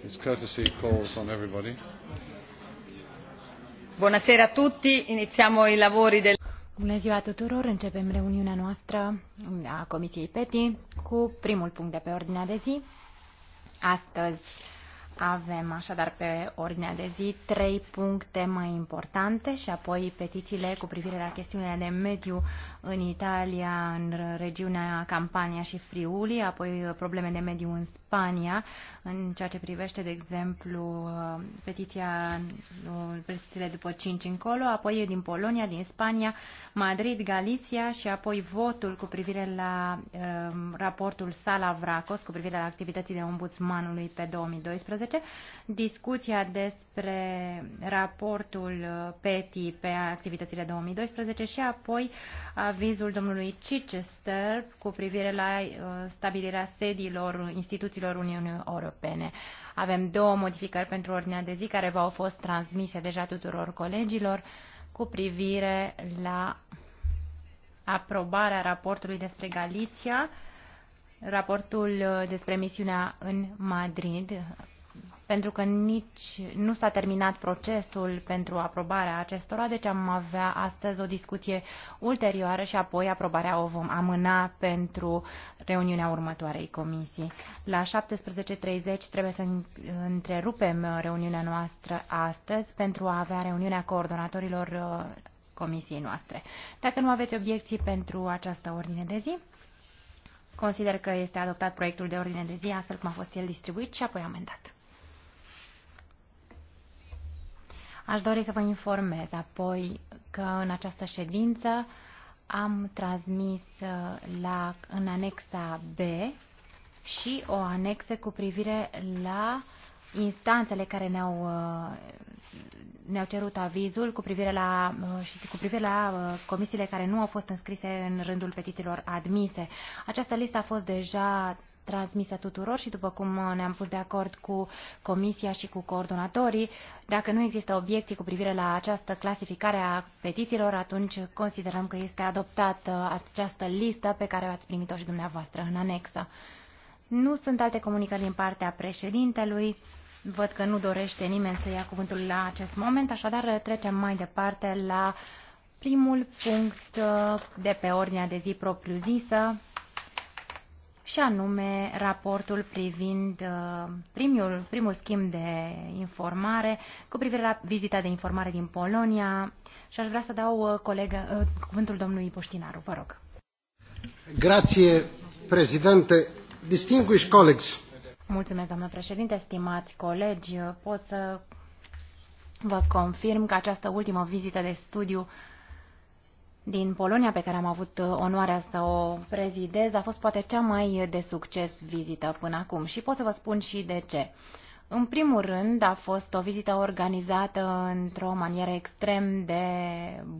His courtesy calls on everybody. Buonasera a tutti, iniziamo i lavori del Bună ziua tuturor! Începem reuniunea noastră a Comisiei PETI cu primul punct de pe ordinea de zi. Astăzi avem așadar pe ordinea de zi trei puncte mai importante și apoi petițiile cu privire la chestiunea de mediu în Italia, în regiunea Campania și Friuli, apoi probleme de mediu în Spania, în ceea ce privește, de exemplu, petiția, petițiile după 5 încolo, apoi din Polonia, din Spania, Madrid, Galicia și apoi votul cu privire la uh, raportul Sala Vracos cu privire la de ombudsmanului pe 2012 2012, discuția despre raportul PETI pe activitățile 2012 și apoi avizul domnului Chichester cu privire la uh, stabilirea sediilor instituțiilor Uniunii Europene. Avem două modificări pentru ordinea de zi care v-au fost transmise deja tuturor colegilor cu privire la aprobarea raportului despre Galicia, raportul uh, despre misiunea în Madrid pentru că nici nu s-a terminat procesul pentru aprobarea acestora, deci am avea astăzi o discuție ulterioară și apoi aprobarea o vom amâna pentru reuniunea următoarei comisii. La 17.30 trebuie să întrerupem reuniunea noastră astăzi pentru a avea reuniunea coordonatorilor uh, comisiei noastre. Dacă nu aveți obiecții pentru această ordine de zi, consider că este adoptat proiectul de ordine de zi astfel cum a fost el distribuit și apoi amendat. Aș dori să vă informez apoi că în această ședință am transmis uh, la, în anexa B și o anexă cu privire la instanțele care ne-au uh, ne cerut avizul cu privire la, uh, și cu privire la comisiile care nu au fost înscrise în rândul petițiilor admise. Această listă a fost deja transmisă tuturor și după cum uh, ne-am pus de acord cu comisia și cu coordonatorii, dacă nu există obiecții cu privire la această clasificare a petițiilor, atunci considerăm că este adoptată uh, această listă pe care ați primit-o și dumneavoastră în anexă. Nu sunt alte comunicări din partea președintelui. Văd că nu dorește nimeni să ia cuvântul la acest moment, așadar uh, trecem mai departe la primul punct de pe ordinea de zi propriu-zisă, și anume raportul privind uh, primul, primul schimb de informare cu privire la vizita de informare din Polonia și aș vrea să dau uh, colegă, uh, cuvântul domnului Poștinaru. Vă rog. Grație, prezidente. Distinguished colegi. Mulțumesc, doamnă președinte, stimați colegi. Pot să vă confirm că această ultimă vizită de studiu din Polonia, pe care am avut uh, onoarea să o prezidez, a fost poate cea mai de succes vizită până acum și pot să vă spun și de ce. În primul rând, a fost o vizită organizată într-o manieră extrem de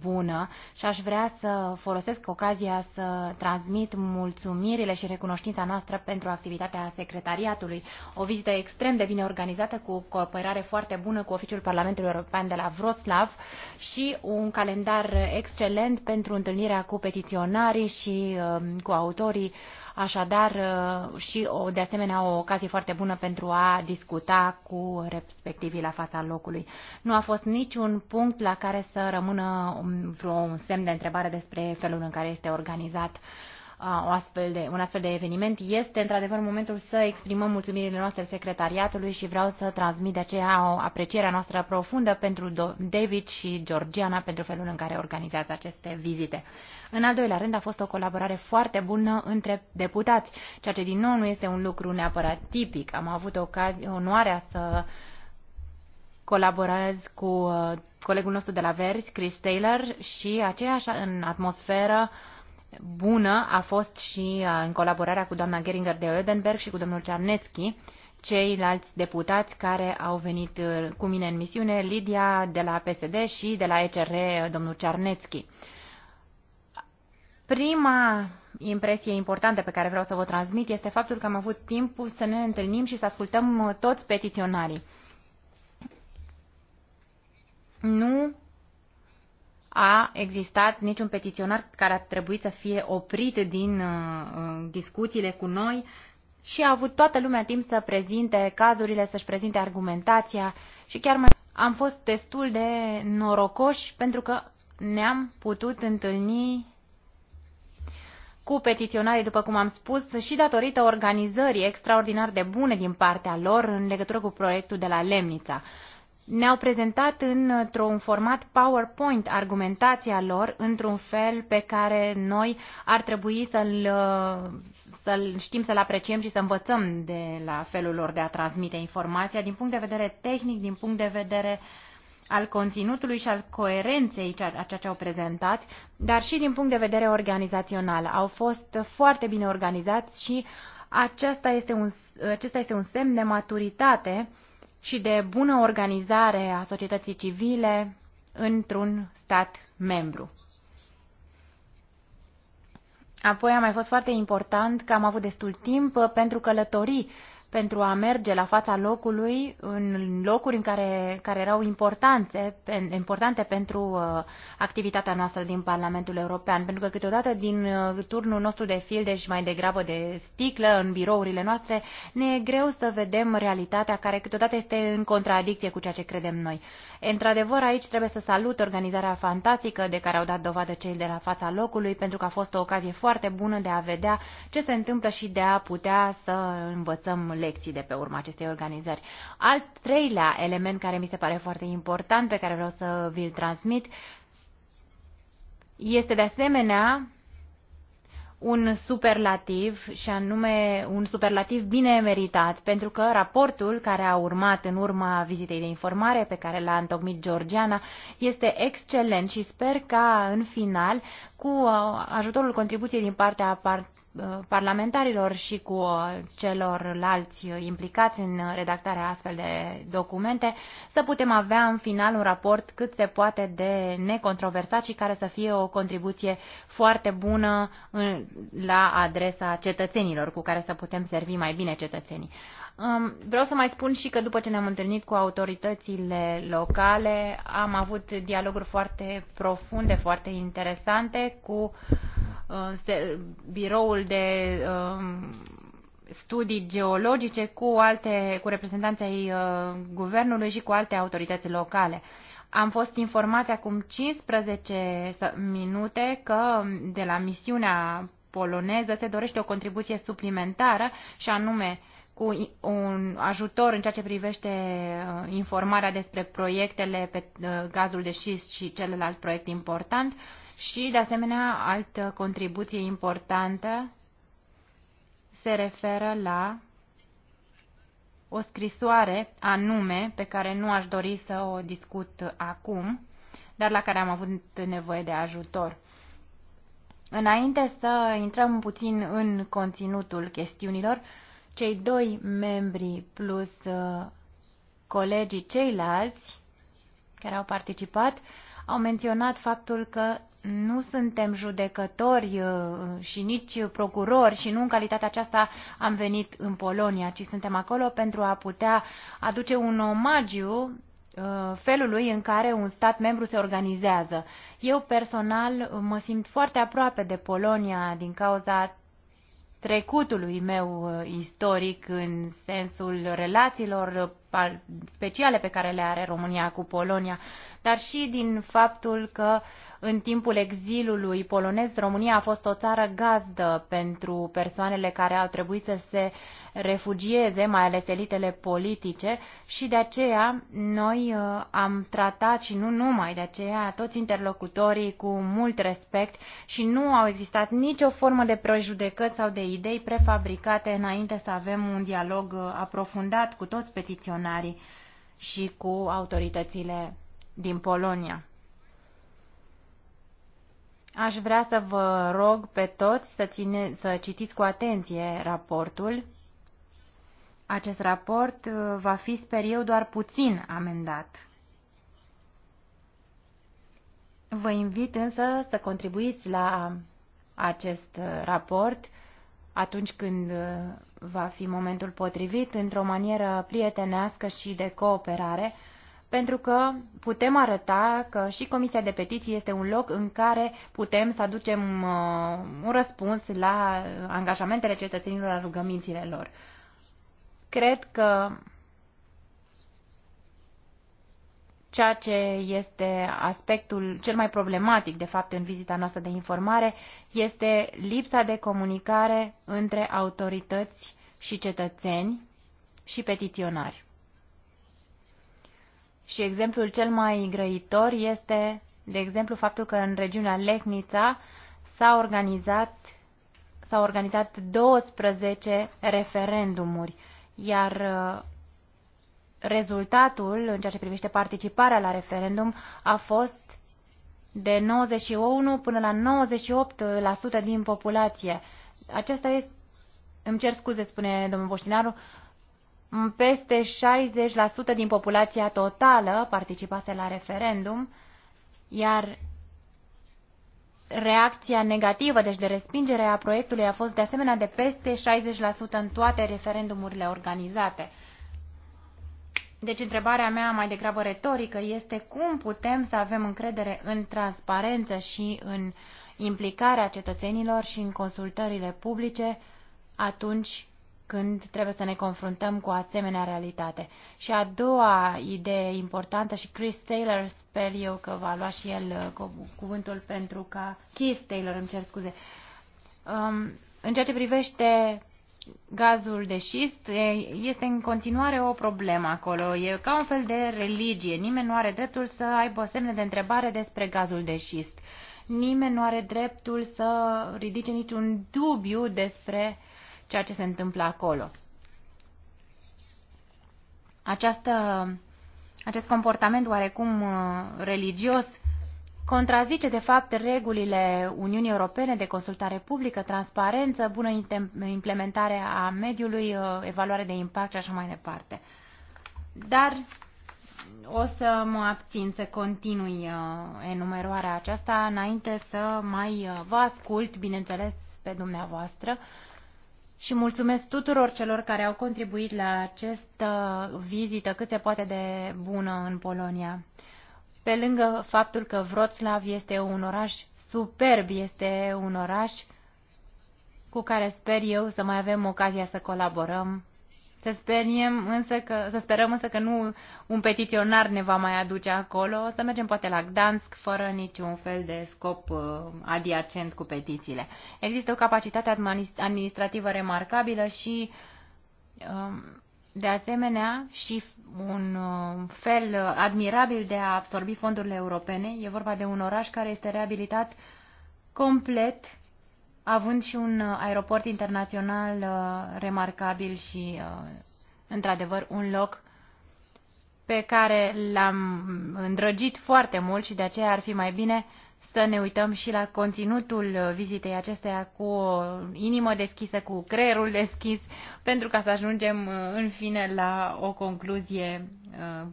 bună și aș vrea să folosesc ocazia să transmit mulțumirile și recunoștința noastră pentru activitatea secretariatului. O vizită extrem de bine organizată, cu cooperare foarte bună cu Oficiul Parlamentului European de la Wroclaw și un calendar excelent pentru întâlnirea cu petiționarii și um, cu autorii Așadar, uh, și o, de asemenea o ocazie foarte bună pentru a discuta cu respectivii la fața locului. Nu a fost niciun punct la care să rămână um, vreo semn de întrebare despre felul în care este organizat uh, o astfel de, un astfel de eveniment. Este într-adevăr momentul să exprimăm mulțumirile noastre secretariatului și vreau să transmit de aceea o aprecierea noastră profundă pentru David și Georgiana pentru felul în care organizează aceste vizite. În al doilea rând a fost o colaborare foarte bună între deputați, ceea ce din nou nu este un lucru neapărat tipic. Am avut o onoarea să colaborez cu uh, colegul nostru de la Verzi, Chris Taylor, și aceeași în atmosferă uh, bună a fost și în colaborarea cu doamna Geringer de Oedenberg și cu domnul Cernetski, ceilalți deputați care au venit uh, cu mine în misiune, Lidia de la PSD și de la ECR, uh, domnul Cernetski. Prima impresie importantă pe care vreau să vă transmit este faptul că am avut timpul să ne întâlnim și să ascultăm uh, toți petiționarii. Nu a existat niciun petiționar care a trebuit să fie oprit din uh, uh, discuțiile cu noi și a avut toată lumea timp să prezinte cazurile, să-și prezinte argumentația și chiar mai am fost destul de norocoși pentru că ne-am putut întâlni cu petiționarii, după cum am spus, și datorită organizării extraordinar de bune din partea lor în legătură cu proiectul de la Lemnița ne-au prezentat într-un format PowerPoint argumentația lor într-un fel pe care noi ar trebui să-l să știm să-l apreciem și să învățăm de la felul lor de a transmite informația din punct de vedere tehnic, din punct de vedere al conținutului și al coerenței a ceea ce au prezentat, dar și din punct de vedere organizațional. Au fost foarte bine organizați și aceasta este un, acesta este un semn de maturitate uh, și de bună organizare a societății civile într-un stat membru. Apoi a mai fost foarte important că am avut destul timp pentru călătorii pentru a merge la fața locului în locuri în care, care erau importante, importante pentru uh, activitatea noastră din Parlamentul European, pentru că câteodată din uh, turnul nostru de filde și mai degrabă de sticlă în birourile noastre ne e greu să vedem realitatea care câteodată este în contradicție cu ceea ce credem noi. Într-adevăr, aici trebuie să salut organizarea fantastică de care au dat dovadă cei de la fața locului, pentru că a fost o ocazie foarte bună de a vedea ce se întâmplă și de a putea să învățăm lecții de pe urma acestei organizări. Al treilea element care mi se pare foarte important, pe care vreau să vi-l transmit, este de asemenea un superlativ și anume un superlativ bine meritat, pentru că raportul care a urmat în urma vizitei de informare pe care l-a întocmit Georgiana este excelent și sper ca în final, cu ajutorul contribuției din partea parlamentarilor și cu uh, celorlalți implicați în redactarea astfel de documente, să putem avea în final un raport cât se poate de necontroversat și care să fie o contribuție foarte bună la adresa cetățenilor, cu care să putem servi mai bine cetățenii. Um, vreau să mai spun și că după ce ne-am întâlnit cu autoritățile locale, am avut dialoguri foarte profunde, foarte interesante cu uh, biroul de um, studii geologice, cu alte, cu reprezentanții uh, guvernului și cu alte autorități locale. Am fost informați acum 15 minute că um, de la misiunea poloneză se dorește o contribuție suplimentară și anume cu un ajutor în ceea ce privește uh, informarea despre proiectele pe uh, gazul de șist și celălalt proiect important și, de asemenea, altă contribuție importantă se referă la o scrisoare anume pe care nu aș dori să o discut acum, dar la care am avut nevoie de ajutor. Înainte să intrăm puțin în conținutul chestiunilor, cei doi membri plus uh, colegii ceilalți care au participat au menționat faptul că nu suntem judecători uh, și nici procurori și nu în calitatea aceasta am venit în Polonia, ci suntem acolo pentru a putea aduce un omagiu uh, felului în care un stat membru se organizează. Eu personal mă simt foarte aproape de Polonia din cauza trecutului meu uh, istoric în sensul relațiilor speciale pe care le are România cu Polonia, dar și din faptul că în timpul exilului polonez România a fost o țară gazdă pentru persoanele care au trebuit să se refugieze, mai ales elitele politice și de aceea noi uh, am tratat și nu numai, de aceea toți interlocutorii cu mult respect și nu au existat nicio formă de prejudecăți sau de idei prefabricate înainte să avem un dialog uh, aprofundat cu toți petiționarii funcționarii și cu autoritățile din Polonia. Aș vrea să vă rog pe toți să, ține, să citiți cu atenție raportul. Acest raport uh, va fi, sper eu, doar puțin amendat. Vă invit însă să contribuiți la acest uh, raport atunci când uh, va fi momentul potrivit, într-o manieră prietenească și de cooperare, pentru că putem arăta că și Comisia de Petiții este un loc în care putem să aducem uh, un răspuns la angajamentele cetățenilor, la rugămințile lor. Cred că ceea ce este aspectul cel mai problematic, de fapt, în vizita noastră de informare, este lipsa de comunicare între autorități și cetățeni și petiționari. Și exemplul cel mai grăitor este, de exemplu, faptul că în regiunea Lehnița s-a organizat s-au organizat 12 referendumuri, iar uh, rezultatul în ceea ce privește participarea la referendum a fost de 91 până la 98% din populație. Aceasta este, îmi cer scuze, spune domnul Boștinaru, peste 60% din populația totală participase la referendum, iar reacția negativă, deci de respingere a proiectului, a fost de asemenea de peste 60% în toate referendumurile organizate. Deci întrebarea mea mai degrabă retorică este cum putem să avem încredere în transparență și în implicarea cetățenilor și în consultările publice atunci când trebuie să ne confruntăm cu asemenea realitate. Și a doua idee importantă și Chris Taylor sper eu că va lua și el uh, cuvântul pentru ca Keith Taylor, îmi cer scuze. Um, în ceea ce privește gazul de șist este în continuare o problemă acolo. E ca un fel de religie. Nimeni nu are dreptul să aibă semne de întrebare despre gazul de șist. Nimeni nu are dreptul să ridice niciun dubiu despre ceea ce se întâmplă acolo. Această, acest comportament oarecum uh, religios contrazice, de fapt, regulile Uniunii Europene de consultare publică, transparență, bună implementare a mediului, uh, evaluare de impact și așa mai departe. Dar o să mă abțin să continui uh, enumerarea aceasta înainte să mai uh, vă ascult, bineînțeles, pe dumneavoastră. Și mulțumesc tuturor celor care au contribuit la această vizită cât se poate de bună în Polonia pe lângă faptul că Vroclav este un oraș superb, este un oraș cu care sper eu să mai avem ocazia să colaborăm. Să, speriem însă că, să sperăm însă că nu un petiționar ne va mai aduce acolo, să mergem poate la Gdansk fără niciun fel de scop uh, adiacent cu petițiile. Există o capacitate administrativă remarcabilă și uh, de asemenea și un fel admirabil de a absorbi fondurile europene. E vorba de un oraș care este reabilitat complet, având și un aeroport internațional uh, remarcabil și, uh, într-adevăr, un loc pe care l-am îndrăgit foarte mult și de aceea ar fi mai bine uh, să ne uităm și la conținutul vizitei acesteia cu o inimă deschisă, cu creierul deschis, pentru ca să ajungem în fine la o concluzie,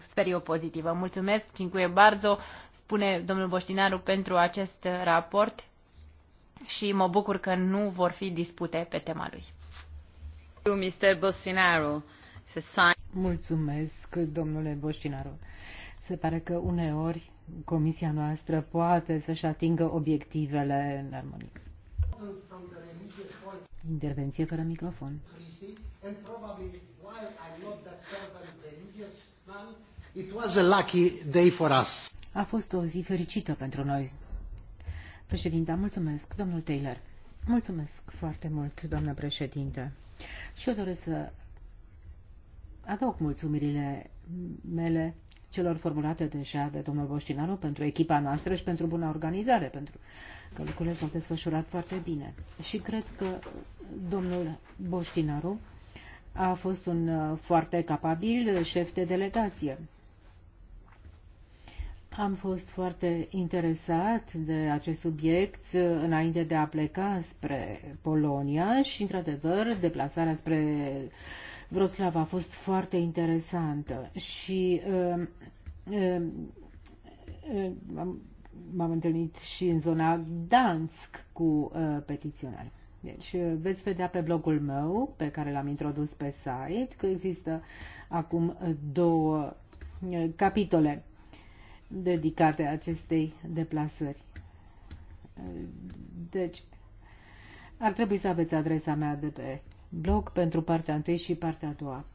sper eu, pozitivă. Mulțumesc, Cincuie Barzo, spune domnul Boștinaru, pentru acest raport și mă bucur că nu vor fi dispute pe tema lui. Mulțumesc, domnule Boștinaru. Se pare că uneori comisia noastră poate să-și atingă obiectivele în armonie. Intervenție fără microfon. A fost o zi fericită pentru noi. Președinte, mulțumesc, domnul Taylor. Mulțumesc foarte mult, doamnă președinte. Și eu doresc să adaug mulțumirile mele celor formulate deja de domnul Boștinaru pentru echipa noastră și pentru buna organizare, pentru că lucrurile s-au desfășurat foarte bine. Și cred că domnul Boștinaru a fost un uh, foarte capabil șef de delegație. Am fost foarte interesat de acest subiect uh, înainte de a pleca spre Polonia și, într-adevăr, deplasarea spre Vroslav a fost foarte interesantă și um, um, um, m-am întâlnit și în zona Dansk cu uh, petiționari. Deci uh, veți vedea pe blogul meu, pe care l-am introdus pe site, că există acum două uh, capitole dedicate acestei deplasări. Deci, ar trebui să aveți adresa mea de pe bloc pentru partea 1 și partea a doua.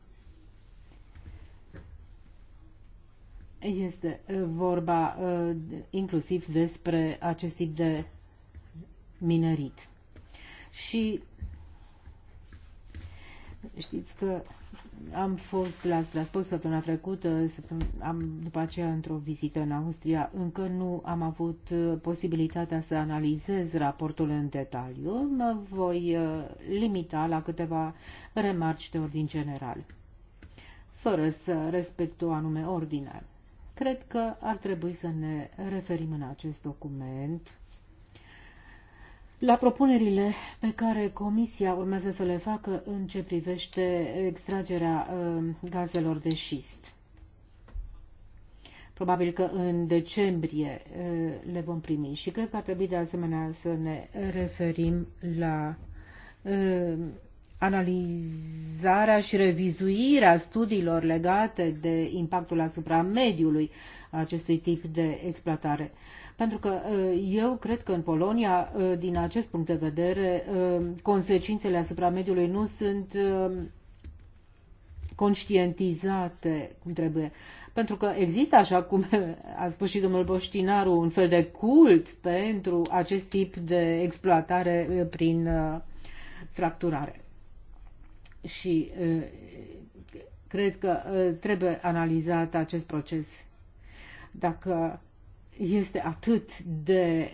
Este uh, vorba uh, inclusiv despre acest tip de minerit. Și știți că am fost la Strasbourg săptămâna trecută, am, după aceea într-o vizită în Austria. Încă nu am avut uh, posibilitatea să analizez raportul în detaliu. Mă voi uh, limita la câteva remarci de ordin general, fără să respect o anume ordine. Cred că ar trebui să ne referim în acest document la propunerile pe care Comisia urmează să le facă în ce privește extragerea um, gazelor de șist. Probabil că în decembrie uh, le vom primi și cred că ar trebui de asemenea să ne referim la um, analizarea și revizuirea studiilor legate de impactul asupra mediului acestui tip de exploatare. Pentru că ă, eu cred că în Polonia, ă, din acest punct de vedere, ă, consecințele asupra mediului nu sunt conștientizate cum trebuie. Pentru că există, așa cum a spus și domnul Boștinaru, un fel de cult pentru acest tip de exploatare prin fracturare. Și cred că trebuie analizat acest proces. Dacă este atât de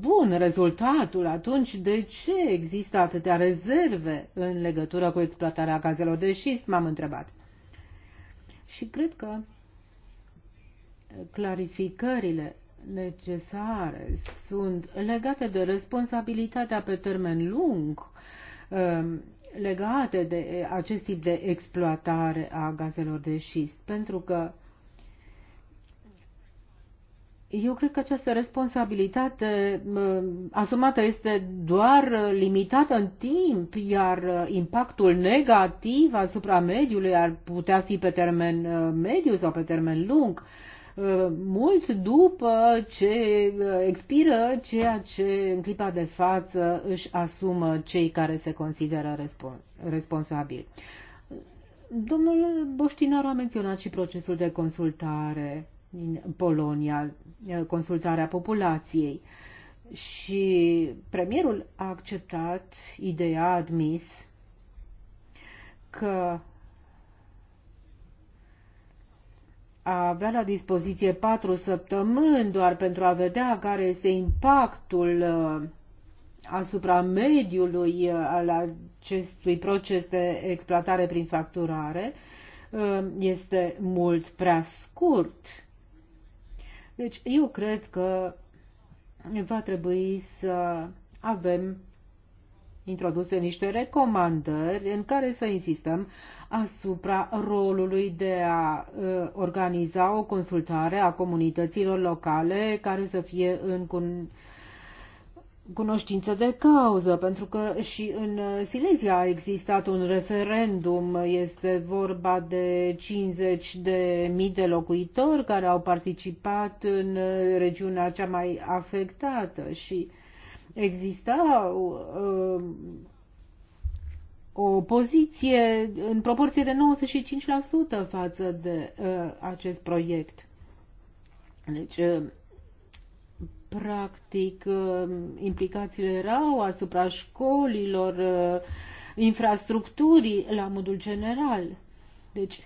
bun rezultatul, atunci de ce există atâtea rezerve în legătură cu exploatarea gazelor de șist, m-am întrebat. Și cred că clarificările necesare sunt legate de responsabilitatea pe termen lung legate de acest tip de exploatare a gazelor de șist, pentru că eu cred că această responsabilitate asumată este doar uh, limitată în timp, iar uh, impactul negativ asupra mediului ar putea fi pe termen uh, mediu sau pe termen lung, mult după ce expiră ceea ce în clipa de față își asumă cei care se consideră responsabili. Domnul Boștinaru a menționat și procesul de consultare din Polonia, eh, consultarea populației. Și premierul a acceptat ideea, a admis că a avea la dispoziție patru săptămâni doar pentru a vedea care este impactul eh, asupra mediului eh, al acestui proces de exploatare prin facturare este mult prea scurt deci eu cred că va trebui să avem introduse niște recomandări în care să insistăm asupra rolului de a uh, organiza o consultare a comunităților locale care să fie în cunoștință de cauză, pentru că și în Silesia a existat un referendum, este vorba de 50 de mii de locuitori care au participat în regiunea cea mai afectată și exista uh, o poziție în proporție de 95% față de uh, acest proiect. Deci, uh, practic uh, implicațiile erau asupra școlilor, uh, infrastructurii la modul general. Deci 95%,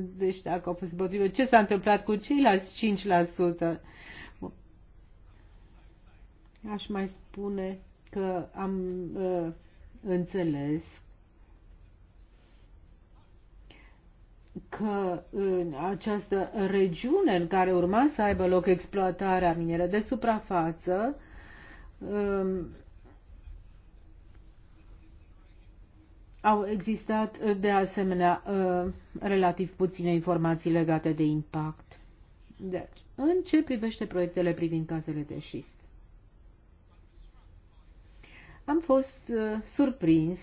deci dacă au fost potrivă, ce s-a întâmplat cu ceilalți 5%? Aș mai spune că am uh, înțeles că în această regiune în care urma să aibă loc exploatarea minieră de suprafață, um, au existat de asemenea uh, relativ puține informații legate de impact. Deci, în ce privește proiectele privind casele de șist? Am fost uh, surprins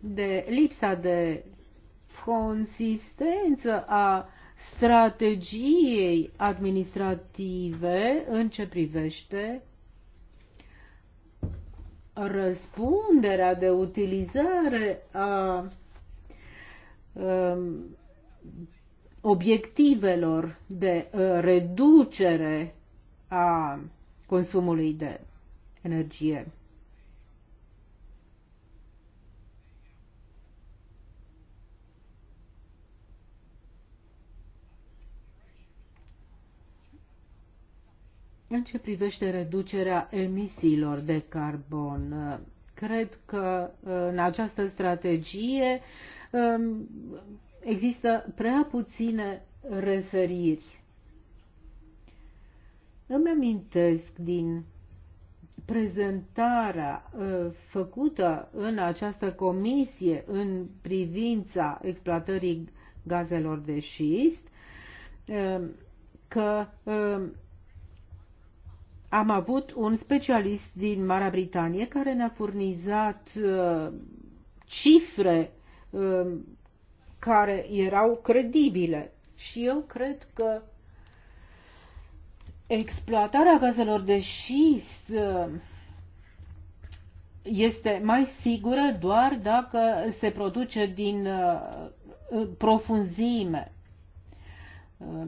de lipsa de consistență a strategiei administrative în ce privește răspunderea de utilizare a um, obiectivelor de uh, reducere a consumului de energie. În ce privește reducerea emisiilor de carbon, cred că în această strategie um, există prea puține referiri. Îmi amintesc din prezentarea uh, făcută în această comisie în privința exploatării gazelor de șist um, că um, am avut un specialist din Marea Britanie care ne-a furnizat uh, cifre uh, care erau credibile. Și eu cred că exploatarea gazelor de șist uh, este mai sigură doar dacă se produce din uh, uh profunzime. Uh,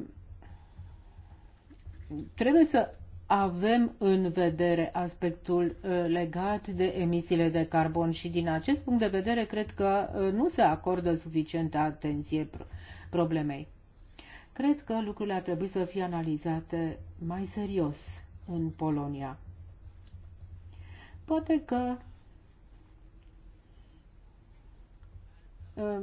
trebuie să avem în vedere aspectul uh, legat de emisiile de carbon și din acest punct de vedere cred că uh, nu se acordă suficientă atenție problemei. Cred că lucrurile ar trebui să fie analizate mai serios în Polonia. Poate că uh,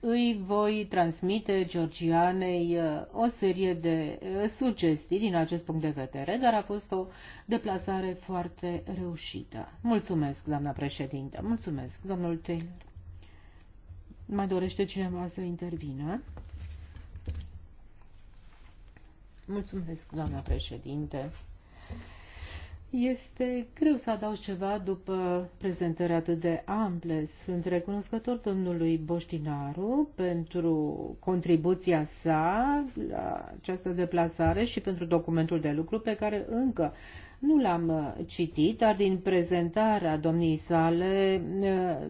îi voi transmite Georgianei uh, o serie de uh, sugestii din acest punct de vedere, dar a fost o deplasare foarte reușită. Mulțumesc, doamna președintă. Mulțumesc, domnul Taylor. Mai dorește cineva să intervină? Mulțumesc, doamna președinte. Este greu să adaug ceva după prezentări atât de ample. Sunt recunoscător domnului Boștinaru pentru contribuția sa la această deplasare și pentru documentul de lucru pe care încă nu l-am uh, citit, dar din prezentarea domnii sale uh,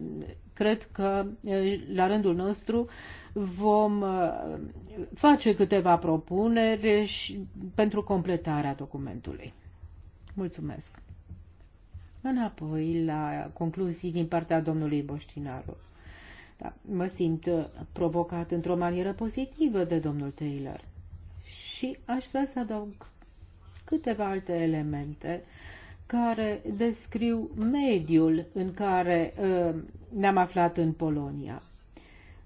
cred că uh, la rândul nostru vom face câteva propuneri și pentru completarea documentului. Mulțumesc. Înapoi la concluzii din partea domnului Boștinaru. Da, mă simt uh, provocat într-o manieră pozitivă de domnul Taylor. Și aș vrea să adaug câteva alte elemente care descriu mediul în care uh, ne-am aflat în Polonia.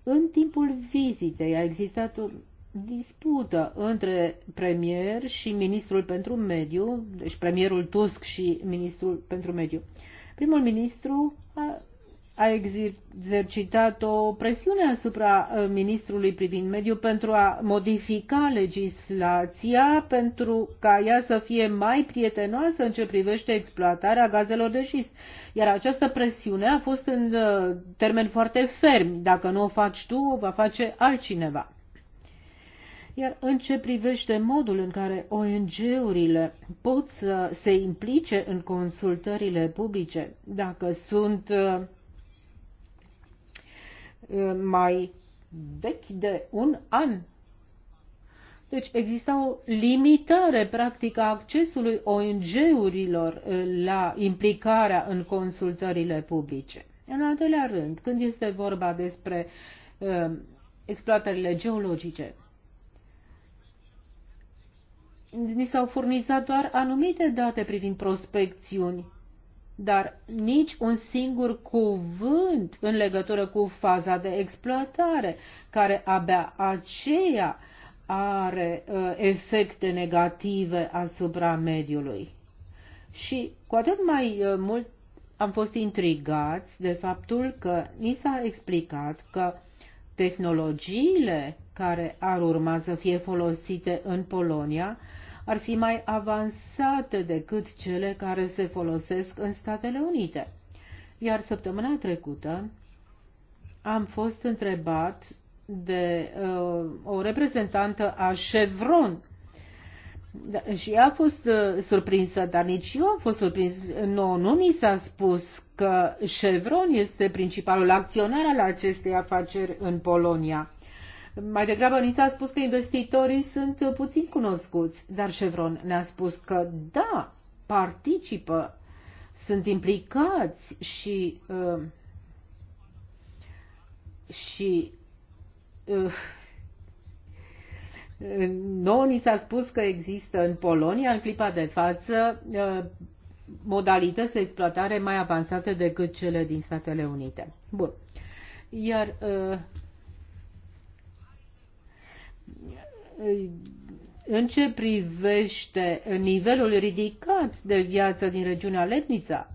În timpul vizitei a existat dispută între premier și ministrul pentru mediu, deci premierul Tusk și ministrul pentru mediu. Primul ministru a, a exercitat o presiune asupra uh, ministrului privind mediu pentru a modifica legislația pentru ca ea să fie mai prietenoasă în ce privește exploatarea gazelor de șist. Iar această presiune a fost în uh, termen foarte ferm. Dacă nu o faci tu, o va face altcineva. Iar în ce privește modul în care ONG-urile pot să se implice în consultările publice, dacă sunt uh, uh, mai vechi de un an. Deci exista o limitare practică a accesului ONG-urilor uh, la implicarea în consultările publice. În al doilea rând, când este vorba despre uh, exploatările geologice, ni s-au furnizat doar anumite date privind prospecțiuni, dar nici un singur cuvânt în legătură cu faza de exploatare, care abia aceea are uh, efecte negative asupra mediului. Și cu atât mai uh, mult am fost intrigați de faptul că ni s-a explicat că tehnologiile care ar urma să fie folosite în Polonia uh, ar fi mai avansate decât cele care se folosesc în Statele Unite. Iar săptămâna trecută am fost întrebat de uh, o reprezentantă a Chevron da, și ea a fost uh, surprinsă, dar nici eu am fost surprins. No, nu mi s-a spus că Chevron este principalul acționar al acestei afaceri în Polonia. Mai degrabă ni s-a spus că investitorii sunt puțin cunoscuți, dar Chevron ne-a spus că da, participă, sunt implicați și uh, și uh, nouă ni s-a spus că există în Polonia, în clipa de față, uh, modalități de exploatare mai avansate decât cele din Statele Unite. Bun. Iar uh, în ce privește nivelul ridicat de viață din regiunea Letnița,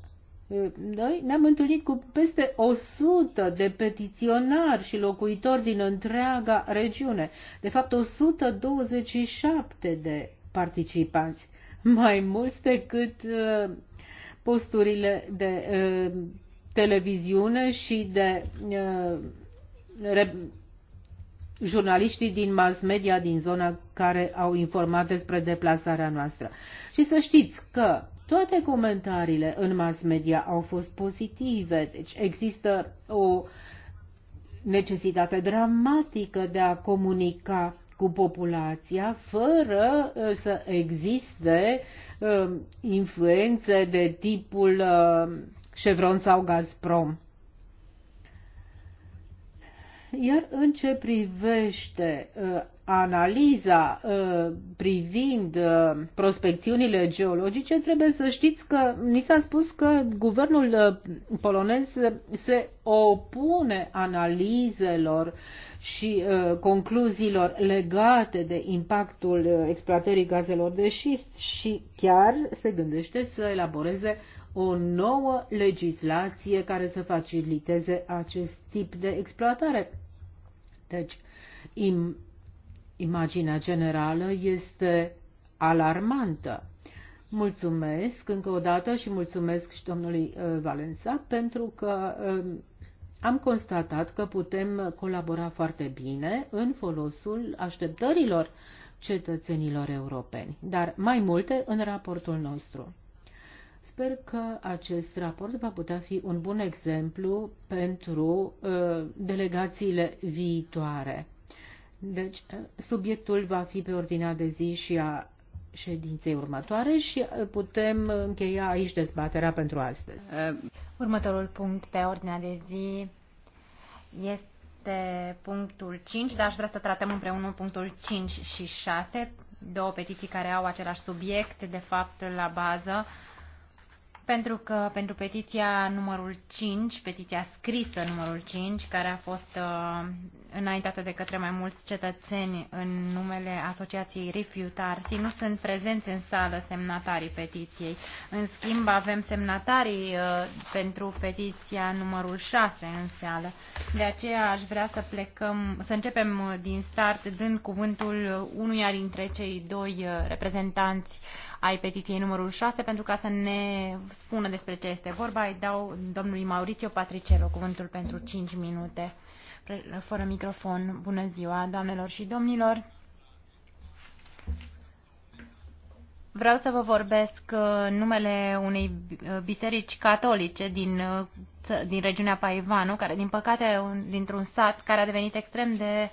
noi ne-am întâlnit cu peste 100 de petiționari și locuitori din întreaga regiune, de fapt 127 de participanți, mai mulți decât uh, posturile de uh, televiziune și de uh, jurnaliștii din mass media din zona care au informat despre deplasarea noastră. Și să știți că toate comentariile în mass media au fost pozitive, deci există o necesitate dramatică de a comunica cu populația fără uh, să existe uh, influențe de tipul uh, Chevron sau Gazprom. Iar în ce privește uh, analiza uh, privind uh, prospecțiunile geologice, trebuie să știți că ni s-a spus că guvernul uh, polonez se opune analizelor și uh, concluziilor legate de impactul uh, exploatării gazelor de șist și chiar se gândește să elaboreze o nouă legislație care să faciliteze acest tip de exploatare. Deci, im imaginea generală este alarmantă. Mulțumesc încă o dată și mulțumesc și domnului uh, Valensa pentru că um, am constatat că putem colabora foarte bine în folosul așteptărilor cetățenilor europeni, dar mai multe în raportul nostru. Sper că acest raport va putea fi un bun exemplu pentru uh, delegațiile viitoare. Deci, uh, subiectul va fi pe ordinea de zi și a ședinței următoare și uh, putem încheia aici dezbaterea pentru astăzi. Uh. Următorul punct pe ordinea de zi este punctul 5, dar aș vrea să tratăm împreună punctul 5 și 6, două petiții care au același subiect, de fapt, la bază pentru că pentru petiția numărul 5, petiția scrisă numărul 5, care a fost uh, înaintată de către mai mulți cetățeni în numele Asociației Refute Arsi, nu sunt prezenți în sală semnatarii petiției. În schimb, avem semnatarii uh, pentru petiția numărul 6 în sală. De aceea aș vrea să plecăm, să începem din start dând cuvântul unuia dintre cei doi uh, reprezentanți uh, ai petiției numărul 6 pentru ca să ne spună despre ce este vorba. Îi dau domnului Maurizio Patricello cuvântul pentru 5 minute fără microfon. Bună ziua, doamnelor și domnilor! Vreau să vă vorbesc uh, numele unei uh, biserici catolice din, uh, din regiunea Paivanu, care din păcate dintr-un sat care a devenit extrem de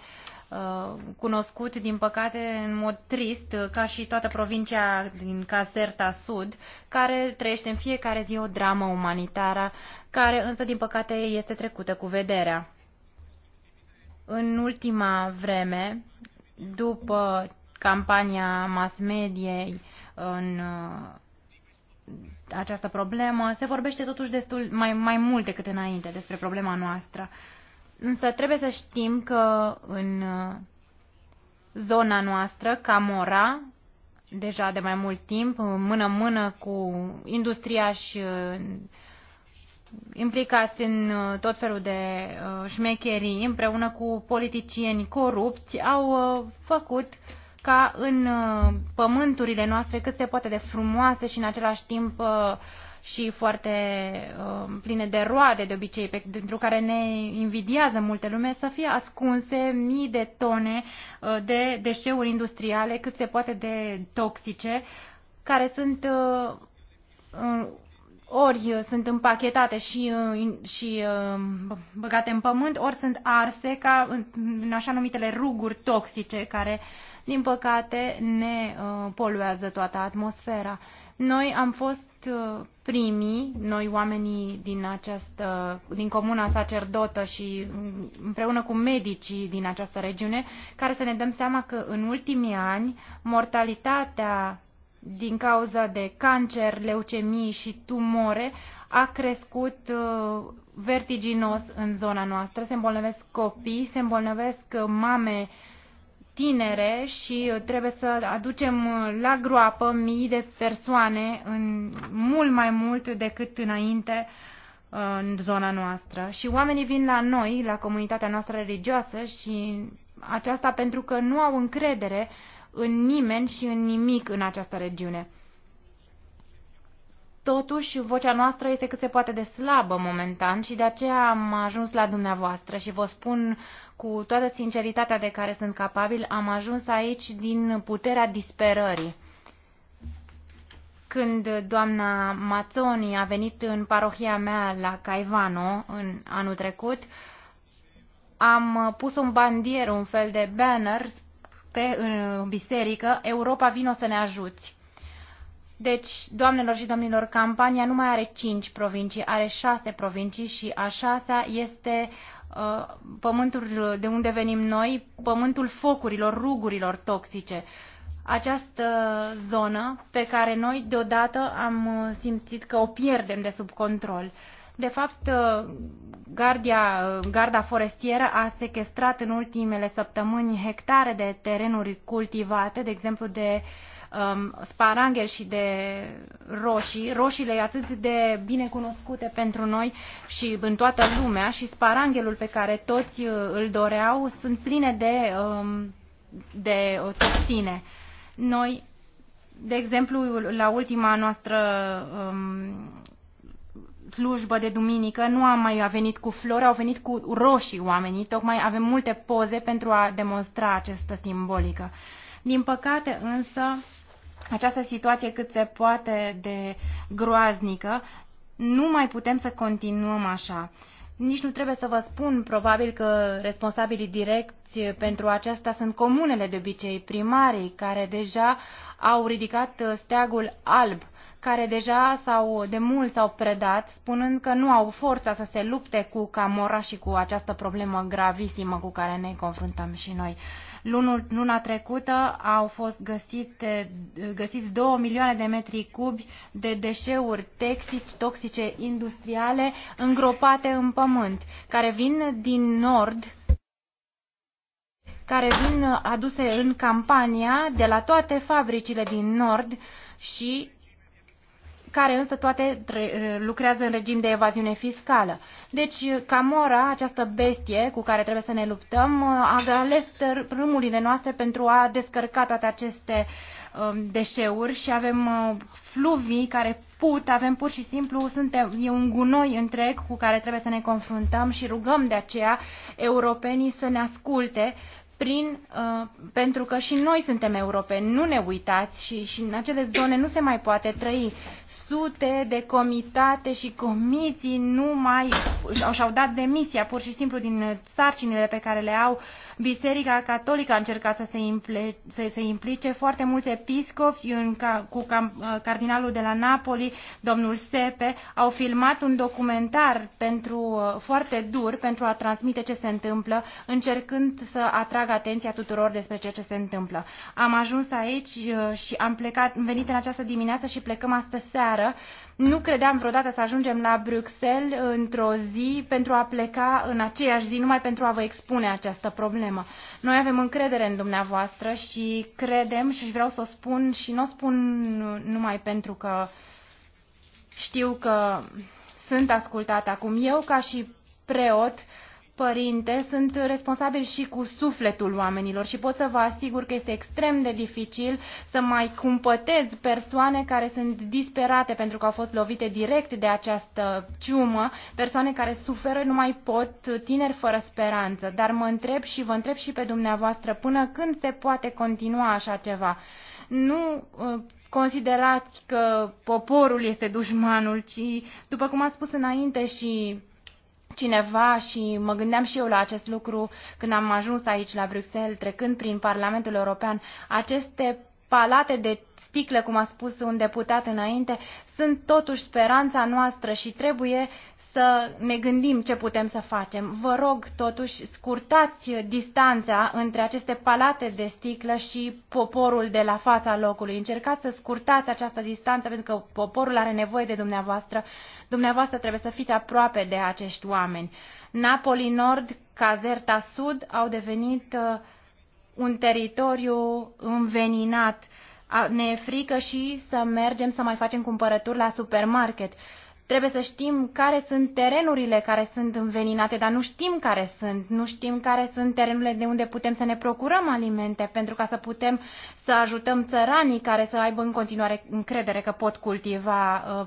Uh, cunoscut, din păcate, în mod trist, uh, ca și toată provincia din Caserta Sud, care trăiește în fiecare zi o dramă umanitară, care însă, din păcate, este trecută cu vederea. În ultima vreme, după campania mass mediei în uh, această problemă, se vorbește totuși destul mai, mai mult decât înainte despre problema noastră. Uh, Însă trebuie să știm că în uh, zona noastră, Camora, deja de mai mult timp, uh, mână-mână cu industria și uh, implicați în tot felul de șmecherii, împreună cu politicieni corupți, au făcut ca în pământurile noastre cât se poate de frumoase și în același timp și foarte uh, pline de roade de obicei, pentru care ne invidiază multe lume, să fie ascunse mii de tone uh, de deșeuri industriale cât se poate de toxice, care sunt uh, ori sunt împachetate și, uh, și uh, băgate în pământ, ori sunt arse ca în așa numitele ruguri toxice care, din păcate, ne uh, poluează toată atmosfera. Noi am fost uh, primii, noi oamenii din, această, din comuna sacerdotă și mm, împreună cu medicii din această regiune, care să ne dăm seama că în ultimii ani mortalitatea din cauza de cancer, leucemii și tumore a crescut uh, vertiginos în zona noastră. Se îmbolnăvesc copii, se îmbolnăvesc uh, mame tinere și uh, trebuie să aducem uh, la groapă mii de persoane în mult mai mult decât înainte uh, în zona noastră. Și oamenii vin la noi, la comunitatea noastră religioasă și aceasta pentru că nu au încredere în nimeni și în nimic în această regiune. Totuși, vocea noastră este cât se poate de slabă momentan și de aceea am ajuns la dumneavoastră și vă spun cu toată sinceritatea de care sunt capabil, am ajuns aici din puterea disperării. Când doamna Mazzoni a venit în parohia mea la Caivano în anul trecut, am pus un bandier, un fel de banner pe, în biserică, Europa vino să ne ajuți deci, doamnelor și domnilor, campania nu mai are cinci provincii, are șase provincii și a șasea este uh, pământul de unde venim noi, pământul focurilor, rugurilor toxice. Această zonă pe care noi deodată am uh, simțit că o pierdem de sub control. De fapt, uh, gardia, uh, garda forestieră a sequestrat în ultimele săptămâni hectare de terenuri cultivate, de exemplu de uh, um, sparanghel și de roșii. Roșiile e atât de bine cunoscute pentru noi și în toată lumea și sparanghelul pe care toți uh, îl doreau sunt pline de, um, de uh, toxine. Noi, de exemplu, la ultima noastră um, slujbă de duminică, nu am mai venit cu flori, au venit cu roșii oamenii. Tocmai avem multe poze pentru a demonstra această simbolică. Din păcate însă, această situație cât se poate de groaznică, nu mai putem să continuăm așa. Nici nu trebuie să vă spun, probabil că responsabilii direcți pentru aceasta sunt comunele de obicei, primarii, care deja au ridicat steagul alb, care deja sau de mult s-au predat, spunând că nu au forța să se lupte cu Camora și cu această problemă gravisimă cu care ne confruntăm și noi luna trecută au fost găsite, găsiți 2 milioane de metri cubi de deșeuri toxice, toxice industriale îngropate în pământ, care vin din nord, care vin aduse în campania de la toate fabricile din nord și care însă toate lucrează în regim de evaziune fiscală. Deci, Camora, această bestie cu care trebuie să ne luptăm, a ales râmurile noastre pentru a descărca toate aceste um, deșeuri și avem uh, fluvii care put, avem pur și simplu, suntem, e un gunoi întreg cu care trebuie să ne confruntăm și rugăm de aceea europenii să ne asculte prin, uh, pentru că și noi suntem europeni, nu ne uitați și, și în acele zone nu se mai poate trăi sute de comitate și comiții nu mai și-au dat demisia pur și simplu din sarcinile pe care le au. Biserica Catolică a încercat să se, imple, să se implice, foarte mulți episcopi în, cu cam, cardinalul de la Napoli, domnul Sepe, au filmat un documentar pentru, uh, foarte dur pentru a transmite ce se întâmplă, încercând să atragă atenția tuturor despre ceea ce se întâmplă. Am ajuns aici uh, și am plecat, venit în această dimineață și plecăm astă seară țară. Nu credeam vreodată să ajungem la Bruxelles într-o zi pentru a pleca în aceeași zi, numai pentru a vă expune această problemă. Noi avem încredere în dumneavoastră și credem și vreau să o spun și nu o spun numai pentru că știu că sunt ascultată acum. Eu, ca și preot, părinte sunt responsabil și cu sufletul oamenilor și pot să vă asigur că este extrem de dificil să mai cumpătez persoane care sunt disperate pentru că au fost lovite direct de această ciumă, persoane care suferă, nu mai pot, tineri fără speranță. Dar mă întreb și vă întreb și pe dumneavoastră până când se poate continua așa ceva. Nu uh, considerați că poporul este dușmanul, ci, după cum ați spus înainte și cineva și mă gândeam și eu la acest lucru când am ajuns aici la Bruxelles, trecând prin Parlamentul European. Aceste palate de sticlă, cum a spus un deputat înainte, sunt totuși speranța noastră și trebuie să ne gândim ce putem să facem. Vă rog, totuși, scurtați distanța între aceste palate de sticlă și poporul de la fața locului. Încercați să scurtați această distanță pentru că poporul are nevoie de dumneavoastră Dumneavoastră trebuie să fiți aproape de acești oameni. Napoli Nord, Caserta Sud au devenit uh, un teritoriu înveninat. Ne e frică și să mergem să mai facem cumpărături la supermarket. Trebuie să știm care sunt terenurile care sunt înveninate, dar nu știm care sunt. Nu știm care sunt terenurile de unde putem să ne procurăm alimente pentru ca să putem să ajutăm țăranii care să aibă în continuare încredere că pot cultiva uh,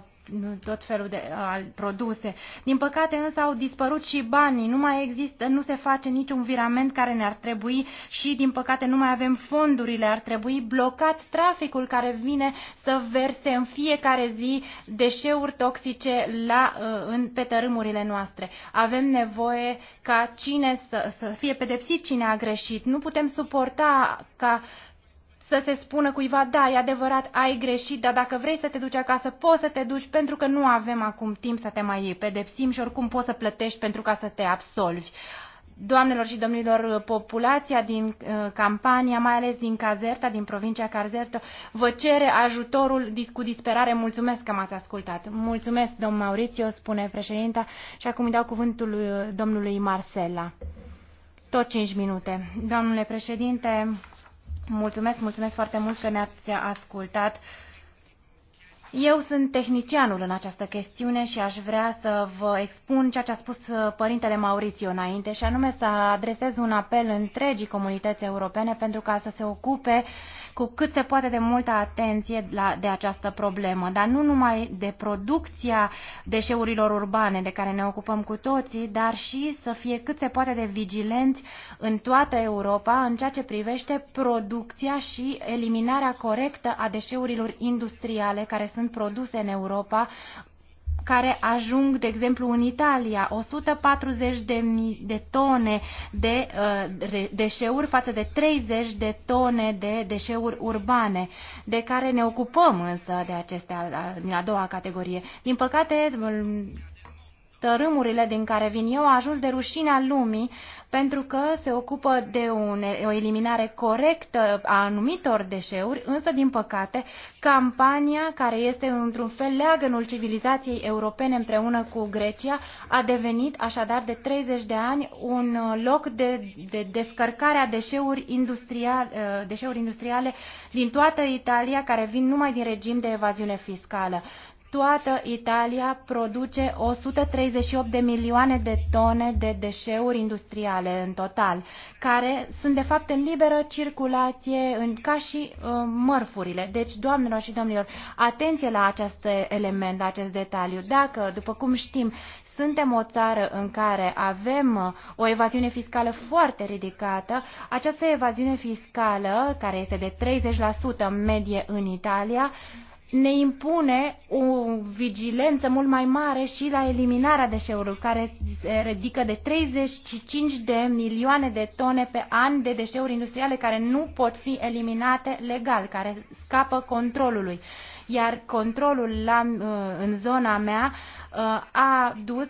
tot felul de uh, produse. Din păcate însă au dispărut și banii, nu mai există, nu se face niciun virament care ne-ar trebui și din păcate nu mai avem fondurile, ar trebui blocat traficul care vine să verse în fiecare zi deșeuri toxice la, uh, în, pe tărâmurile noastre. Avem nevoie ca cine să, să fie pedepsit cine a greșit. Nu putem suporta ca uh, să se spună cuiva, da, e adevărat, ai greșit, dar dacă vrei să te duci acasă, poți să te duci, pentru că nu avem acum timp să te mai pedepsim și oricum poți să plătești pentru ca să te absolvi. Doamnelor și domnilor, populația din uh, campania, mai ales din Cazerta, din provincia Cazerta, vă cere ajutorul cu disperare. Mulțumesc că m-ați ascultat. Mulțumesc, domn Maurițiu, spune președinta. Și acum îi dau cuvântul uh, domnului Marcela. Tot 5 minute. Domnule președinte, Mulțumesc, mulțumesc foarte mult că ne-ați ascultat. Eu sunt tehnicianul în această chestiune și aș vrea să vă expun ceea ce a spus părintele Maurițiu înainte și anume să adresez un apel întregii comunități europene pentru ca să se ocupe cu cât se poate de multă atenție la, de această problemă, dar nu numai de producția deșeurilor urbane de care ne ocupăm cu toții, dar și să fie cât se poate de vigilenți în toată Europa în ceea ce privește producția și eliminarea corectă a deșeurilor industriale care sunt produse în Europa care ajung, de exemplu, în Italia, 140 de, de tone de uh, deșeuri față de 30 de tone de deșeuri urbane, de care ne ocupăm însă de acestea din a doua categorie. Din păcate, tărâmurile din care vin eu a ajuns de rușinea lumii pentru că se ocupă de un, o eliminare corectă a anumitor deșeuri, însă, din păcate, campania, care este într-un fel leagănul civilizației europene împreună cu Grecia, a devenit așadar de 30 de ani un loc de, de descărcare a deșeuri, industrial, ă, deșeuri industriale din toată Italia, care vin numai din regim de evaziune fiscală toată Italia produce 138 de milioane de tone de deșeuri industriale în total, care sunt de fapt în liberă circulație în, ca și uh, mărfurile. Deci, doamnelor și domnilor, atenție la acest element, la acest detaliu. Dacă, după cum știm, suntem o țară în care avem uh, o evaziune fiscală foarte ridicată. Această evaziune fiscală, care este de 30% medie în Italia, ne impune o vigilență mult mai mare și la eliminarea deșeurilor, care se ridică de 35 de milioane de tone pe an de deșeuri industriale care nu pot fi eliminate legal, care scapă controlului. Iar controlul la, uh, în zona mea uh, a dus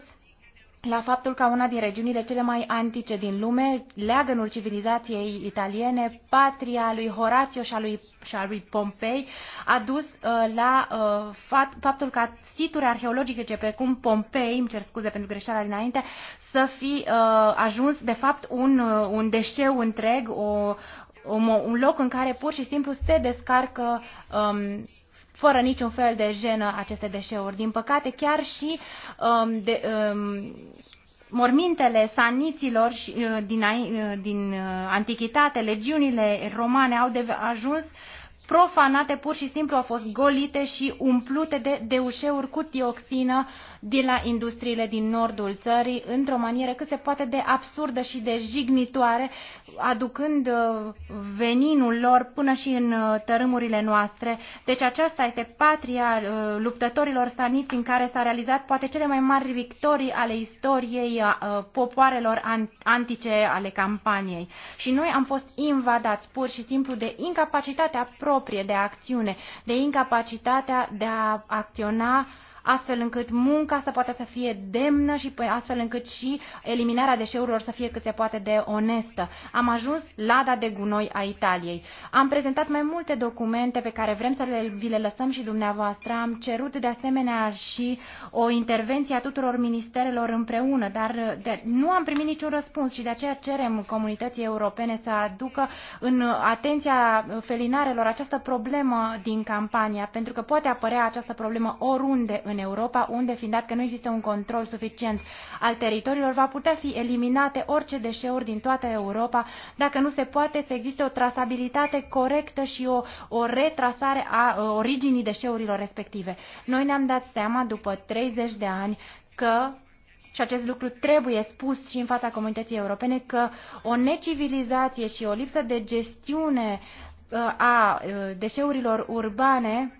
la faptul că una din regiunile cele mai antice din lume, leagănul civilizației italiene, patria lui Horatio și a lui, și a lui Pompei, a dus uh, la uh, fapt, faptul ca situri arheologice precum Pompei, îmi cer scuze pentru greșeala dinainte, să fi uh, ajuns de fapt un, uh, un deșeu întreg, o, un, un loc în care pur și simplu se descarcă um, fără niciun fel de jenă aceste deșeuri. Din păcate, chiar și um, de, um, mormintele saniților și, uh, din, uh, din uh, antichitate, legiunile romane au de, ajuns profanate, pur și simplu au fost golite și umplute de deușeuri cu dioxină, uh, de la industriile din nordul țării într-o manieră cât se poate de absurdă și de jignitoare, aducând uh, veninul lor până și în uh, tărâmurile noastre. Deci aceasta este patria uh, luptătorilor saniți în care s-a realizat poate cele mai mari victorii ale istoriei popoarelor antice ale campaniei. Și noi am fost invadați pur și simplu de incapacitatea proprie de acțiune, de incapacitatea de a acționa uh, astfel încât munca să poată să fie demnă și păi, astfel încât și eliminarea deșeurilor să fie cât se poate de onestă. Am ajuns lada de gunoi a Italiei. Am prezentat mai multe documente pe care vrem să le, vi le lăsăm și dumneavoastră. Am cerut de asemenea și o intervenție a tuturor ministerelor împreună, dar de, nu am primit niciun răspuns și de aceea cerem comunității europene să aducă în atenția felinarelor această problemă din campania, pentru că poate apărea această problemă oriunde în Europa, unde, fiind dat că nu există un control suficient al teritoriilor, va putea fi eliminate orice deșeuri din toată Europa, dacă nu se poate să existe o trasabilitate corectă și o, o retrasare a originii deșeurilor respective. Noi ne-am dat seama, după 30 de ani, că și acest lucru trebuie spus și în fața comunității europene că o necivilizație și o lipsă de gestiune uh, a uh, deșeurilor urbane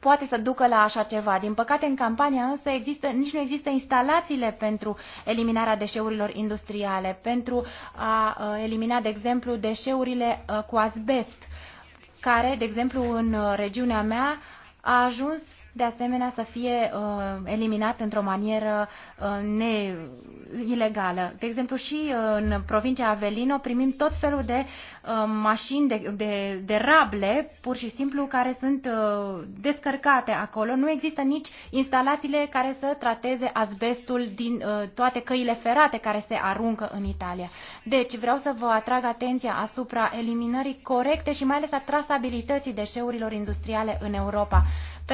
poate să ducă la așa ceva. Din păcate, în campania însă există, nici nu există instalațiile pentru eliminarea deșeurilor industriale, pentru a elimina, de exemplu, deșeurile cu azbest, care, de exemplu, în regiunea mea a ajuns de asemenea să fie uh, eliminat într-o manieră uh, ne ilegală. De exemplu, și uh, în provincia Avelino primim tot felul de uh, mașini, de, de, de rable, pur și simplu, care sunt uh, descărcate acolo. Nu există nici instalațiile care să trateze azbestul din uh, toate căile ferate care se aruncă în Italia. Deci, vreau să vă atrag atenția asupra eliminării corecte și mai ales a trasabilității deșeurilor industriale în Europa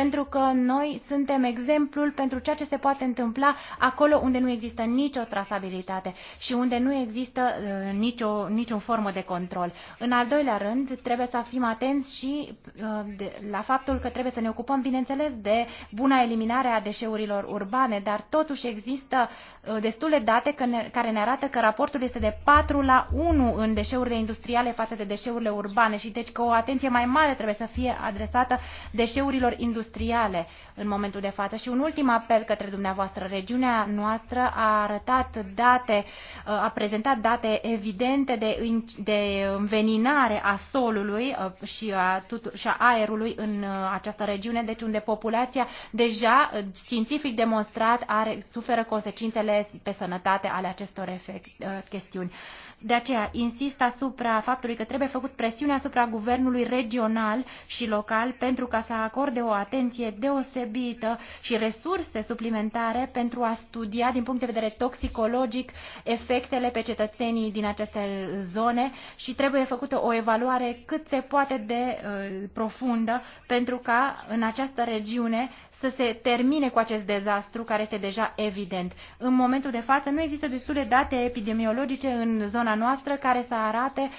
pentru că noi suntem exemplul pentru ceea ce se poate întâmpla acolo unde nu există nicio trasabilitate și unde nu există uh, nicio, nicio formă de control. În al doilea rând, trebuie să fim atenți și uh, de, la faptul că trebuie să ne ocupăm, bineînțeles, de buna eliminare a deșeurilor urbane, dar totuși există uh, destule date că ne, care ne arată că raportul este de 4 la 1 în deșeurile industriale față de deșeurile urbane și deci că o atenție mai mare trebuie să fie adresată deșeurilor industriale industriale în momentul de față. Și un ultim apel către dumneavoastră. Regiunea noastră a arătat date, uh, a prezentat date evidente de, de înveninare a solului uh, și a, și a aerului în uh, această regiune, deci unde populația deja științific demonstrat are, suferă consecințele pe sănătate ale acestor efect, chestiuni. De aceea insist asupra faptului că trebuie făcut presiune asupra guvernului regional și local pentru ca să acorde o atenție deosebită și resurse suplimentare pentru a studia din punct de vedere toxicologic efectele pe cetățenii din aceste zone și trebuie făcută o evaluare cât se poate de uh, profundă pentru ca în această regiune să se termine cu acest dezastru care este deja evident. În momentul de față nu există destule date epidemiologice în zona noastră care să arate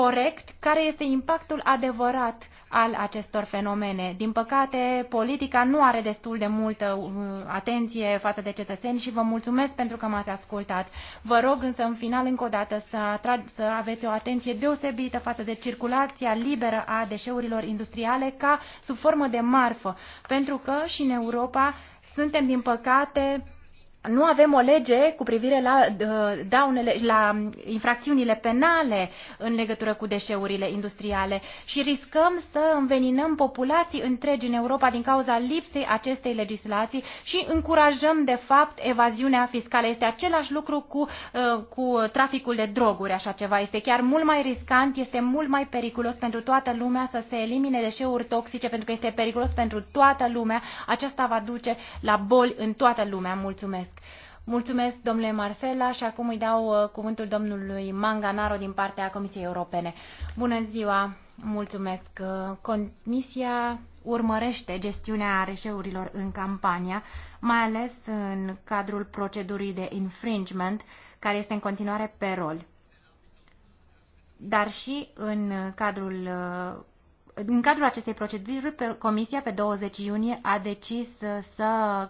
corect care este impactul adevărat al acestor fenomene. Din păcate, politica nu are destul de multă uh, atenție față de cetățeni și vă mulțumesc pentru că m-ați ascultat. Vă rog însă în final încă o dată să, atrag, să aveți o atenție deosebită față de circulația liberă a deșeurilor industriale ca sub formă de marfă, pentru că și în Europa suntem din păcate nu avem o lege cu privire la uh, daunele, la infracțiunile penale în legătură cu deșeurile industriale și riscăm să înveninăm populații întregi în Europa din cauza lipsei acestei legislații și încurajăm de fapt evaziunea fiscală. Este același lucru cu, uh, cu traficul de droguri, așa ceva. Este chiar mult mai riscant, este mult mai periculos pentru toată lumea să se elimine deșeuri toxice pentru că este periculos pentru toată lumea. Aceasta va duce la boli în toată lumea. Mulțumesc! Mulțumesc, domnule Marcela, și acum îi dau uh, cuvântul domnului Manganaro din partea Comisiei Europene. Bună ziua! Mulțumesc! Uh, Comisia urmărește gestiunea reșeurilor în campania, mai ales în cadrul procedurii de infringement, care este în continuare pe rol, dar și în cadrul uh, în cadrul acestei proceduri, Comisia pe 20 iunie a decis uh, să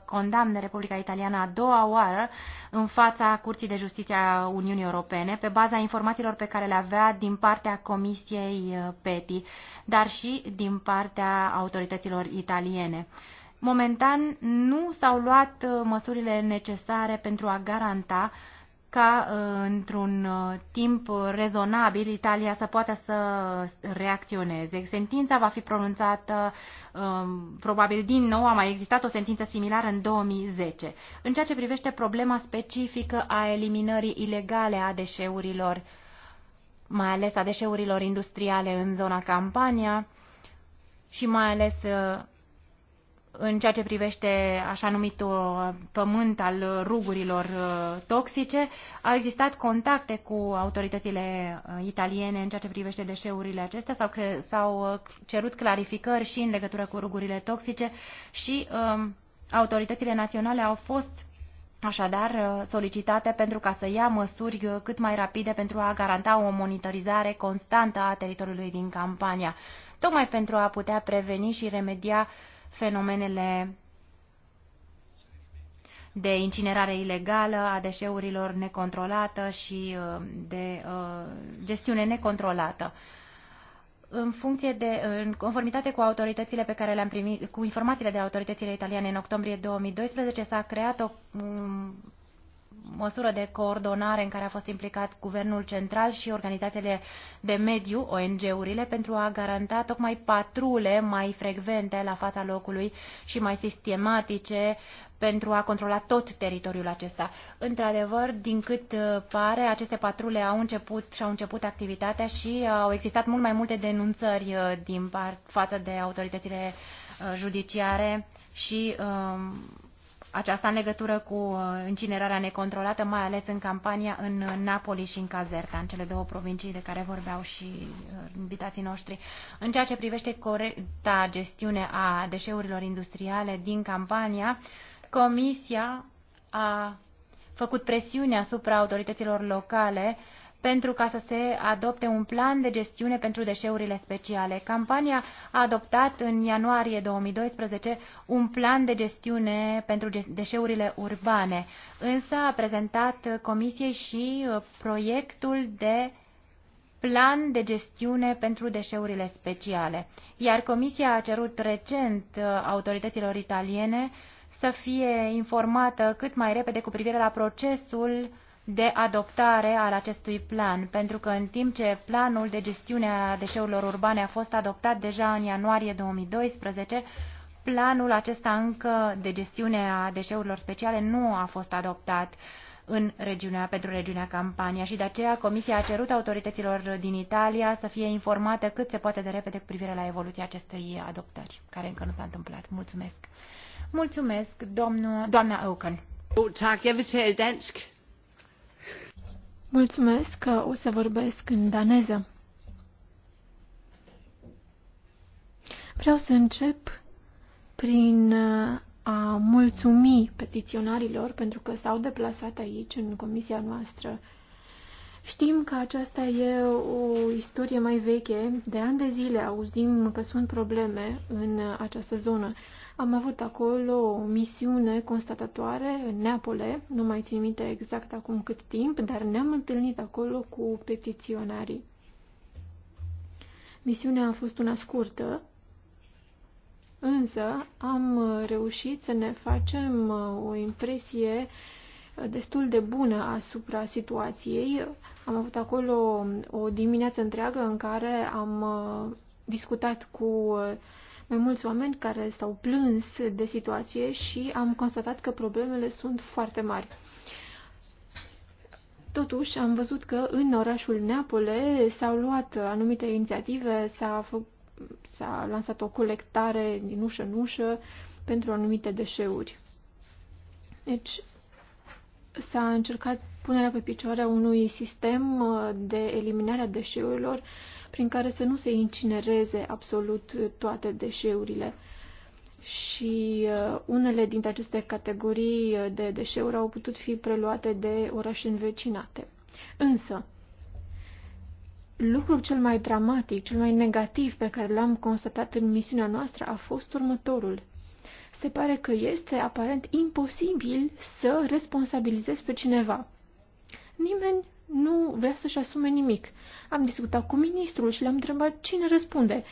condamne Republica Italiană a doua oară în fața Curții de Justiție a Uniunii Europene, pe baza informațiilor pe care le avea din partea Comisiei uh, PETI, dar și din partea autorităților italiene. Momentan nu s-au luat uh, măsurile necesare pentru a garanta uh, ca uh, într-un uh, timp rezonabil Italia să poată să reacționeze. Sentința va fi pronunțată um, probabil din nou, a mai existat o sentință similară în 2010. În ceea ce privește problema specifică a eliminării ilegale a deșeurilor, mai ales a deșeurilor industriale în zona Campania și mai ales uh, în ceea ce privește așa numitul uh, pământ al rugurilor uh, toxice. Au existat contacte cu autoritățile uh, italiene în ceea ce privește deșeurile acestea, sau s-au cerut clarificări și în legătură cu rugurile toxice și um, autoritățile naționale au fost așadar solicitate pentru ca să ia măsuri cât mai rapide pentru a garanta o monitorizare constantă a teritoriului din campania, tocmai pentru a putea preveni și remedia uh, fenomenele de incinerare ilegală a deșeurilor necontrolată și uh, de uh, gestiune necontrolată. În funcție de, în conformitate cu autoritățile pe care le-am primit, cu informațiile de autoritățile italiane în octombrie 2012, s-a creat o um, măsură de coordonare în care a fost implicat Guvernul Central și organizațiile de mediu, ONG-urile, pentru a garanta tocmai patrule mai frecvente la fața locului și mai sistematice pentru a controla tot teritoriul acesta. Într-adevăr, din cât uh, pare, aceste patrule au început și au început activitatea și uh, au existat mult mai multe denunțări uh, din part, față de autoritățile judiciare și um, aceasta în legătură cu uh, incinerarea necontrolată, mai ales în campania în uh, Napoli și în Caserta, în cele două provincii de care vorbeau și uh, invitații noștri. În ceea ce privește corecta gestiune a deșeurilor industriale din campania, Comisia a făcut presiune asupra autorităților locale uh, pentru ca să se adopte un plan de gestiune pentru deșeurile speciale. Campania a adoptat în ianuarie 2012 un plan de gestiune pentru deșeurile urbane, însă a prezentat Comisiei și uh, proiectul de plan de gestiune pentru deșeurile speciale, iar Comisia a cerut recent uh, autorităților italiene să fie informată cât mai repede cu privire la procesul uh, de adoptare al acestui plan, pentru că în timp ce planul de gestiune a deșeurilor urbane a fost adoptat deja în ianuarie 2012, planul acesta încă de gestiune a deșeurilor speciale nu a fost adoptat în regiunea, pentru regiunea Campania și de aceea Comisia a cerut autorităților din Italia să fie informate cât se poate de repede cu privire la evoluția acestei adoptări, care încă nu s-a întâmplat. Mulțumesc! Mulțumesc, domnul, doamna Eucan! Tak, jeg vil tale dansk. Mulțumesc că o să vorbesc în daneză. Vreau să încep prin uh, a mulțumi petiționarilor pentru că s-au deplasat aici, în comisia noastră. Știm că aceasta e o istorie mai veche. De ani de zile auzim că sunt probleme în această zonă. Am avut acolo o misiune constatatoare în Neapole, nu mai țin minte exact acum cât timp, dar ne-am întâlnit acolo cu petiționarii. Misiunea a fost una scurtă, însă am reușit să ne facem o impresie destul de bună asupra situației. Am avut acolo o dimineață întreagă în care am discutat cu mai mulți oameni care s-au plâns de situație și am constatat că problemele sunt foarte mari. Totuși, am văzut că în orașul Neapole s-au luat anumite inițiative, s-a, s-a lansat o colectare din ușă în ușă pentru anumite deșeuri. Deci, s-a încercat punerea pe picioare a unui sistem uh, de eliminare a deșeurilor prin care să nu se incinereze absolut toate deșeurile. Și uh, unele dintre aceste categorii de deșeuri au putut fi preluate de orașe învecinate. Însă, lucrul cel mai dramatic, cel mai negativ pe care l-am constatat în misiunea noastră a fost următorul se pare că este aparent imposibil să responsabilizezi pe cineva. Nimeni nu vrea să-și asume nimic. Am discutat cu ministrul și l-am întrebat cine răspunde.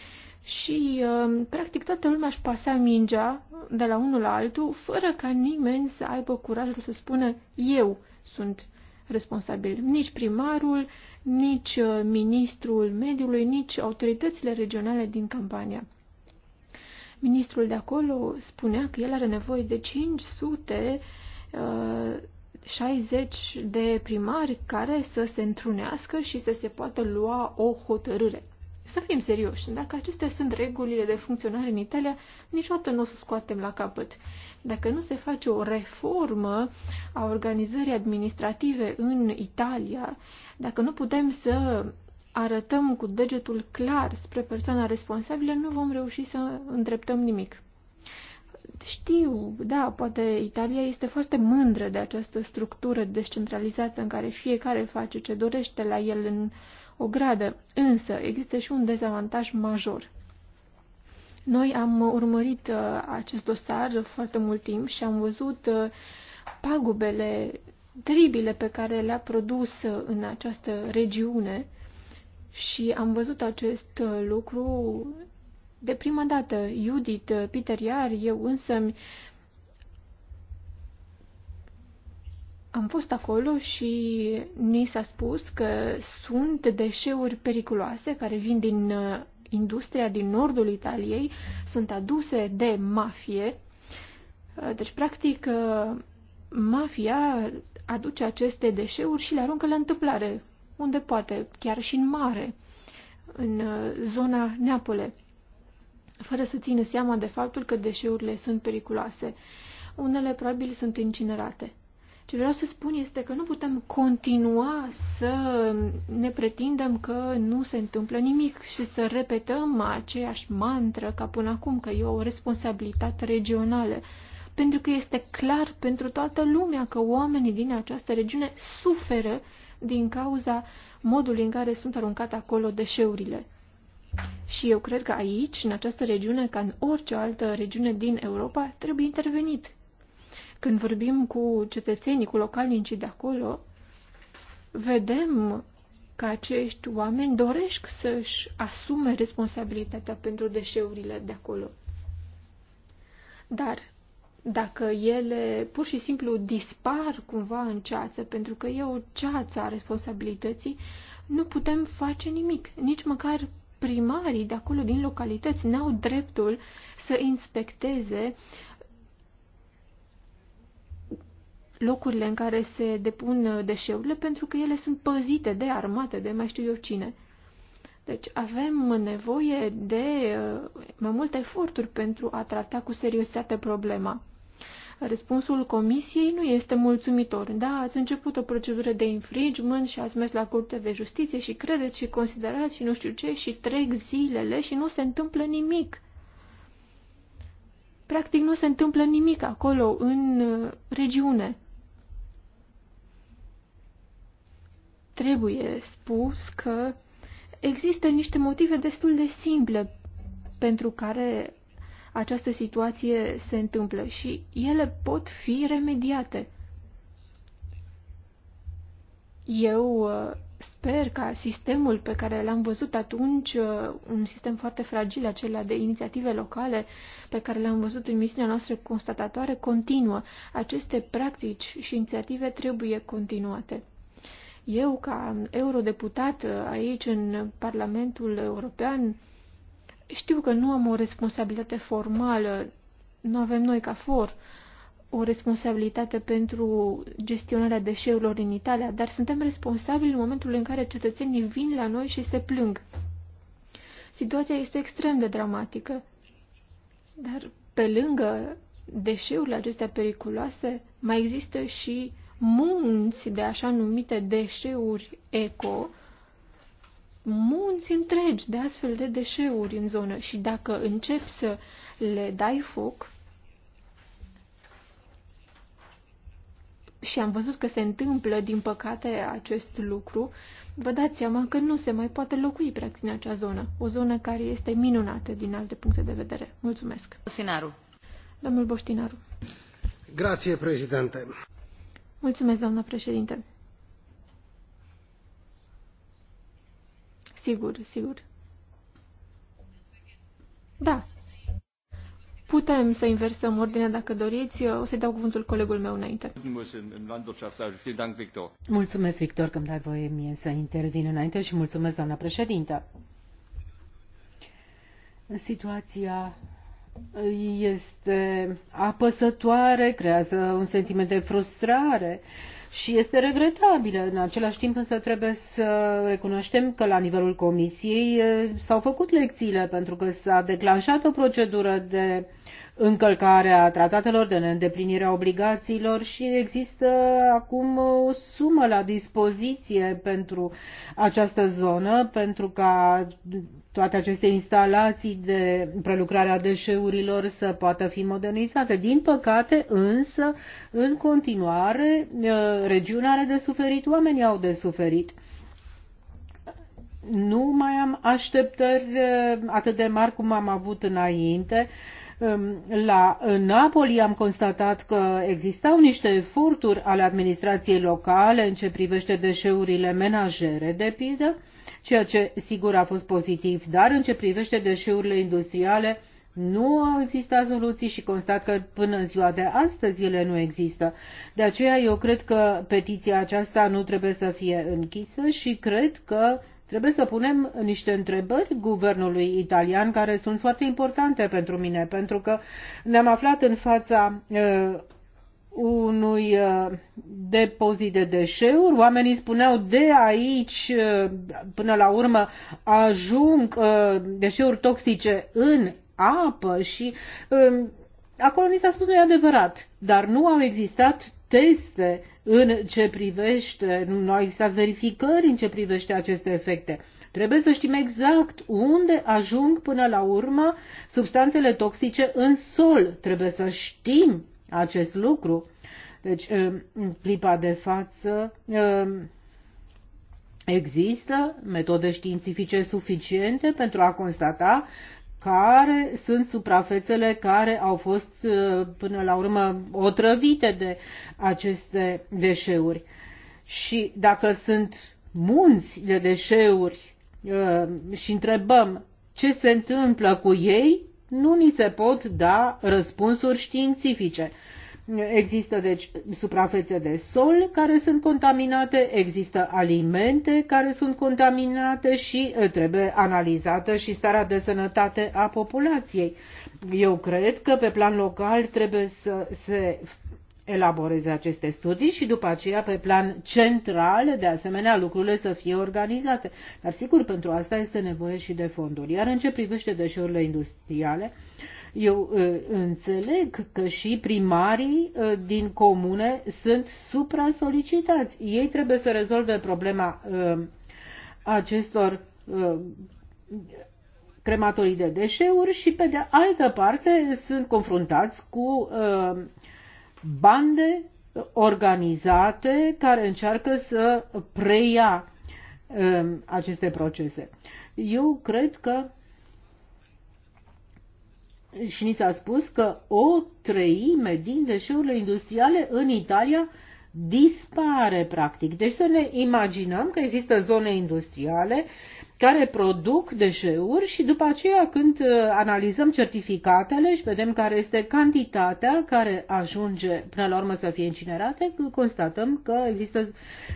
Și, uh, practic, toată lumea își pasa mingea de la unul la altul, fără ca nimeni să aibă curajul să spună eu sunt responsabil. Nici primarul, nici uh, ministrul mediului, nici autoritățile regionale din campania. Ministrul de acolo spunea că el are nevoie de 500 uh, 60 de primari care să se întrunească și să se poată lua o hotărâre. Să fim serioși, dacă acestea sunt regulile de funcționare în Italia, niciodată nu o să scoatem la capăt. Dacă nu se face o reformă a organizării administrative în Italia, dacă nu putem să arătăm cu degetul clar spre persoana responsabilă, nu vom reuși să îndreptăm nimic. Știu, da, poate Italia este foarte mândră de această structură descentralizată în care fiecare face ce dorește la el în o gradă, însă există și un dezavantaj major. Noi am urmărit uh, acest dosar foarte mult timp și am văzut uh, pagubele teribile pe care le-a produs uh, în această regiune și am văzut acest uh, lucru de prima dată, Judith, uh, Peter Iar, eu însă am fost acolo și ni s-a spus că sunt deșeuri periculoase care vin din uh, industria din nordul Italiei, sunt aduse de mafie. Uh, deci, practic, mafia aduce aceste deșeuri și le aruncă la întâmplare, unde poate, chiar și în mare, în zona Neapole fără să țină seama de faptul că deșeurile sunt periculoase. Unele probabil sunt incinerate. Ce vreau să spun este că nu putem continua să ne pretindem că nu se întâmplă nimic și să repetăm aceeași mantră ca până acum, că e o responsabilitate regională. Pentru că este clar pentru toată lumea că oamenii din această regiune suferă din cauza modului în care sunt aruncate acolo deșeurile. Și eu cred că aici, în această regiune, ca în orice altă regiune din Europa, trebuie intervenit. Când vorbim cu cetățenii, cu localnicii de acolo, vedem că acești oameni doresc să-și asume responsabilitatea pentru deșeurile de acolo. Dar dacă ele pur și simplu dispar cumva în ceață, pentru că e o ceață a responsabilității, nu putem face nimic, nici măcar primarii de acolo, din localități, n-au dreptul să inspecteze locurile în care se depun deșeurile pentru că ele sunt păzite de armate, de mai știu eu cine. Deci avem nevoie de uh, mai multe eforturi pentru a trata cu seriozitate problema. Răspunsul comisiei nu este mulțumitor. Da, ați început o procedură de infringement și ați mers la curte de Justiție și credeți și considerați și nu știu ce și trec zilele și nu se întâmplă nimic. Practic nu se întâmplă nimic acolo, în uh, regiune. Trebuie spus că există niște motive destul de simple pentru care această situație se întâmplă și ele pot fi remediate. Eu uh, sper ca sistemul pe care l-am văzut atunci, uh, un sistem foarte fragil, acela de inițiative locale, pe care l-am văzut în misiunea noastră constatatoare, continuă. Aceste practici și inițiative trebuie continuate. Eu, ca eurodeputat uh, aici în Parlamentul European, știu că nu am o responsabilitate formală, nu avem noi ca for o responsabilitate pentru gestionarea deșeurilor în Italia, dar suntem responsabili în momentul în care cetățenii vin la noi și se plâng. Situația este extrem de dramatică, dar pe lângă deșeurile acestea periculoase, mai există și munți de așa numite deșeuri eco, munți întregi de astfel de deșeuri în zonă și dacă începi să le dai foc, și am văzut că se întâmplă, din păcate, acest lucru, vă dați seama că nu se mai poate locui, practic, în acea zonă. O zonă care este minunată din alte puncte de vedere. Mulțumesc. Sinaru. Domnul Boștinaru. Grație, președinte. Mulțumesc, doamna președinte. Sigur, sigur. Da. Putem să inversăm ordinea dacă doriți. Eu o să-i dau cuvântul colegul meu înainte. Mulțumesc, Victor, că îmi dai voie mie să intervin înainte și mulțumesc, doamna președintă. Situația este apăsătoare, creează un sentiment de frustrare. Uh, și este regretabilă. În același timp însă trebuie să recunoaștem că la nivelul comisiei eh, s-au făcut lecțiile pentru că s-a declanșat o procedură de uh, încălcarea tratatelor, de a obligațiilor și există acum o sumă la dispoziție pentru această zonă, pentru ca toate aceste instalații de prelucrare a deșeurilor să poată fi modernizate. Din păcate, însă, în continuare, ă, regiunea are de suferit, oamenii au de suferit nu mai am așteptări ă, atât de mari cum am avut înainte Ehm, la Napoli am constatat că existau niște eforturi ale administrației locale în ce privește deșeurile menajere, de pildă, ceea ce sigur a fost pozitiv, dar în ce privește deșeurile industriale nu au existat soluții și constat că până în ziua de astăzi ele nu există. De aceea eu cred că petiția aceasta nu trebuie să fie închisă și cred că Trebuie să punem niște întrebări guvernului italian care sunt foarte importante pentru mine, pentru că ne-am aflat în fața uh, unui uh, depozit de deșeuri. Oamenii spuneau de aici, uh, până la urmă, ajung uh, deșeuri toxice în apă și uh, acolo ni s-a spus nu e adevărat, dar nu au existat teste în ce privește, nu au existat verificări în ce privește aceste efecte. Trebuie să știm exact unde ajung până la urmă substanțele toxice în sol. Trebuie să știm acest lucru. Deci, în clipa de față, există metode științifice suficiente pentru a constata care sunt suprafețele care au fost uh, până la urmă otrăvite de aceste deșeuri. Și dacă sunt munți de deșeuri uh, și întrebăm ce se întâmplă cu ei, nu ni se pot da răspunsuri științifice. Există deci suprafețe de sol care sunt contaminate, există alimente care sunt contaminate și eh, trebuie analizată și starea de sănătate a populației. Eu cred că pe plan local trebuie să se elaboreze aceste studii și după aceea pe plan central, de asemenea, lucrurile să fie organizate. Dar sigur, pentru asta este nevoie și de fonduri. Iar în ce privește deșeurile industriale, uh, eu uh, înțeleg că și primarii uh, din comune sunt supra-solicitați. Ei trebuie să rezolve problema uh, acestor crematorii de deșeuri și, pe de altă parte, sunt confruntați cu bande organizate care încearcă să preia aceste procese. Eu cred că și ni s-a spus că o treime din deșeurile industriale în Italia dispare practic. Deci să ne imaginăm că există zone industriale care produc deșeuri și după aceea când uh, analizăm certificatele și vedem care este cantitatea care ajunge până la urmă să fie incinerate, constatăm că există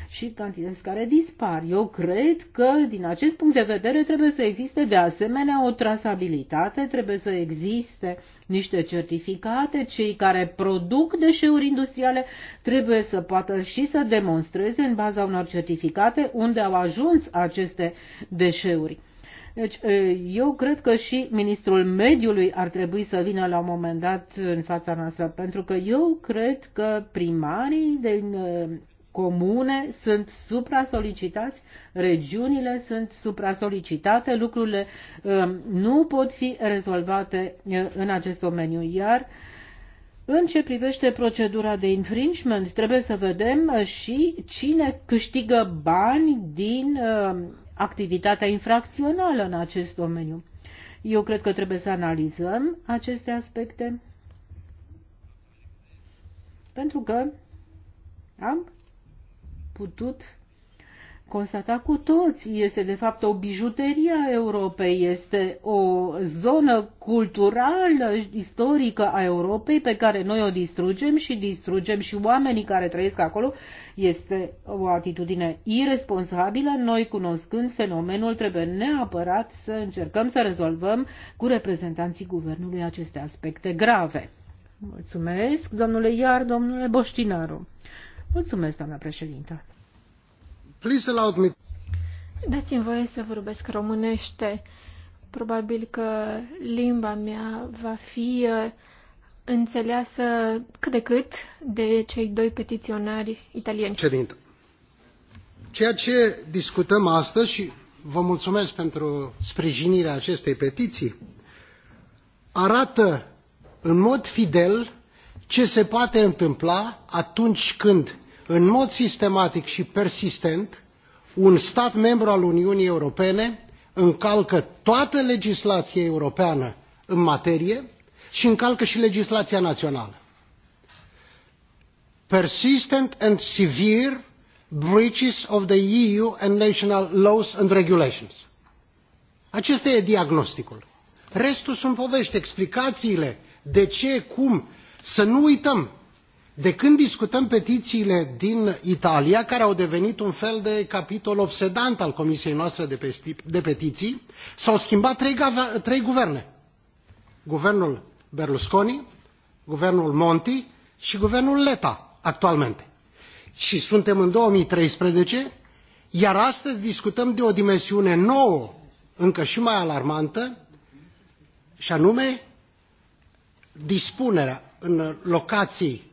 și cantități care dispar. Eu cred că din acest punct de vedere trebuie să existe de asemenea o trasabilitate, trebuie să existe niște certificate. Cei care produc deșeuri industriale trebuie să poată și să demonstreze în baza unor certificate unde au ajuns aceste deșeuri. Deci, eu cred că și ministrul mediului ar trebui să vină la un moment dat în fața noastră, pentru că eu cred că primarii din comune sunt supra-solicitați, regiunile sunt supra-solicitate, lucrurile um, nu pot fi rezolvate uh, în acest domeniu. Iar în ce privește procedura de infringement, trebuie să vedem uh, și cine câștigă bani din um, activitatea infracțională în acest domeniu. Eu cred că trebuie să analizăm aceste aspecte pentru că am putut constata cu toți. Este de fapt o bijuterie a Europei, este o zonă culturală, istorică a Europei pe care noi o distrugem și distrugem și oamenii care trăiesc acolo. Este o atitudine irresponsabilă. Noi cunoscând fenomenul trebuie neapărat să încercăm să rezolvăm cu reprezentanții guvernului aceste aspecte grave. Mulțumesc, domnule Iar, domnule Boștinaru. Mulțumesc, doamna președintă. Please allow me. Dați-mi voie să vorbesc românește. Probabil că limba mea va fi uh, înțeleasă cât de cât de cei doi petiționari italieni. Cedintă. Ceea ce discutăm astăzi și vă mulțumesc pentru sprijinirea acestei petiții, arată în mod fidel ce se poate întâmpla atunci când în mod sistematic și persistent un stat membru al uniunii europene încalcă toată legislația europeană în materie și încalcă și legislația națională. persistent and severe breaches of the eu and national laws and regulations. acesta e diagnosticul. restul sunt povești explicațiile de ce cum să nu uităm de când discutăm petițiile din Italia, care au devenit un fel de capitol obsedant al Comisiei noastre de, petiții, s-au schimbat trei, guverne. Guvernul Berlusconi, guvernul Monti și guvernul Leta actualmente. Și suntem în 2013, iar astăzi discutăm de o dimensiune nouă, încă și mai alarmantă, și anume dispunerea în locații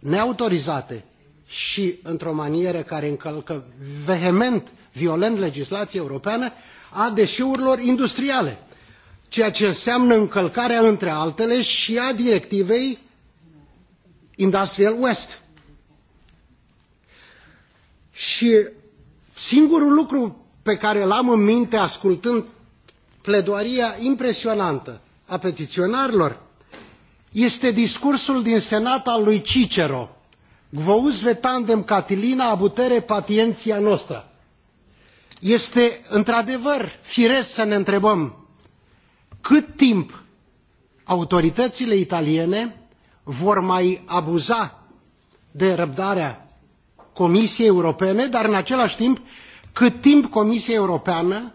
neautorizate și într o manieră care încalcă vehement violent legislația europeană a deșeurilor industriale ceea ce înseamnă încălcarea între altele și a directivei industrial west. Și singurul lucru pe care l-am în minte ascultând pledoaria impresionantă a petiționarilor este discursul din senat al lui cicero quous vetandem catilina abutere patientia noastră este într adevăr firesc să ne întrebăm cât timp autoritățile italiene vor mai abuza de răbdarea comisiei europene dar în același timp cât timp comisia europeană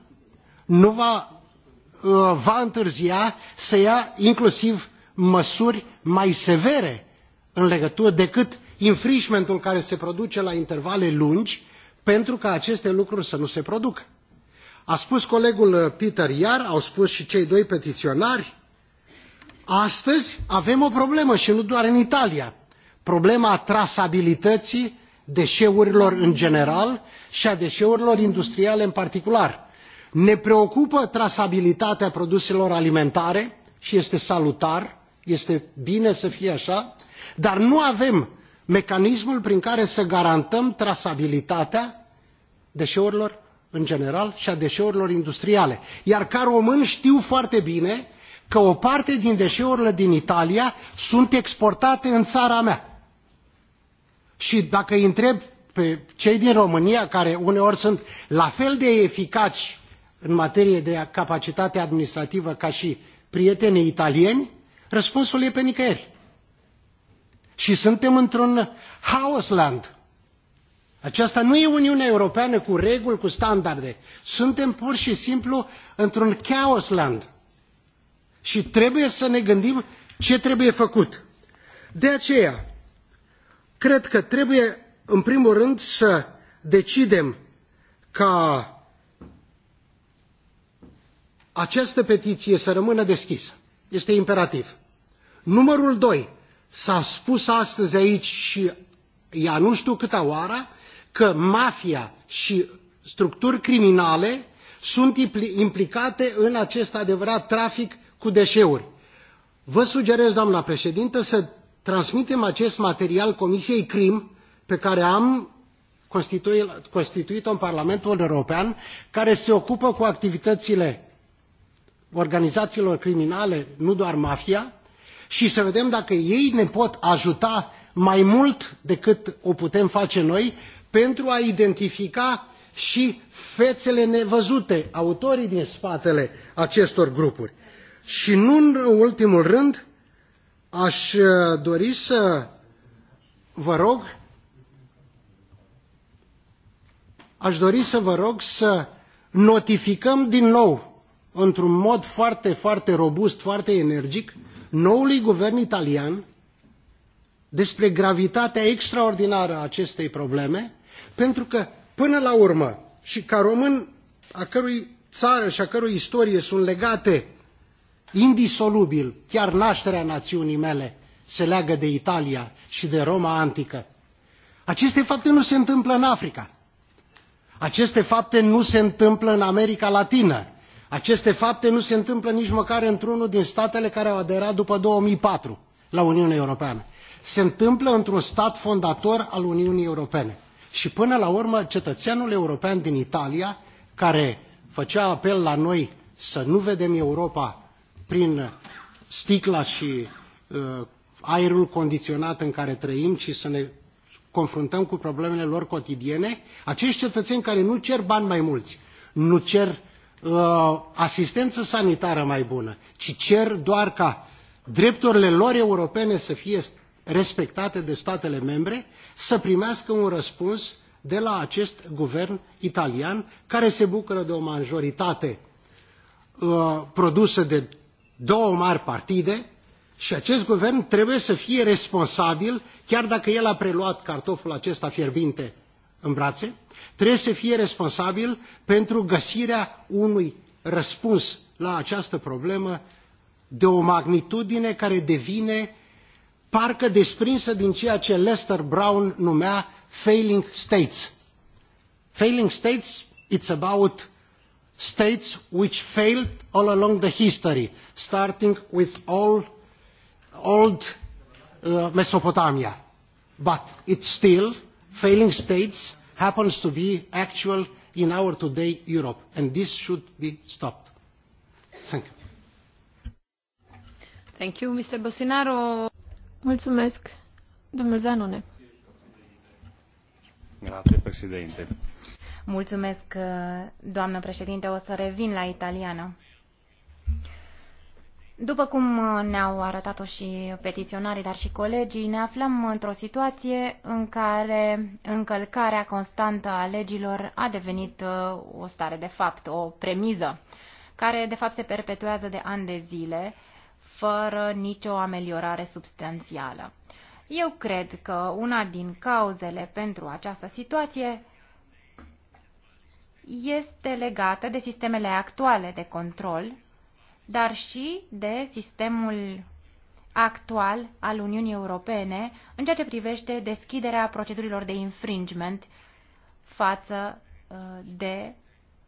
nu va, uh, va întârzia să ia inclusiv măsuri mai severe în legătură decât infringementul care se produce la intervale lungi pentru ca aceste lucruri să nu se producă. A spus colegul uh, Peter Iar, au spus și cei doi petiționari, astăzi avem o problemă și nu doar în Italia, problema trasabilității deșeurilor în general și a deșeurilor industriale în particular. Ne preocupă trasabilitatea produselor alimentare și este salutar, este bine să fie așa dar nu avem mecanismul prin care să garantăm trasabilitatea deșeurilor în general și a deșeurilor industriale iar ca român știu foarte bine că o parte din deșeurile din Italia sunt exportate în țara mea. Și dacă îi întreb pe cei din România, care uneori sunt la fel de eficaci în materie de capacitate administrativă ca și prietenii italieni, Răspunsul e pe nicăieri. Și suntem într-un land. Aceasta nu e Uniunea Europeană cu reguli, cu standarde. Suntem pur și simplu într-un chaosland. Și trebuie să ne gândim ce trebuie făcut. De aceea, cred că trebuie, în primul rând, să decidem ca această petiție să rămână deschisă este imperativ. Numărul 2. S-a spus astăzi aici și ea nu știu câta oară că mafia și structuri criminale sunt implicate în acest adevărat trafic cu deșeuri. Vă sugerez, doamna președintă, să transmitem acest material Comisiei CRIM, pe care am constituit-o în Parlamentul European, care se ocupă cu activitățile organizațiilor criminale, nu doar mafia, și să vedem dacă ei ne pot ajuta mai mult decât o putem face noi pentru a identifica și fețele nevăzute, autorii din spatele acestor grupuri. Și nu în ultimul rând, aș uh, dori să vă rog, aș dori să vă rog să notificăm din nou într-un mod foarte, foarte robust, foarte energic, noului guvern italian despre gravitatea extraordinară a acestei probleme, pentru că, până la urmă, și ca român a cărui țară și a cărui istorie sunt legate indisolubil, chiar nașterea națiunii mele se leagă de Italia și de Roma antică. Aceste fapte nu se întâmplă în Africa. Aceste fapte nu se întâmplă în America Latină. Aceste fapte nu se întâmplă nici măcar într-unul din statele care au aderat după 2004 la Uniunea Europeană. Se întâmplă într-un stat fondator al Uniunii Europene. Și până la urmă, cetățeanul european din Italia, care făcea apel la noi să nu vedem Europa prin sticla și uh, aerul condiționat în care trăim, ci să ne confruntăm cu problemele lor cotidiene, acești cetățeni care nu cer bani mai mulți, nu cer Uh, asistență sanitară mai bună, ci cer doar ca drepturile lor europene să fie respectate de statele membre, să primească un răspuns de la acest guvern italian, care se bucură de o majoritate uh, produsă de două mari partide și acest guvern trebuie să fie responsabil, chiar dacă el a preluat cartoful acesta fierbinte în brațe, trebuie să fie responsabil pentru găsirea unui răspuns la această problemă de o magnitudine care devine parcă desprinsă din ceea ce Lester Brown numea failing states. Failing states, it's about states which failed all along the history, starting with all old uh, Mesopotamia. But it's still failing states happens to be actual in our today Europe, and this should be stopped. Thank you. Thank you, Mr. Bosinaro. Mulțumesc, domnul Zanone. Grazie, Presidente. Mulțumesc, doamnă președinte. O să revin la italiană. După cum uh, ne-au arătat-o și petiționarii, dar și colegii, ne aflăm într-o situație în care încălcarea constantă a legilor a devenit uh, o stare de fapt, o premiză, care de fapt se perpetuează de ani de zile, fără nicio ameliorare substanțială. Eu cred că una din cauzele pentru această situație este legată de sistemele actuale de control dar și de sistemul actual al Uniunii Europene în ceea ce privește deschiderea procedurilor de infringement față uh, de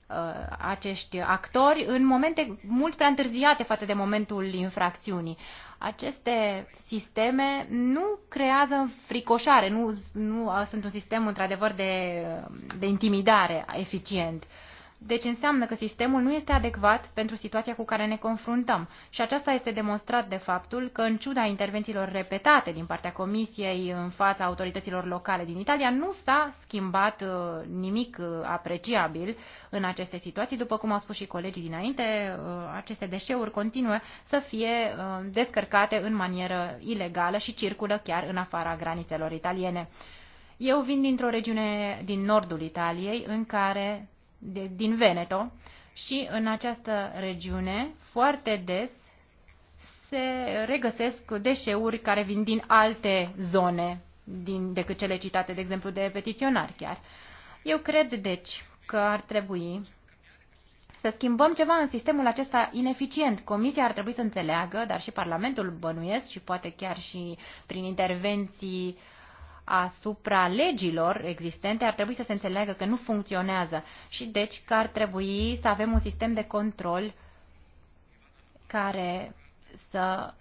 uh, acești actori în momente mult prea întârziate față de momentul infracțiunii. Aceste sisteme nu creează fricoșare, nu, nu uh, sunt un sistem într-adevăr de, de intimidare eficient. Uh, deci înseamnă că sistemul nu este adecvat pentru situația cu care ne confruntăm și aceasta este demonstrat de faptul că, în ciuda intervențiilor repetate din partea Comisiei în fața autorităților locale din Italia, nu s-a schimbat uh, nimic uh, apreciabil în aceste situații. După cum au spus și colegii dinainte, uh, aceste deșeuri continuă să fie descărcate în manieră ilegală și circulă chiar în afara granițelor italiene. Eu vin dintr-o regiune din nordul Italiei în care de, din Veneto și în această regiune foarte des se regăsesc deșeuri care vin din alte zone din, decât cele citate, de exemplu, de petiționari chiar. Eu cred, deci, că ar trebui să schimbăm ceva în sistemul acesta ineficient. Comisia ar trebui să înțeleagă, dar și Parlamentul bănuiesc și poate chiar și prin intervenții uh, asupra legilor existente ar trebui să se înțeleagă că nu funcționează și deci că ar trebui să avem un sistem de control care să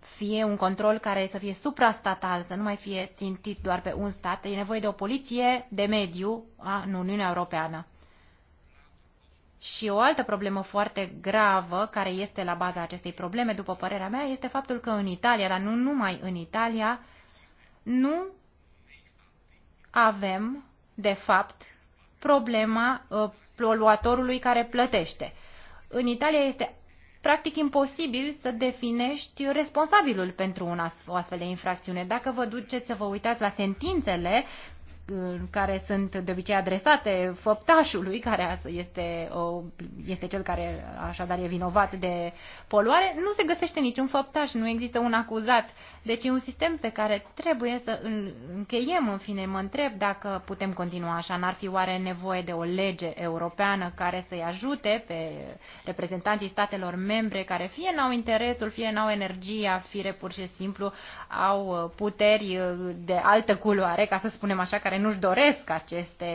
fie un control care să fie suprastatal, să nu mai fie țintit doar pe un stat. E nevoie de o poliție de mediu a, în Uniunea Europeană. Și o altă problemă foarte gravă care este la baza acestei probleme, după părerea mea, este faptul că în Italia, dar nu numai în Italia, nu avem, de fapt, problema uh, poluatorului care plătește. În Italia este practic imposibil să definești responsabilul pentru un astfel, o astfel de infracțiune. Dacă vă duceți să vă uitați la sentințele care sunt de obicei adresate făptașului, care este, o, este cel care așadar e vinovat de poluare, nu se găsește niciun făptaș, nu există un acuzat. Deci e un sistem pe care trebuie să îl încheiem. În fine, mă întreb dacă putem continua așa. N-ar fi oare nevoie de o lege europeană care să-i ajute pe reprezentanții statelor membre care fie n-au interesul, fie n-au energia, fie pur și simplu au puteri de altă culoare, ca să spunem așa, care nu-și doresc aceste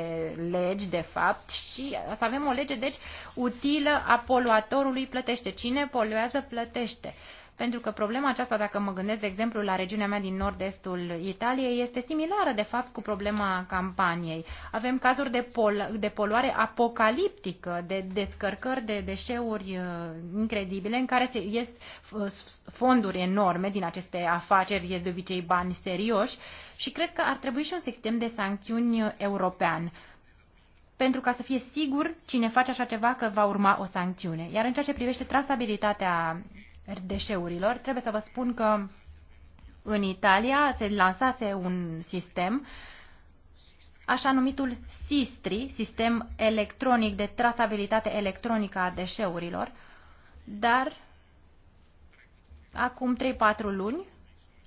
legi, de fapt, și să avem o lege, deci, utilă a poluatorului plătește. Cine poluează, plătește pentru că problema aceasta, dacă mă gândesc, de exemplu, la regiunea mea din nord-estul Italiei, este similară, de fapt, cu problema campaniei. Avem cazuri de, pol- de poluare apocaliptică, de descărcări de deșeuri uh, incredibile, în care se ies uh, fonduri enorme din aceste afaceri, ies de obicei bani serioși și cred că ar trebui și un sistem de sancțiuni uh, european pentru ca să fie sigur cine face așa ceva că va urma o sancțiune. Iar în ceea ce privește trasabilitatea deșeurilor, trebuie să vă spun că în Italia se lansase un sistem, așa numitul SISTRI, Sistem Electronic de Trasabilitate Electronică a Deșeurilor, dar acum 3-4 luni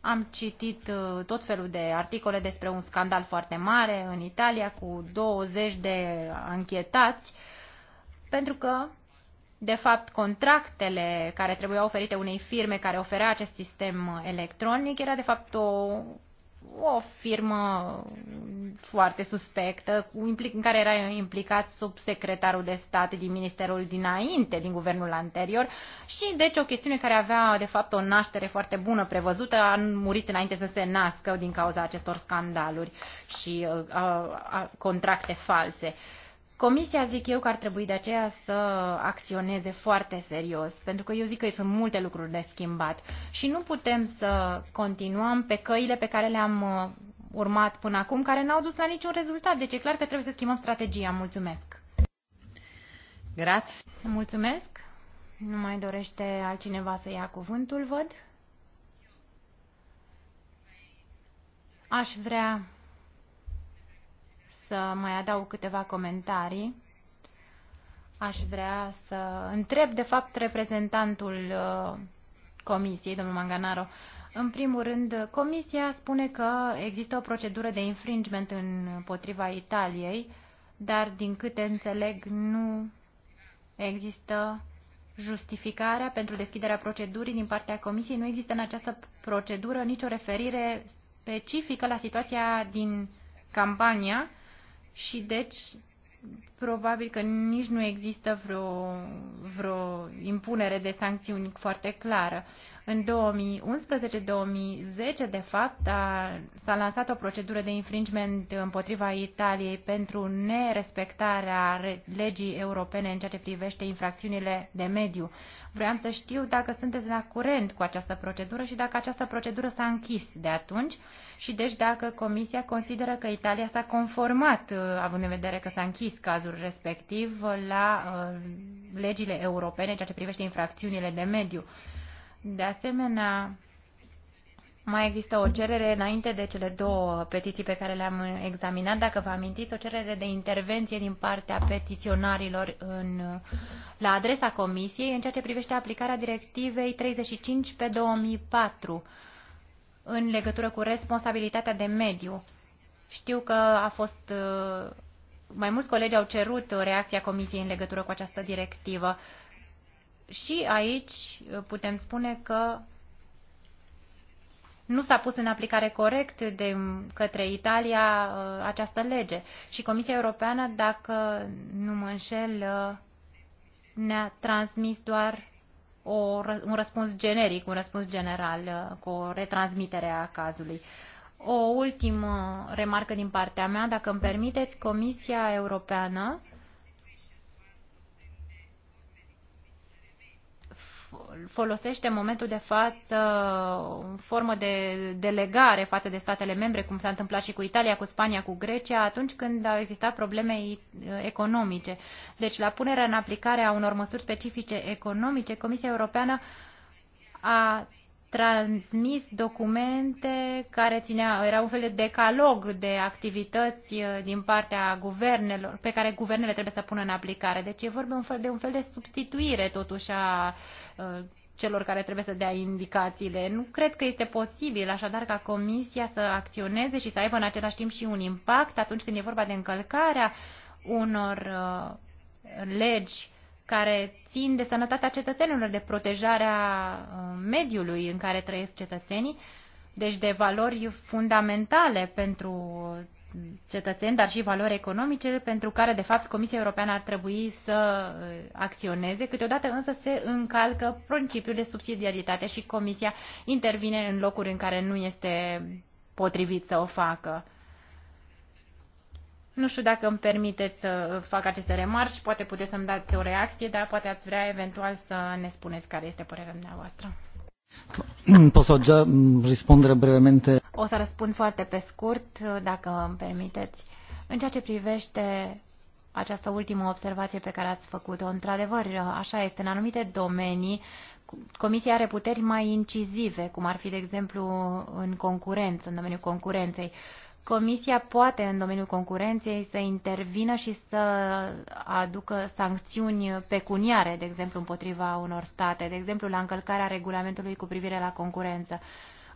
am citit uh, tot felul de articole despre un scandal foarte mare în Italia cu 20 de anchetați, pentru că de fapt, contractele care trebuiau oferite unei firme care oferea acest sistem electronic era, de fapt, o, o firmă foarte suspectă, în care era implicat subsecretarul de stat din ministerul dinainte, din guvernul anterior, și deci o chestiune care avea, de fapt, o naștere foarte bună prevăzută, a murit înainte să se nască din cauza acestor scandaluri și uh, a, a, contracte false. Comisia zic eu că ar trebui de aceea să acționeze foarte serios, pentru că eu zic că sunt multe lucruri de schimbat și nu putem să continuăm pe căile pe care le-am uh, urmat până acum, care n-au dus la niciun rezultat. Deci e clar că trebuie să schimbăm strategia. Mulțumesc! Grați! Mulțumesc! Nu mai dorește altcineva să ia cuvântul, văd. Aș vrea să mai adaug câteva comentarii. Aș vrea să întreb, de fapt, reprezentantul uh, Comisiei, domnul Manganaro. În primul rând, Comisia spune că există o procedură de infringement împotriva Italiei, dar, din câte înțeleg, nu există justificarea pentru deschiderea procedurii din partea Comisiei. Nu există în această procedură nicio referire specifică la situația din campania și deci probabil că nici nu există vreo, vreo impunere de sancțiuni foarte clară. În 2011-2010, de fapt, s-a lansat o procedură de infringement împotriva Italiei pentru nerespectarea legii europene în ceea ce privește infracțiunile de mediu. Vreau să știu dacă sunteți la curent cu această procedură și dacă această procedură s-a închis de atunci și deci dacă Comisia consideră că Italia s-a conformat, uh, având în vedere că s-a închis cazul respectiv, la uh, legile europene, ceea ce privește infracțiunile de mediu. De asemenea, mai există o cerere înainte de cele două petiții pe care le-am examinat, dacă vă amintiți, o cerere de intervenție din partea petiționarilor în, la adresa Comisiei în ceea ce privește aplicarea directivei 35 pe 2004 în legătură cu responsabilitatea de mediu. Știu că a fost mai mulți colegi au cerut reacția Comisiei în legătură cu această directivă. Și aici putem spune că nu s-a pus în aplicare corect de către Italia uh, această lege. Și Comisia Europeană, dacă nu mă înșel, uh, ne-a transmis doar o, un răspuns generic, un răspuns general uh, cu o retransmitere a cazului. O ultimă remarcă din partea mea, dacă îmi permiteți, Comisia Europeană folosește în momentul de față o formă de delegare față de statele membre, cum s-a întâmplat și cu Italia, cu Spania, cu Grecia, atunci când au existat probleme economice. Deci, la punerea în aplicare a unor măsuri specifice economice, Comisia Europeană a transmis documente care ținea, era un fel de decalog de activități uh, din partea guvernelor, pe care guvernele trebuie să pună în aplicare. Deci e vorba un fel de un fel de substituire totuși a uh, celor care trebuie să dea indicațiile. Nu cred că este posibil așadar ca Comisia să acționeze și să aibă în același timp și un impact atunci când e vorba de încălcarea unor uh, legi care țin de sănătatea cetățenilor, de protejarea uh, mediului în care trăiesc cetățenii, deci de valori fundamentale pentru cetățeni, dar și valori economice, pentru care, de fapt, Comisia Europeană ar trebui să uh, acționeze. Câteodată însă se încalcă principiul de subsidiaritate și Comisia intervine în locuri în care nu este potrivit să o facă. Nu știu dacă îmi permiteți să fac aceste remarci, poate puteți să-mi dați o reacție, dar poate ați vrea eventual să ne spuneți care este părerea dumneavoastră. Pot să răspundere brevemente? O să răspund foarte pe scurt, dacă îmi permiteți. În ceea ce privește această ultimă observație pe care ați făcut-o, într-adevăr, așa este, în anumite domenii, Comisia are puteri mai incizive, cum ar fi, de exemplu, în concurență, în domeniul concurenței. Comisia poate în domeniul concurenței să intervină și să aducă sancțiuni pecuniare, de exemplu, împotriva unor state, de exemplu, la încălcarea regulamentului cu privire la concurență.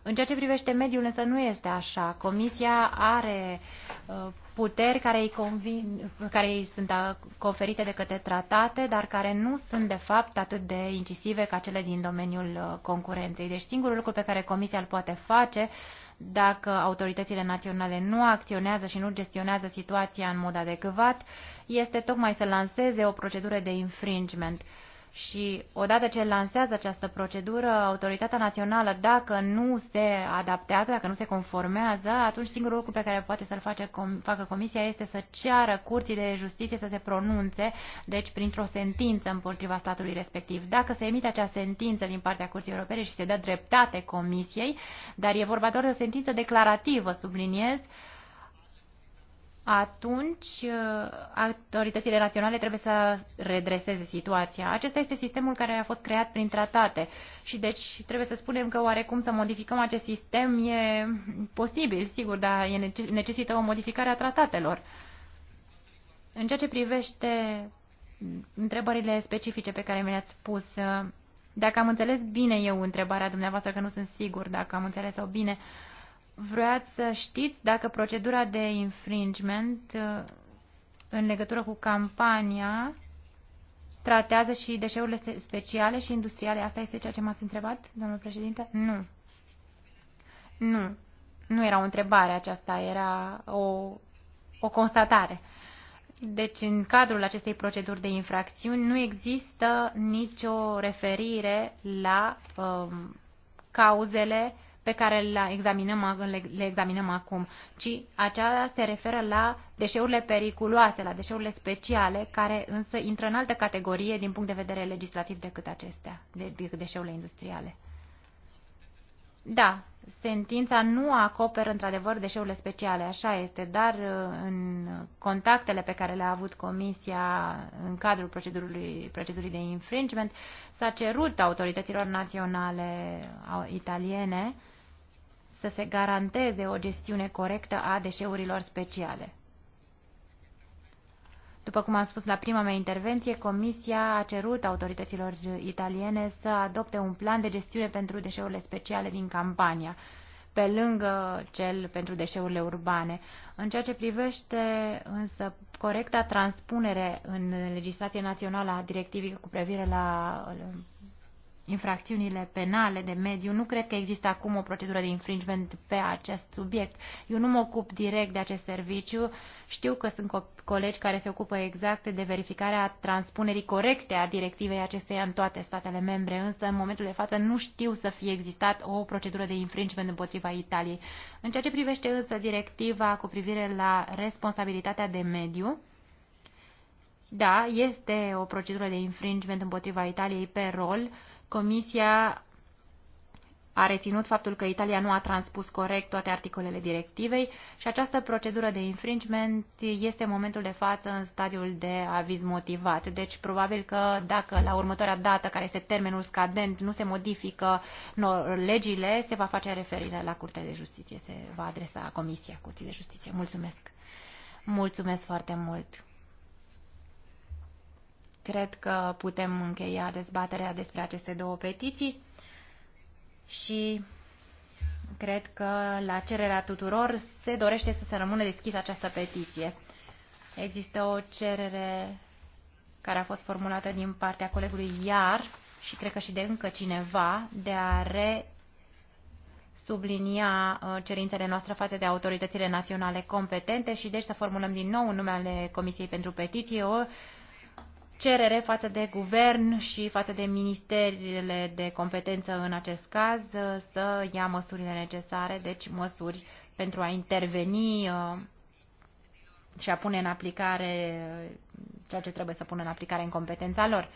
În ceea ce privește mediul, însă nu este așa. Comisia are uh, puteri care îi, convin, care îi sunt uh, conferite de către tratate, dar care nu sunt, de fapt, atât de incisive ca cele din domeniul uh, concurenței. Deci singurul lucru pe care Comisia îl poate face dacă autoritățile naționale nu acționează și nu gestionează situația în mod adecvat, este tocmai să lanseze o procedură de infringement și odată ce lansează această procedură, autoritatea națională, dacă nu se adaptează, dacă nu se conformează, atunci singurul lucru pe care poate să-l face, com, facă comisia este să ceară curții de justiție să se pronunțe, deci printr-o sentință împotriva statului respectiv. Dacă se emite acea sentință din partea Curții Europene și se dă dreptate comisiei, dar e vorba doar de o sentință declarativă, subliniez, uh, atunci uh, autoritățile naționale trebuie să redreseze situația. Acesta este sistemul care a fost creat prin tratate și deci trebuie să spunem că oarecum să modificăm acest sistem e posibil, sigur, dar e necesită o modificare a tratatelor. În ceea ce privește întrebările specifice pe care mi le-ați spus, uh, dacă am înțeles bine eu întrebarea dumneavoastră, că nu sunt sigur dacă am înțeles-o bine, uh, Vreau să știți dacă procedura de infringement uh, în legătură cu campania tratează și deșeurile speciale și industriale. Asta este ceea ce m-ați întrebat, domnul președinte? Nu. Nu. Nu era o întrebare aceasta, era o, o constatare. Deci, în cadrul acestei proceduri de infracțiuni nu există nicio referire la um, cauzele pe care le examinăm, le examinăm acum, ci aceea se referă la deșeurile periculoase, la deșeurile speciale, care însă intră în altă categorie din punct de vedere legislativ decât acestea, decât deșeurile industriale. Da, sentința nu acoperă într-adevăr deșeurile speciale, așa este, dar uh, în contactele pe care le-a avut Comisia în cadrul procedurii, procedurii de infringement s-a cerut autorităților naționale uh, italiene să se garanteze o gestiune corectă a deșeurilor speciale. După cum am spus la prima mea intervenție, Comisia a cerut autorităților italiene să adopte un plan de gestiune pentru deșeurile speciale din campania, pe lângă cel pentru deșeurile urbane. În ceea ce privește însă corecta transpunere în legislația națională a directivii cu privire la infracțiunile penale de mediu, nu cred că există acum o procedură de infringement pe acest subiect. Eu nu mă ocup direct de acest serviciu. Știu că sunt co colegi care se ocupă exact de verificarea transpunerii corecte a directivei acesteia în toate statele membre, însă în momentul de față nu știu să fie existat o procedură de infringement împotriva Italiei. În ceea ce privește însă directiva cu privire la responsabilitatea de mediu, da, este o procedură de infringement împotriva Italiei pe rol, uh, Comisia a reținut faptul că Italia nu a transpus corect toate articolele directivei și această procedură de infringement este în momentul de față în stadiul de aviz motivat. Deci probabil că dacă la următoarea dată, care este termenul scadent, nu se modifică legile, se va face referire la Curtea de Justiție, se va adresa Comisia Curții de Justiție. Mulțumesc! Mulțumesc foarte mult! Cred că putem încheia dezbaterea despre aceste două petiții și cred că la cererea tuturor se dorește să se rămână deschisă această petiție. Există o cerere care a fost formulată din partea colegului Iar și cred că și de încă cineva de a re sublinia uh, cerințele noastre față de autoritățile naționale competente și deci să formulăm din nou în numele Comisiei pentru Petiții o cerere față de guvern și față de ministerile de competență în acest caz uh, să ia măsurile necesare, deci măsuri pentru a interveni uh, și a pune în aplicare uh, ceea ce trebuie să pună în aplicare în competența lor.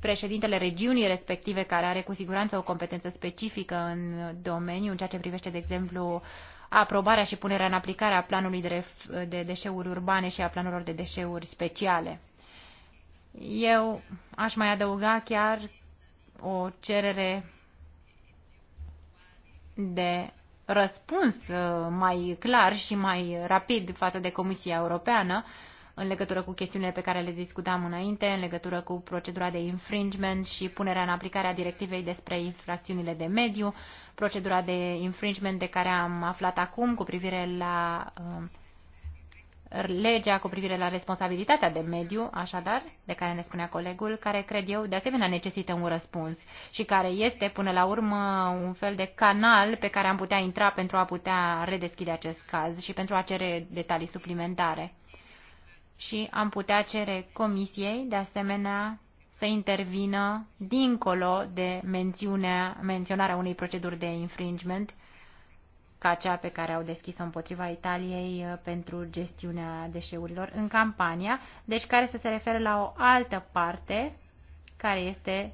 Președintele regiunii respective, care are cu siguranță o competență specifică în domeniu, în ceea ce privește, de exemplu, aprobarea și punerea în aplicare a planului de, de deșeuri urbane și a planurilor de deșeuri speciale. Eu aș mai adăuga chiar o cerere de răspuns uh, mai clar și mai rapid față de Comisia Europeană în legătură cu chestiunile pe care le discutam înainte, în legătură cu procedura de infringement și punerea în aplicare a directivei despre infracțiunile de mediu, procedura de infringement de care am aflat acum cu privire la uh, legea cu privire la responsabilitatea de mediu, așadar, de care ne spunea colegul, care cred eu de asemenea necesită un răspuns și care este până la urmă un fel de canal pe care am putea intra pentru a putea redeschide acest caz și pentru a cere detalii suplimentare. Și am putea cere comisiei de asemenea să intervină dincolo de mențiunea, menționarea unei proceduri de infringement ca cea pe care au deschis-o împotriva Italiei uh, pentru gestiunea deșeurilor în campania, deci care să se referă la o altă parte care este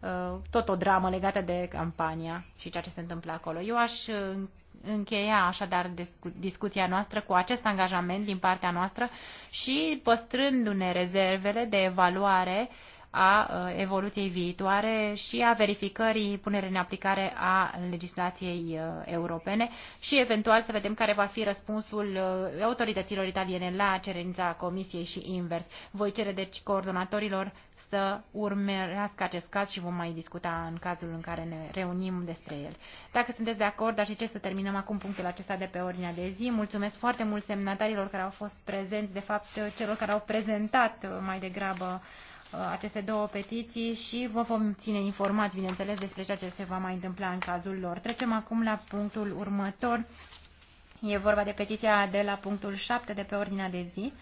uh, tot o dramă legată de campania și ceea ce se întâmplă acolo. Eu aș uh, încheia așadar discu- discuția noastră cu acest angajament din partea noastră și păstrându-ne rezervele de evaluare uh, a uh, evoluției viitoare și a verificării punerii în aplicare a legislației uh, europene și eventual să vedem care va fi răspunsul uh, autorităților italiene la cerința Comisiei și invers. Voi cere deci coordonatorilor să urmărească acest caz și vom mai discuta în cazul în care ne reunim despre el. Dacă sunteți de acord, aș ce să terminăm acum punctul acesta de pe ordinea de zi. Mulțumesc foarte mult semnatarilor care au fost prezenți, de fapt celor care au prezentat mai degrabă Uh, aceste două petiții și vă vom ține informați, bineînțeles, despre ceea ce se va mai întâmpla în cazul lor. Trecem acum la punctul următor. E vorba de petiția de la punctul 7 de pe ordinea de zi,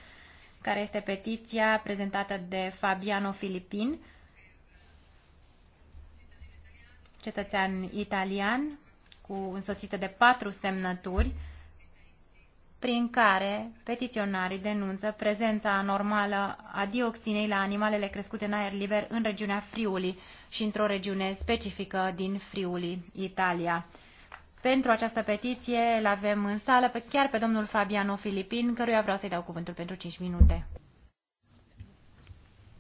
care este petiția prezentată de Fabiano Filipin, cetățean italian, cu însoțită de patru semnături, prin care petiționarii denunță prezența anormală a dioxinei la animalele crescute în aer liber în regiunea Friuli și într-o regiune specifică din Friuli, Italia. Pentru această petiție îl avem în sală pe, chiar pe domnul Fabiano Filipin, căruia vreau să-i dau cuvântul pentru 5 minute.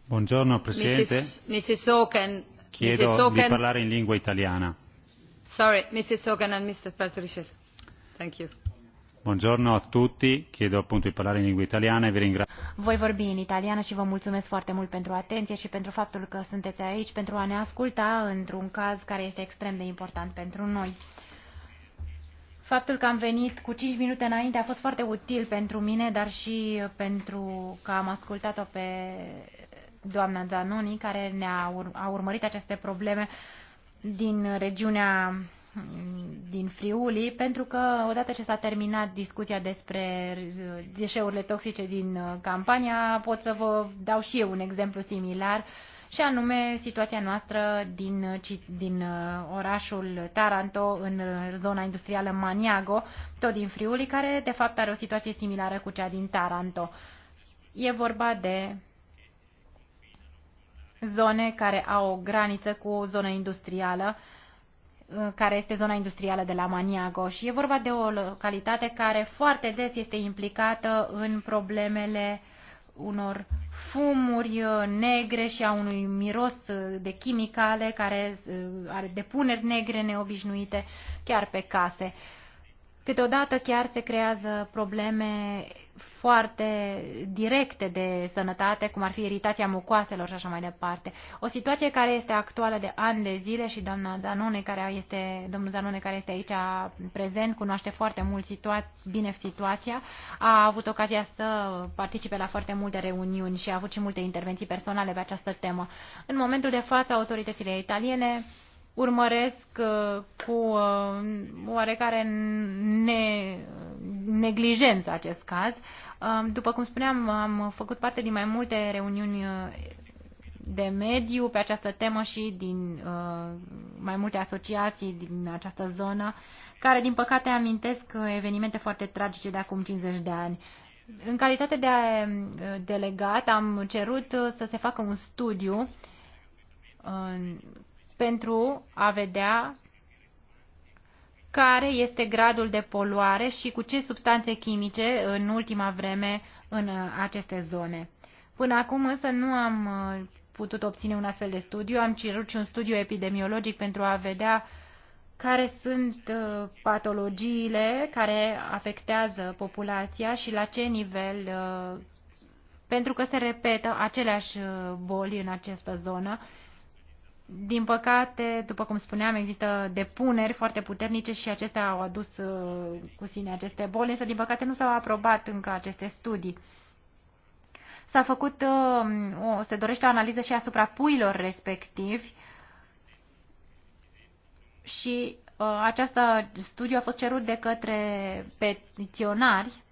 Buongiorno, Presidente. Mrs. Mrs. Oken, Chiedo Mrs. Oken. di parlare in lingua italiana. Sorry, Mrs. Oken and Mr. Pratoricel. Thank you. Buongiorno a tutti, chiedo appunto di parlare in lingua italiana e vi ringrazio. Voi vorbi în italiană și vă mulțumesc foarte mult pentru atenție și pentru faptul că sunteți aici pentru a ne asculta într-un caz care este extrem de important pentru noi. Faptul că am venit cu 5 minute înainte a fost foarte util pentru mine, dar și pentru că am ascultat-o pe doamna Zanoni, care ne-a ur- urmărit aceste probleme din regiunea din Friuli, pentru că odată ce s-a terminat discuția despre uh, deșeurile toxice din uh, campania, pot să vă dau și eu un exemplu similar, și anume situația noastră din, uh, din orașul Taranto, în zona industrială Maniago, tot din Friuli, care de fapt are o situație similară cu cea din Taranto. E vorba de zone care au o graniță cu o zonă industrială, Uh, care este zona industrială de la Maniago și e vorba de o localitate care foarte des este implicată în problemele unor fumuri uh, negre și a unui miros uh, de chimicale care are depuneri negre neobișnuite chiar pe case. Câteodată chiar se creează probleme foarte directe de sănătate, cum ar fi iritația mucoaselor și așa mai departe. O situație care este actuală de ani de zile și doamna Zanone, care este, domnul Zanone, care este aici prezent, cunoaște foarte mult situa- bine situația, a avut ocazia să participe la foarte multe reuniuni și a avut și multe intervenții personale pe această temă. În momentul de față, autoritățile italiene urmăresc uh, cu uh, oarecare ne, neglijență acest caz. Um, după cum spuneam, am făcut parte din mai multe reuniuni uh, de mediu pe această temă și din uh, mai multe asociații din această zonă, care din păcate amintesc evenimente foarte tragice de acum 50 de ani. În calitate de delegat am cerut să se facă un studiu pentru a vedea care este gradul de poluare și cu ce substanțe chimice în ultima vreme în aceste zone. Până acum însă nu am uh, putut obține un astfel de studiu, am cerut și un studiu epidemiologic pentru a vedea care sunt uh, patologiile care afectează populația și la ce nivel, uh, pentru că se repetă aceleași boli în această zonă din păcate, după cum spuneam, există depuneri foarte puternice și acestea au adus uh, cu sine aceste boli, însă din păcate nu s-au aprobat încă aceste studii. S-a făcut, uh, o, se dorește o analiză și asupra puilor respectivi și uh, această studiu a fost cerut de către petiționari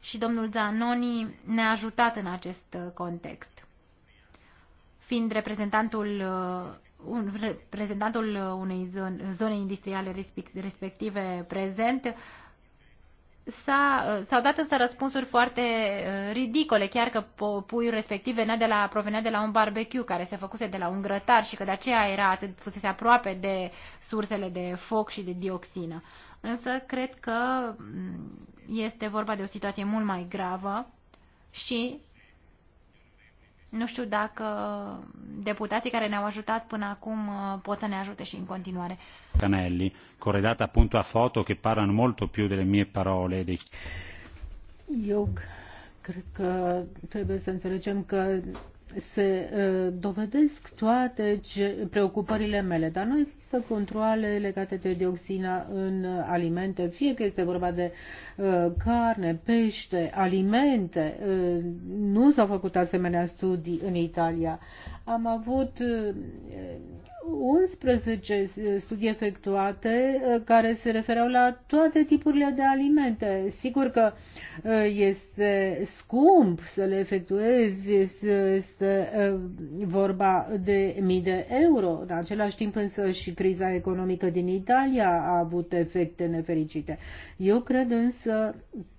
și domnul Zanoni ne-a ajutat în acest context fiind reprezentantul uh, un reprezentantul unei zone, zone industriale respective prezent, s-au dat însă răspunsuri foarte uh, ridicole, chiar că puiul respectiv venea de la, provenea de la un barbecue care se făcuse de la un grătar și că de aceea era atât, fusese aproape de sursele de foc și de dioxină. Însă cred că mm, este vorba de o situație mult mai gravă și nu știu dacă deputații care ne-au ajutat până acum uh, pot să ne ajute și în continuare. Canelli, corredata appunto a foto che parlano molto più delle mie parole. Eu cred că trebuie să înțelegem că se dovedesc toate preocupările mele, dar nu există controle legate de dioxina în alimente, fie că este vorba de carne, pește, alimente. Nu s-au făcut asemenea studii în Italia. Am avut 11 studii efectuate uh, care se refereau la toate tipurile de alimente. Sigur că uh, este scump să le efectuezi, este uh, vorba de mii de euro. În același timp însă și criza economică din Italia a avut efecte nefericite. Eu cred însă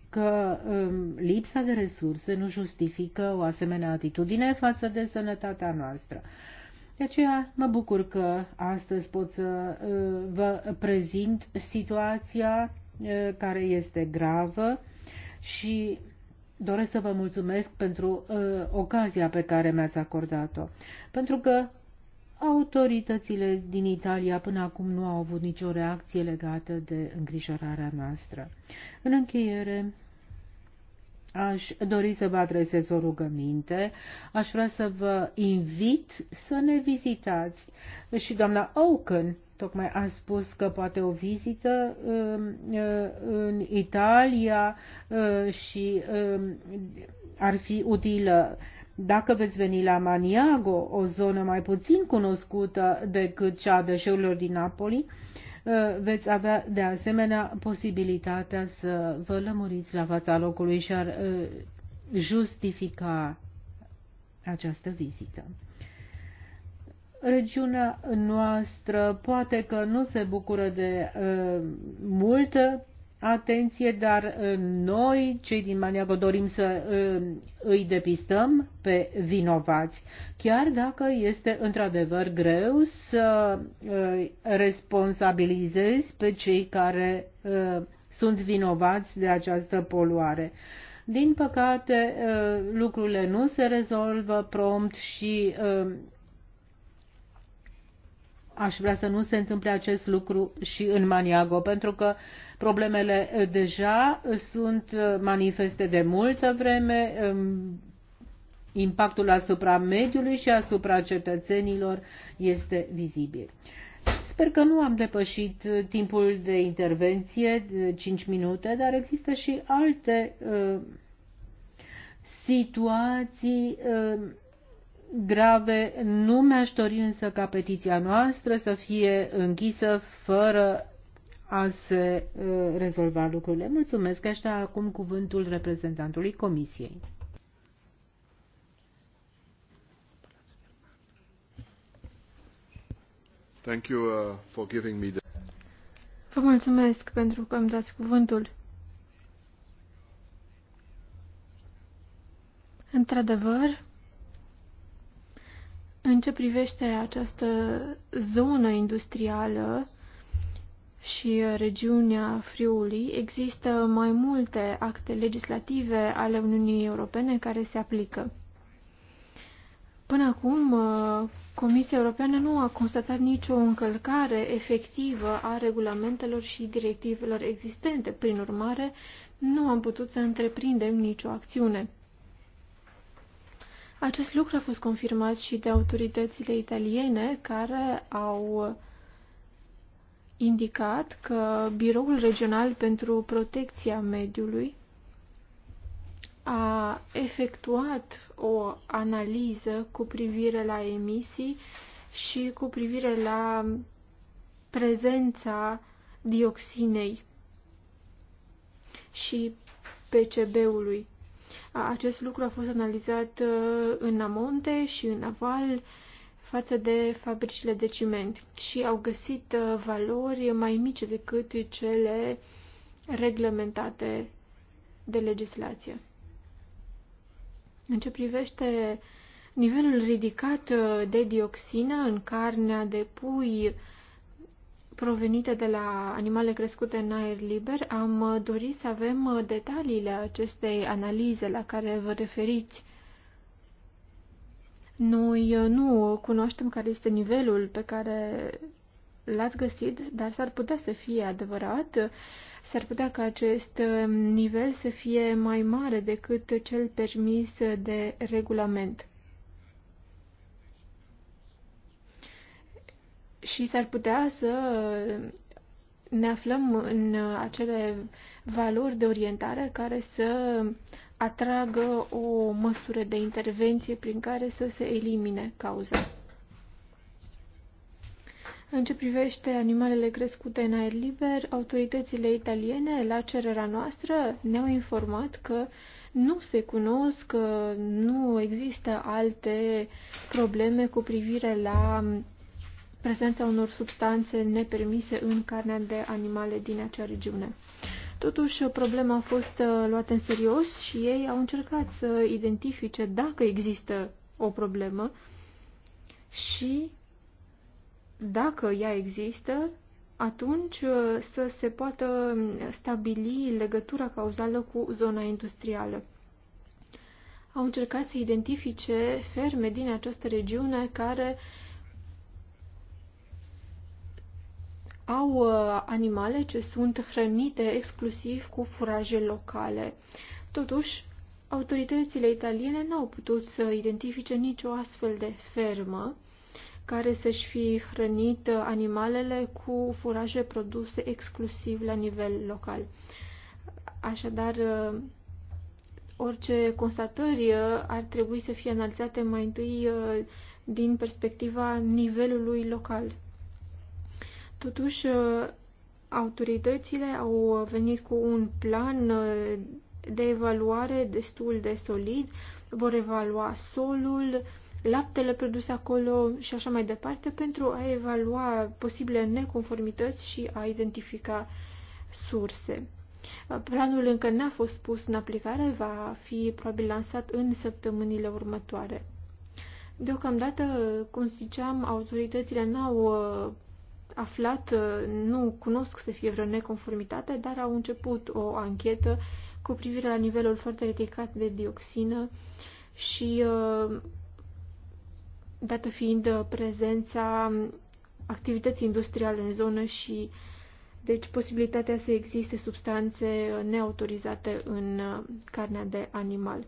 că um, lipsa de resurse nu justifică o asemenea atitudine față de sănătatea noastră. De aceea mă bucur că astăzi pot să uh, vă prezint situația uh, care este gravă și doresc să vă mulțumesc pentru uh, ocazia pe care mi-ați acordat-o. Pentru că autoritățile din Italia până acum nu au avut nicio reacție legată de îngrijorarea noastră. În încheiere, Aș dori să vă adresez o rugăminte. Aș vrea să vă invit să ne vizitați. Și doamna Oaken tocmai a spus că poate o vizită um, uh, în Italia uh, și um, ar fi utilă. Dacă veți veni la Maniago, o zonă mai puțin cunoscută decât cea a deșeurilor din Napoli, uh, Uh, veți avea de asemenea posibilitatea să vă lămuriți la fața locului și ar uh, justifica această vizită. Regiunea noastră poate că nu se bucură de uh, multă atenție, dar uh, noi, cei din Maniago, dorim să uh, îi depistăm pe vinovați, chiar dacă este într-adevăr greu să uh, responsabilizezi pe cei care sunt vinovați de această poluare. Din păcate, lucrurile nu se rezolvă prompt și aș vrea să nu se întâmple acest lucru și în Maniago, pentru că Problemele eh, deja eh, sunt eh, manifeste de multă vreme, ehm, impactul asupra mediului și asupra cetățenilor este vizibil. Sper că nu am depășit timpul de intervenție, de 5 minute, dar există și alte uh, situații uh, grave. Nu mi-aș dori însă ca petiția noastră să fie închisă fără a se uh, rezolva lucrurile. Mulțumesc. așa acum cuvântul reprezentantului Comisiei. Thank you, uh, for giving me the... Vă mulțumesc pentru că îmi dați cuvântul. Într-adevăr, în ce privește această zonă industrială, și uh, regiunea Friului, există mai multe acte legislative ale Uniunii Europene care se aplică. Până acum, uh, Comisia Europeană nu a constatat nicio încălcare efectivă a regulamentelor și directivelor existente. Prin urmare, nu am putut să întreprindem nicio acțiune. Acest lucru a fost confirmat și de autoritățile italiene care au uh, indicat că Biroul Regional pentru Protecția Mediului a efectuat o analiză cu privire la emisii și cu privire la prezența dioxinei și PCB-ului. Acest lucru a fost analizat uh, în amonte și în aval față de fabricile de ciment și au găsit uh, valori mai mici decât cele reglementate de legislație. În ce privește nivelul ridicat uh, de dioxină în carnea de pui provenite de la animale crescute în aer liber, am uh, dorit să avem detaliile acestei analize la care vă referiți noi uh, nu cunoaștem care este nivelul pe care l-ați găsit, dar s-ar putea să fie adevărat. S-ar putea ca acest um, nivel să fie mai mare decât cel permis de regulament. Și s-ar putea să ne aflăm în uh, acele valori de orientare care să atragă o măsură de intervenție prin care să se elimine cauza. În ce privește animalele crescute în aer liber, autoritățile italiene, la cererea noastră, ne-au informat că nu se cunosc, nu există alte probleme cu privire la prezența unor substanțe nepermise în carnea de animale din acea regiune. Totuși, problema a fost uh, luată în serios și ei au încercat să identifice dacă există o problemă și dacă ea există, atunci uh, să se poată stabili legătura cauzală cu zona industrială. Au încercat să identifice ferme din această regiune care uh, au uh, animale ce sunt hrănite exclusiv cu furaje locale. Totuși, autoritățile italiene n-au putut să identifice nicio astfel de fermă care să-și fi hrănit uh, animalele cu furaje produse exclusiv la nivel local. Așadar, uh, orice constatări ar trebui să fie analizate mai întâi din perspectiva nivelului local. Totuși, uh, autoritățile au venit cu un plan uh, de evaluare destul de solid, vor evalua solul, laptele produs acolo și așa mai departe pentru a evalua posibile neconformități și a identifica surse. Uh, planul încă n-a fost pus în aplicare, va fi probabil lansat în săptămânile următoare. Deocamdată, cum ziceam, autoritățile n-au aflat, uh, nu cunosc să fie vreo neconformitate, dar au început o anchetă cu privire la nivelul foarte ridicat de dioxină și uh, dată fiind prezența activității industriale în zonă și deci posibilitatea să existe substanțe neautorizate în uh, carnea de animal.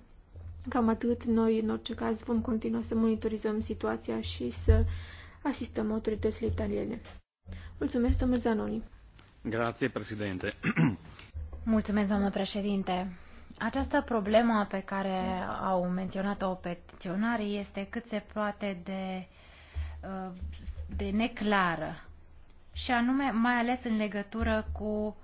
Cam atât, noi în orice caz vom continua să monitorizăm situația și să asistăm autoritățile italiene. Mulțumesc, președinte. Mulțumesc, doamnă președinte. Această problemă pe care au menționat-o petiționarii este cât se poate de, de neclară și anume mai ales în legătură cu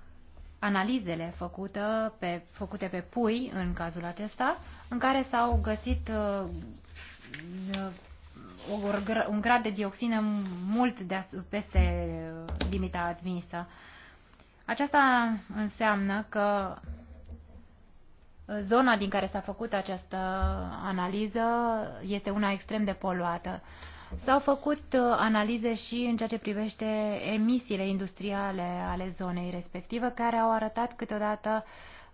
analizele făcute pe, făcute pe pui în cazul acesta, în care s-au găsit un grad de dioxină mult de, peste limita admisă. Aceasta înseamnă că zona din care s-a făcut această analiză este una extrem de poluată. S-au făcut uh, analize și în ceea ce privește emisiile industriale ale zonei respective care au arătat câteodată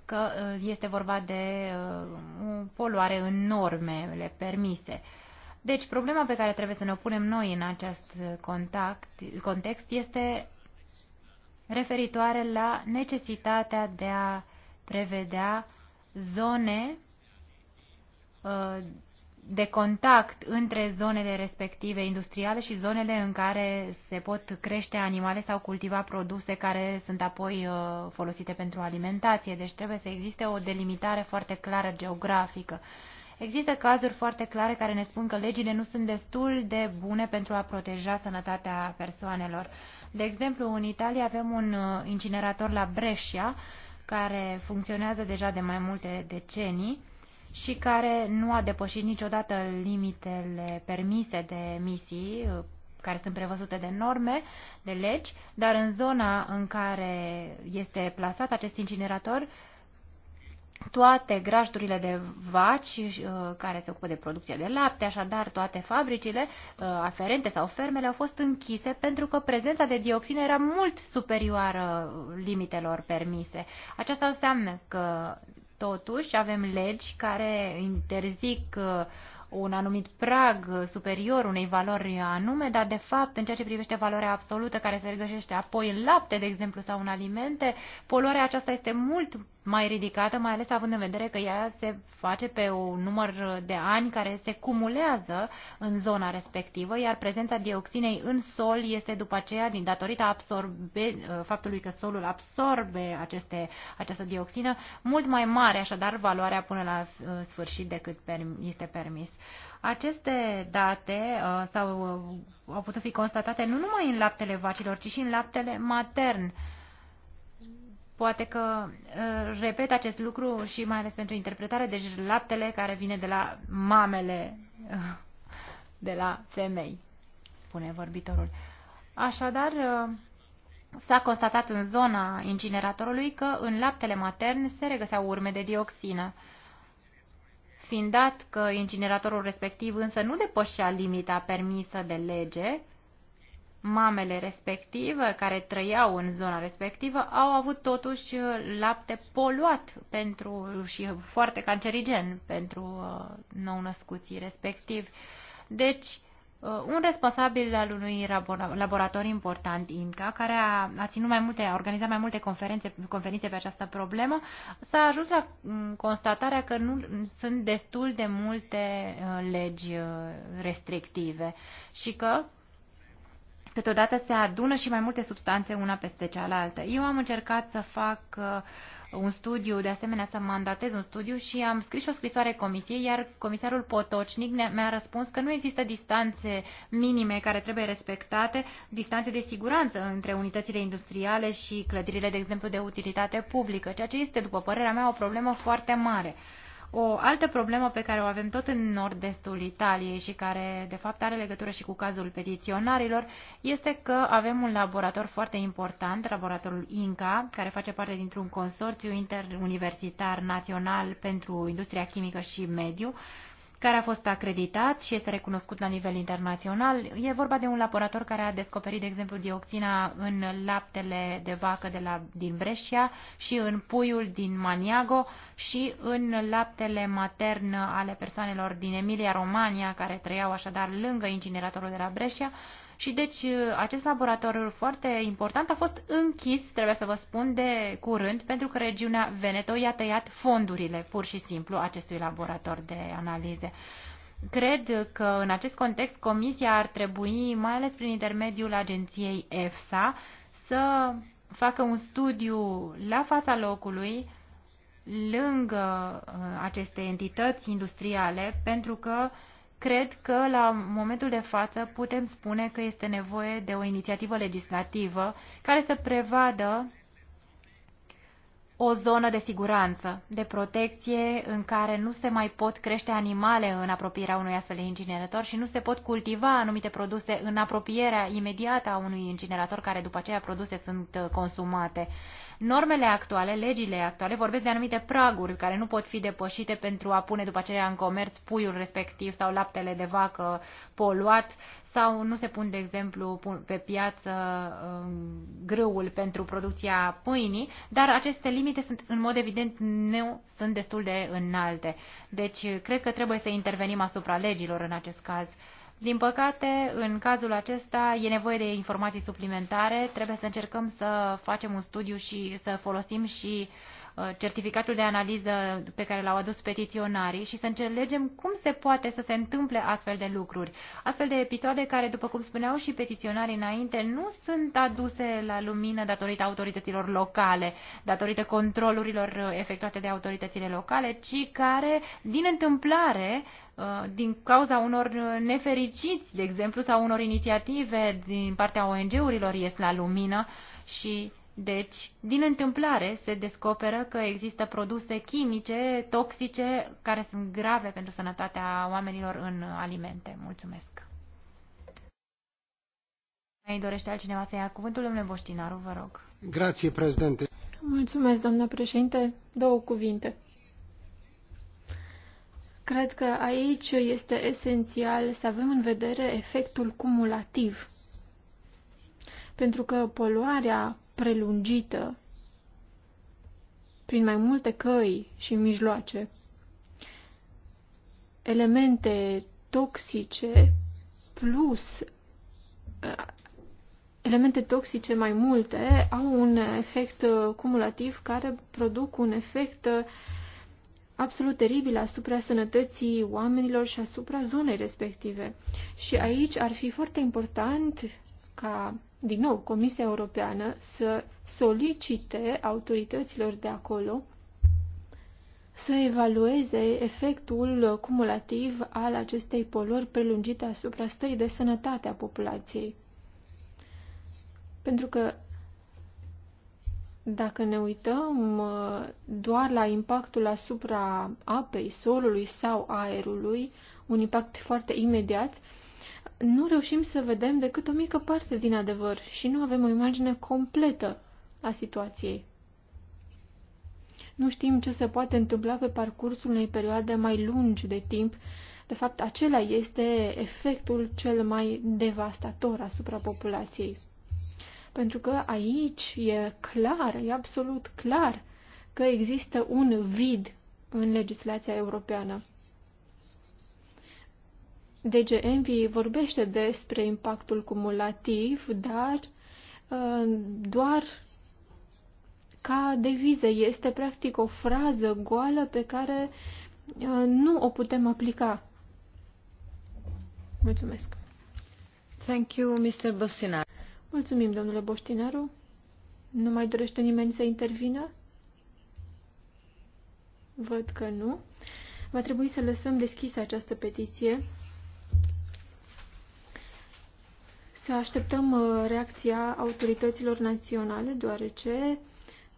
că uh, este vorba de uh, poluare în normele permise. Deci, problema pe care trebuie să ne punem noi în acest contact, context este referitoare la necesitatea de a prevedea zone uh, de contact între zonele respective industriale și zonele în care se pot crește animale sau cultiva produse care sunt apoi uh, folosite pentru alimentație. Deci trebuie să existe o delimitare foarte clară geografică. Există cazuri foarte clare care ne spun că legile nu sunt destul de bune pentru a proteja sănătatea persoanelor. De exemplu, în Italia avem un uh, incinerator la Brescia, care funcționează deja de mai multe decenii și care nu a depășit niciodată limitele permise de emisii uh, care sunt prevăzute de norme, de legi, dar în zona în care este plasat acest incinerator, toate grajdurile de vaci uh, care se ocupă de producția de lapte, așadar toate fabricile uh, aferente sau fermele au fost închise pentru că prezența de dioxină era mult superioară limitelor permise. Aceasta înseamnă că totuși avem legi care interzic uh, un anumit prag superior unei valori anume, dar de fapt, în ceea ce privește valoarea absolută care se regăsește apoi în lapte, de exemplu, sau în alimente, poluarea aceasta este mult mai ridicată, mai ales având în vedere că ea se face pe un număr de ani care se cumulează în zona respectivă, iar prezența dioxinei în sol este după aceea, din datorită absorbe, faptului că solul absorbe aceste, această dioxină, mult mai mare, așadar valoarea până la uh, sfârșit decât este permis. Aceste date uh, sau, uh, au putut fi constatate nu numai în laptele vacilor, ci și în laptele matern. Uh, Poate că uh, repet acest lucru și mai ales pentru interpretare, deci laptele care vine de la mamele, uh, de la femei, spune vorbitorul. Așadar, uh, s-a constatat în zona incineratorului că în laptele matern se regăseau urme de dioxină. Fiind dat că incineratorul respectiv însă nu depășea limita permisă de lege, mamele respective care trăiau în zona respectivă au avut totuși uh, lapte poluat pentru și foarte cancerigen pentru uh, nou-născuții respectivi. Deci, uh, un responsabil al unui laborator important, INCA, care a, a ținut mai multe, a organizat mai multe conferințe, conferințe pe această problemă, s-a ajuns la mm, constatarea că nu sunt destul de multe legi restrictive și că câteodată se adună și mai multe substanțe una peste cealaltă. Eu am încercat să fac uh, un studiu, de asemenea să mandatez un studiu și am scris și o scrisoare comisiei, iar comisarul Potocnic mi-a răspuns că nu există distanțe minime care trebuie respectate, distanțe de siguranță între unitățile industriale și clădirile, de exemplu, de utilitate publică, ceea ce este, după părerea mea, o problemă foarte mare. O altă problemă pe care o avem tot în nord-estul Italiei și care de fapt are legătură și cu cazul petiționarilor este că avem un laborator foarte important, laboratorul INCA, care face parte dintr-un consorțiu interuniversitar național pentru industria chimică și mediu, care a fost acreditat și este recunoscut la nivel internațional. E vorba de un laborator care a descoperit, de exemplu, dioxina în laptele de vacă de la, din Brescia și în puiul din Maniago și în laptele matern ale persoanelor din Emilia-Romania, care trăiau așadar lângă incineratorul de la Brescia și deci uh, acest laborator foarte important a fost închis, trebuie să vă spun, de curând, pentru că regiunea Veneto i-a tăiat fondurile, pur și simplu, acestui laborator de analize. Cred că în acest context Comisia ar trebui, mai ales prin intermediul agenției EFSA, să facă un studiu la fața locului, lângă uh, aceste entități industriale, pentru că uh, Cred că la momentul de față putem spune că este nevoie de o inițiativă legislativă care să prevadă o zonă de siguranță, de protecție în care nu se mai pot crește animale în apropierea unui astfel de incinerator și nu se pot cultiva anumite produse în apropierea imediată a unui incinerator care după aceea produse sunt uh, consumate. Normele actuale, legile actuale, vorbesc de anumite praguri care nu pot fi depășite pentru a pune după aceea în comerț puiul respectiv sau laptele de vacă poluat sau nu se pun, de exemplu, pe piață um, grâul pentru producția pâinii, dar aceste limite sunt, în mod evident, nu sunt destul de înalte. Deci, cred că trebuie să intervenim asupra legilor în acest caz. Din păcate, în cazul acesta e nevoie de informații suplimentare, trebuie să încercăm să facem un studiu și să folosim și uh, Uh, certificatul de analiză pe care l-au adus petiționarii și să înțelegem cum se poate să se întâmple astfel de lucruri. Astfel de episoade care, după cum spuneau și petiționarii înainte, nu sunt aduse la lumină datorită autorităților locale, datorită controlurilor uh, efectuate de autoritățile locale, ci care, din întâmplare, uh, din cauza unor nefericiți, de exemplu, sau unor inițiative din partea ONG-urilor ies la lumină și deci, din întâmplare, se descoperă că există produse chimice, toxice, care sunt grave pentru sănătatea oamenilor în alimente. Mulțumesc! Mai dorește altcineva să ia cuvântul? Domnule Boștinaru, vă rog. Grație, președinte. Mulțumesc, doamnă președinte. Două cuvinte. Cred că aici este esențial să avem în vedere efectul cumulativ. Pentru că poluarea prelungită prin mai multe căi și mijloace. Elemente toxice plus eh, elemente toxice mai multe au un efect eh, cumulativ care produc un efect eh, absolut teribil asupra sănătății oamenilor și asupra zonei respective. Și aici ar fi foarte important ca din nou, Comisia Europeană să solicite autorităților de acolo să evalueze efectul cumulativ al acestei polori prelungite asupra stării de sănătate a populației. Pentru că dacă ne uităm uh, doar la impactul asupra apei, solului sau aerului, un impact foarte imediat, nu reușim să vedem decât o mică parte din adevăr și nu avem o imagine completă a situației. Nu știm ce se poate întâmpla pe parcursul unei perioade mai lungi de timp. De fapt, acela este efectul cel mai devastator asupra populației. Pentru că aici e clar, e absolut clar că există un vid în legislația europeană. DG Envy vorbește despre impactul cumulativ, dar uh, doar ca deviză este practic o frază goală pe care uh, nu o putem aplica. Mulțumesc. Thank you, Mr. Bostinaru. Mulțumim, domnule Boștinaru. Nu mai dorește nimeni să intervină? Văd că nu. Va trebui să lăsăm deschisă această petiție. Să așteptăm uh, reacția autorităților naționale, deoarece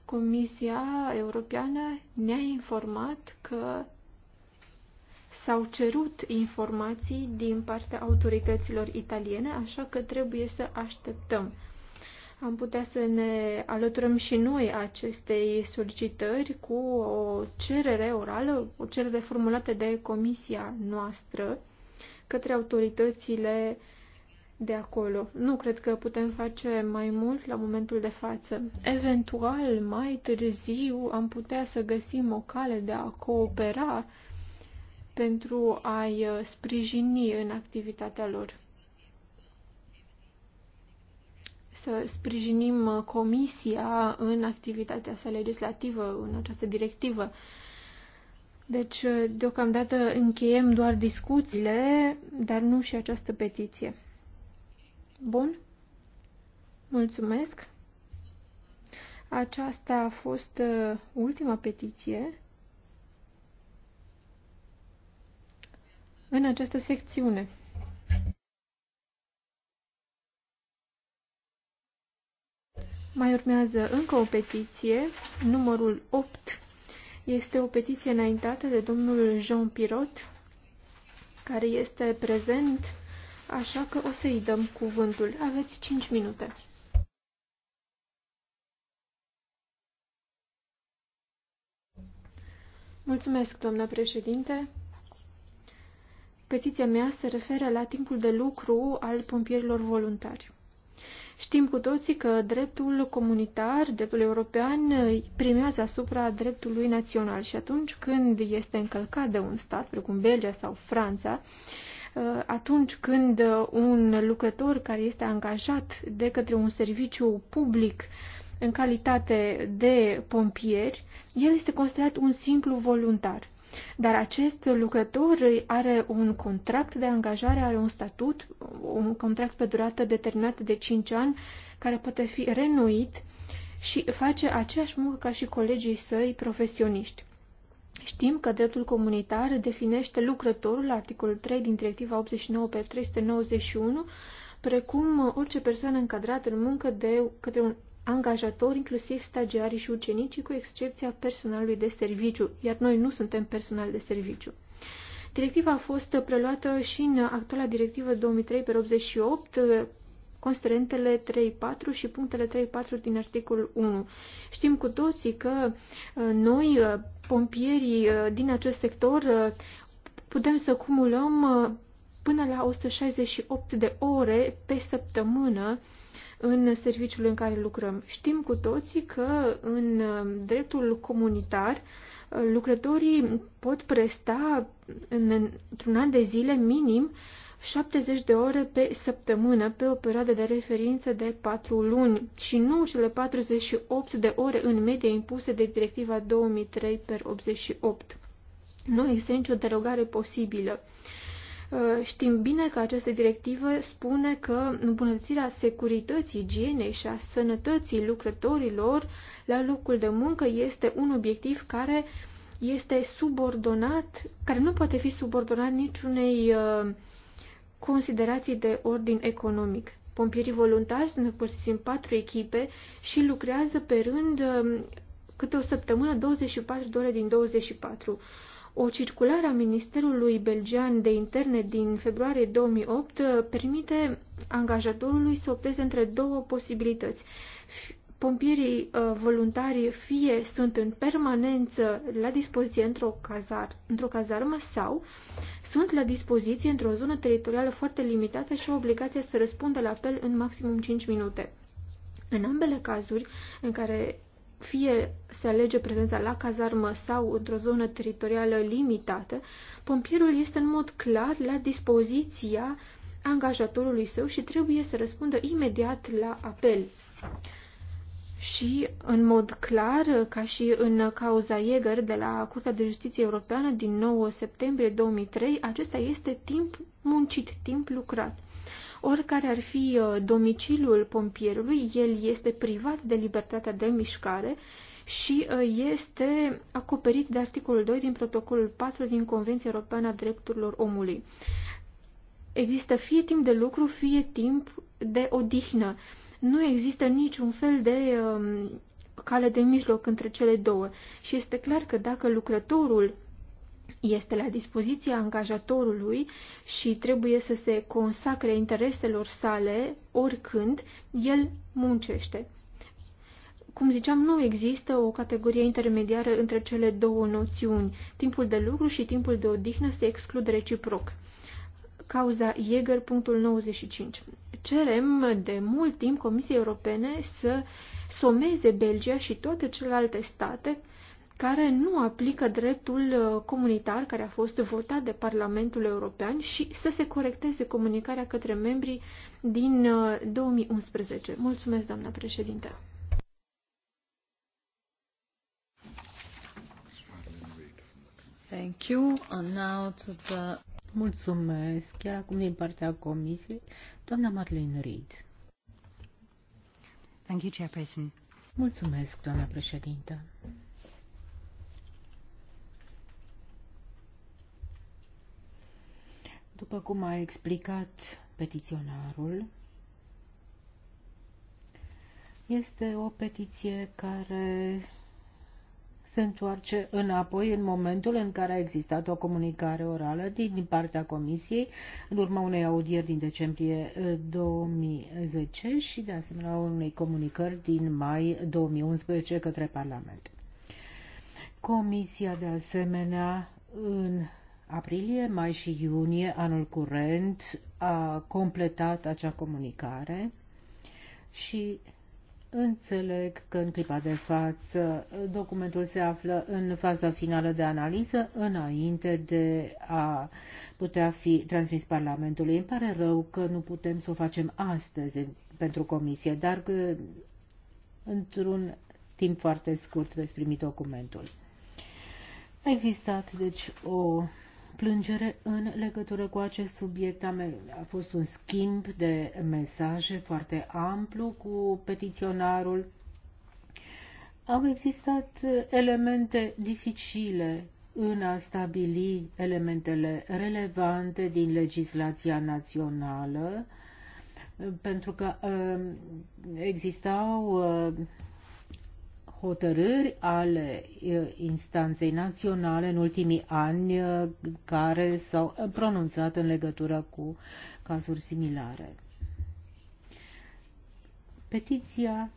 Comisia Europeană ne-a informat că s-au cerut informații din partea autorităților italiene, așa că trebuie să așteptăm. Am putea să ne alăturăm și noi acestei solicitări cu o cerere orală, o cerere formulată de comisia noastră către autoritățile uh, de acolo. Nu cred că putem face mai mult la momentul de față. Eventual, mai târziu, am putea să găsim o cale de a coopera pentru a-i uh, sprijini în activitatea lor. Să sprijinim uh, comisia în activitatea sa legislativă, în această directivă. Deci, uh, deocamdată încheiem doar discuțiile, dar nu și această petiție. Bun. Mulțumesc. Aceasta a fost uh, ultima petiție în această secțiune. Mai urmează încă o petiție, numărul 8. Este o petiție înaintată de domnul Jean Pirot, care este prezent așa că o să-i dăm cuvântul. Aveți 5 minute. Mulțumesc, doamna președinte. Petiția mea se referă la timpul de lucru al pompierilor voluntari. Știm cu toții că dreptul comunitar, dreptul european, primează asupra dreptului național și atunci când este încălcat de un stat, precum Belgia sau Franța, Uh, atunci când uh, un lucrător care este angajat de către un serviciu public în calitate de pompier, el este considerat un simplu voluntar. Dar acest lucrător are un contract de angajare, are un statut, un contract pe durată determinată de 5 ani, care poate fi renuit și face aceeași muncă ca și colegii săi profesioniști. Știm că dreptul comunitar definește lucrătorul, articolul 3 din directiva 89 pe 391, precum orice persoană încadrată în muncă de către un angajator, inclusiv stagiarii și ucenicii, cu excepția personalului de serviciu, iar noi nu suntem personal de serviciu. Directiva a fost preluată și în actuala directivă 2003-88, constrentele 3.4 și punctele 3.4 din articolul 1. Știm cu toții că uh, noi, uh, pompierii uh, din acest sector, putem să cumulăm până la 168 de ore pe săptămână în serviciul în care lucrăm. Știm cu toții că în dreptul comunitar lucrătorii pot presta în, într-un an de zile minim 70 de ore pe săptămână pe o perioadă de referință de 4 luni și nu cele 48 de ore în medie impuse de directiva 2003 per 88. Nu există nicio derogare posibilă. Uh, știm bine că această directivă spune că îmbunătățirea securității, igienei și a sănătății lucrătorilor la locul de muncă este un obiectiv care este subordonat, care nu poate fi subordonat niciunei uh, considerații de ordin economic. Pompierii voluntari sunt împărțiți în patru echipe și lucrează pe rând um, câte o săptămână, 24 de ore din 24. O circulară a Ministerului Belgian de Interne din februarie 2008 uh, permite angajatorului să opteze între două posibilități pompierii uh, voluntari fie sunt în permanență la dispoziție într-o, cazar, într-o cazarmă sau sunt la dispoziție într-o zonă teritorială foarte limitată și au obligația să răspundă la apel în maximum 5 minute. În ambele cazuri, în care fie se alege prezența la cazarmă sau într-o zonă teritorială limitată, pompierul este în mod clar la dispoziția angajatorului său și trebuie să răspundă imediat la apel și, în mod clar, ca și în cauza Jäger de la Curtea de Justiție Europeană din 9 septembrie 2003, acesta este timp muncit, timp lucrat. Oricare ar fi uh, domiciliul pompierului, el este privat de libertatea de mișcare și uh, este acoperit de articolul 2 din protocolul 4 din Convenția Europeană a Drepturilor Omului. Există fie timp de lucru, fie timp de odihnă nu există niciun fel de um, cale de mijloc între cele două și este clar că dacă lucrătorul este la dispoziția angajatorului și trebuie să se consacre intereselor sale oricând, el muncește. Cum ziceam, nu există o categorie intermediară între cele două noțiuni. Timpul de lucru și timpul de odihnă se exclud reciproc. Cauza Jäger, punctul 95 cerem de mult timp Comisiei Europene să someze Belgia și toate celelalte state care nu aplică dreptul uh, comunitar care a fost votat de Parlamentul European și să se corecteze comunicarea către membrii din 2011. Uh, Mulțumesc, doamna președinte. Thank you. And now to the Mulțumesc. Chiar acum din partea Comisiei, doamna Madeleine Reid. Thank you, Chairperson. Mulțumesc, doamna președintă. După cum a explicat petiționarul, este o petiție care se întoarce înapoi în momentul în care a existat o comunicare orală din partea Comisiei, în urma unei audieri din decembrie 2010 eh, și, de asemenea, unei comunicări din mai 2011 către Parlament. Comisia, de asemenea, în aprilie, mai și iunie anul curent a completat acea comunicare și Înțeleg că în clipa de față documentul se află în faza finală de analiză înainte de a putea fi transmis Parlamentului. Îmi pare rău că nu putem să o facem astăzi pentru comisie, dar într-un timp foarte scurt veți primi documentul. A existat, deci, o plângere în legătură cu acest subiect. A fost un schimb de mesaje foarte amplu cu petiționarul. Au existat elemente dificile în a stabili elementele relevante din legislația națională, pentru că um, existau uh, hotărâri ale instanței naționale în ultimii ani care s-au pronunțat în legătură cu cazuri similare. Petiția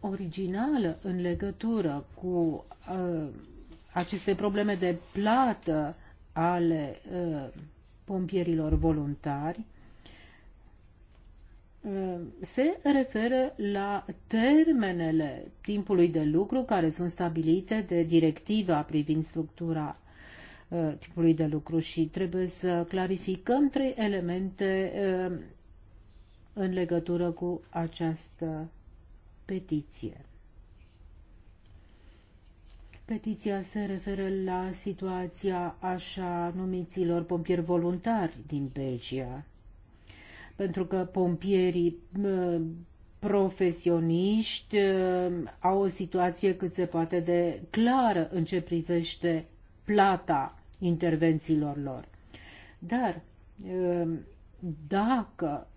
originală în legătură cu uh, aceste probleme de plată ale uh, pompierilor voluntari Uh, se referă la termenele timpului de lucru care sunt stabilite de directiva privind structura uh, timpului de lucru și trebuie să clarificăm trei elemente uh, în legătură cu această petiție. Petiția se referă la situația așa numiților pompieri voluntari din Belgia, pentru că pompierii profesioniști au o situație cât se poate de clară în ce privește plata intervențiilor lor. Dar dacă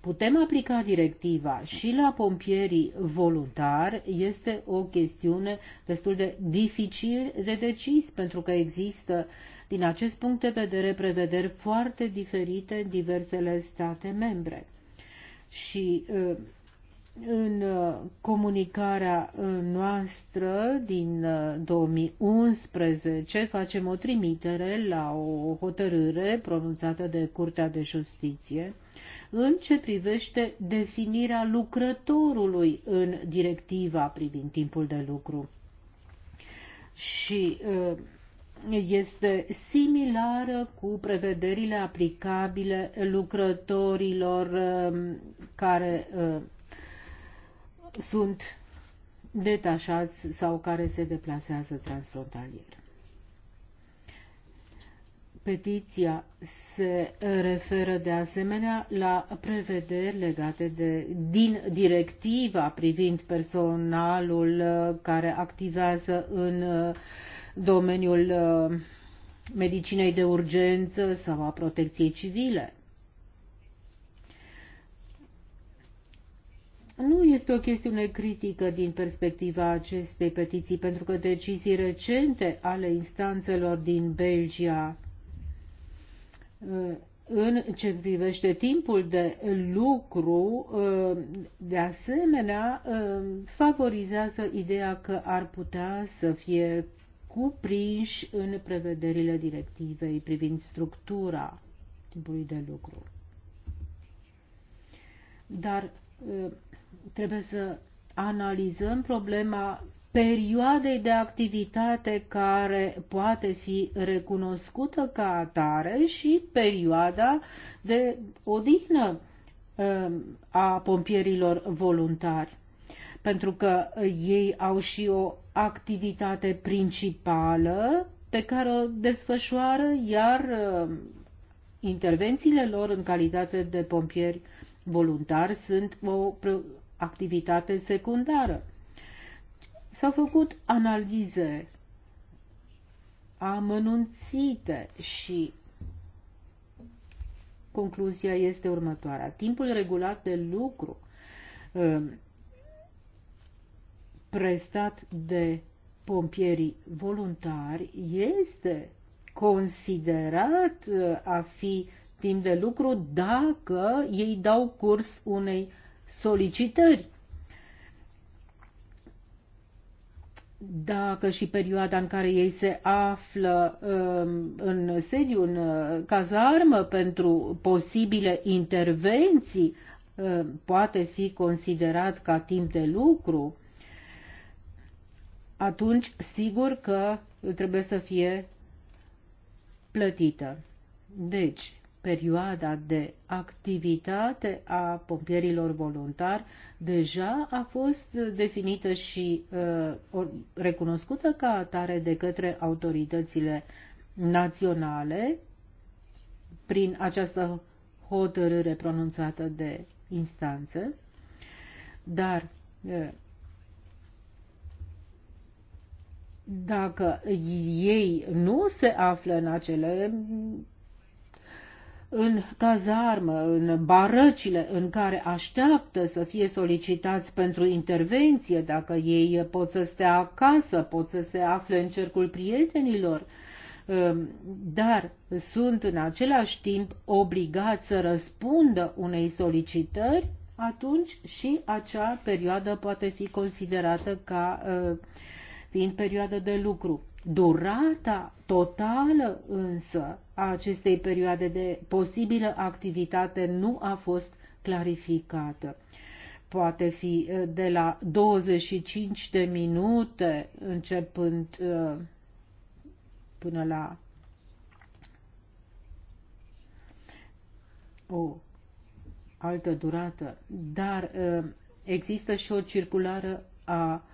putem aplica directiva și la pompierii voluntari, este o chestiune destul de dificil de decis, pentru că există uh, din acest punct de vedere, prevederi foarte diferite în diversele state membre. Și uh, în uh, comunicarea uh, noastră din 2011 facem o trimitere la o hotărâre pronunțată de Curtea de Justiție în ce privește definirea lucrătorului în directiva privind timpul de lucru. Și este similară cu prevederile aplicabile lucrătorilor um, care um, sunt detașați sau care se deplasează transfrontalier. Petiția se referă de asemenea la prevederi legate de, din directiva privind personalul uh, care activează în uh, domeniul uh, medicinei de urgență sau a protecției civile. Nu este o chestiune critică din perspectiva acestei petiții, pentru că decizii recente ale instanțelor din Belgia uh, în ce privește timpul de lucru, uh, de asemenea, favorizează ideea că ar putea să fie cuprinși în prevederile directivei privind structura timpului de lucru. Dar trebuie să analizăm problema perioadei de activitate care poate fi recunoscută ca atare și perioada de odihnă a pompierilor voluntari pentru că uh, ei au și o activitate principală pe care o desfășoară, iar uh, intervențiile lor în calitate de pompieri voluntari sunt o activitate secundară. S-au făcut analize amănunțite și concluzia este următoarea. Timpul regulat de lucru uh, prestat de pompierii voluntari este considerat uh, a fi timp de lucru dacă ei dau curs unei solicitări. Dacă și perioada în care ei se află um, în sediu, în uh, cazarmă, pentru posibile intervenții, uh, poate fi considerat ca timp de lucru, atunci sigur că trebuie să fie plătită. Deci, perioada de activitate a pompierilor voluntari deja a fost definită și uh, recunoscută ca atare de către autoritățile naționale prin această hotărâre pronunțată de instanță, dar uh, dacă ei nu se află în acele în cazarmă, în barăcile în care așteaptă să fie solicitați pentru intervenție, dacă ei pot să stea acasă, pot să se afle în cercul prietenilor, um, dar sunt în același timp obligați să răspundă unei solicitări, atunci și acea perioadă poate fi considerată ca uh, fiind perioadă de lucru. Durata totală însă a acestei perioade de posibilă activitate nu a fost clarificată. Poate fi eh, de la 25 de minute începând eh, până la o altă durată, dar eh, există și o circulară a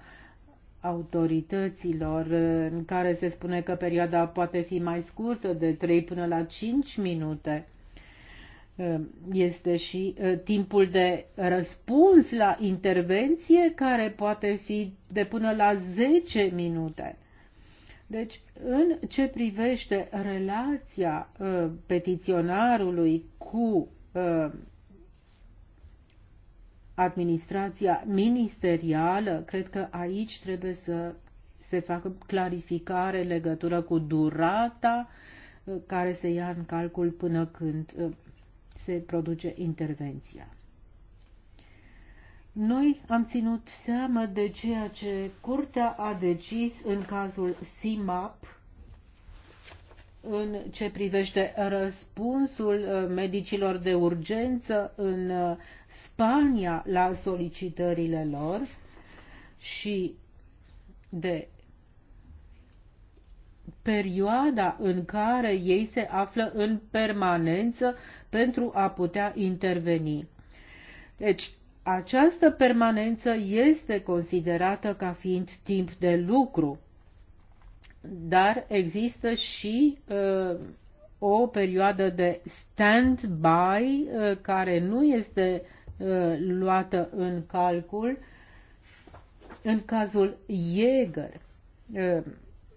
autorităților, în care se spune că perioada poate fi mai scurtă, de 3 până la 5 minute. Este și uh, timpul de răspuns la intervenție, care poate fi de până la 10 minute. Deci, în ce privește relația uh, petiționarului cu uh, administrația ministerială, cred că aici trebuie să se facă clarificare legătură cu durata uh, care se ia în calcul până când uh, se produce intervenția. Noi am ținut seamă de ceea ce curtea a decis în cazul SIMAP în ce privește răspunsul uh, medicilor de urgență în uh, Spania la solicitările lor și de perioada în care ei se află în permanență pentru a putea interveni. Deci, această permanență este considerată ca fiind timp de lucru dar există și uh, o perioadă de stand-by uh, care nu este uh, luată în calcul în cazul Jäger.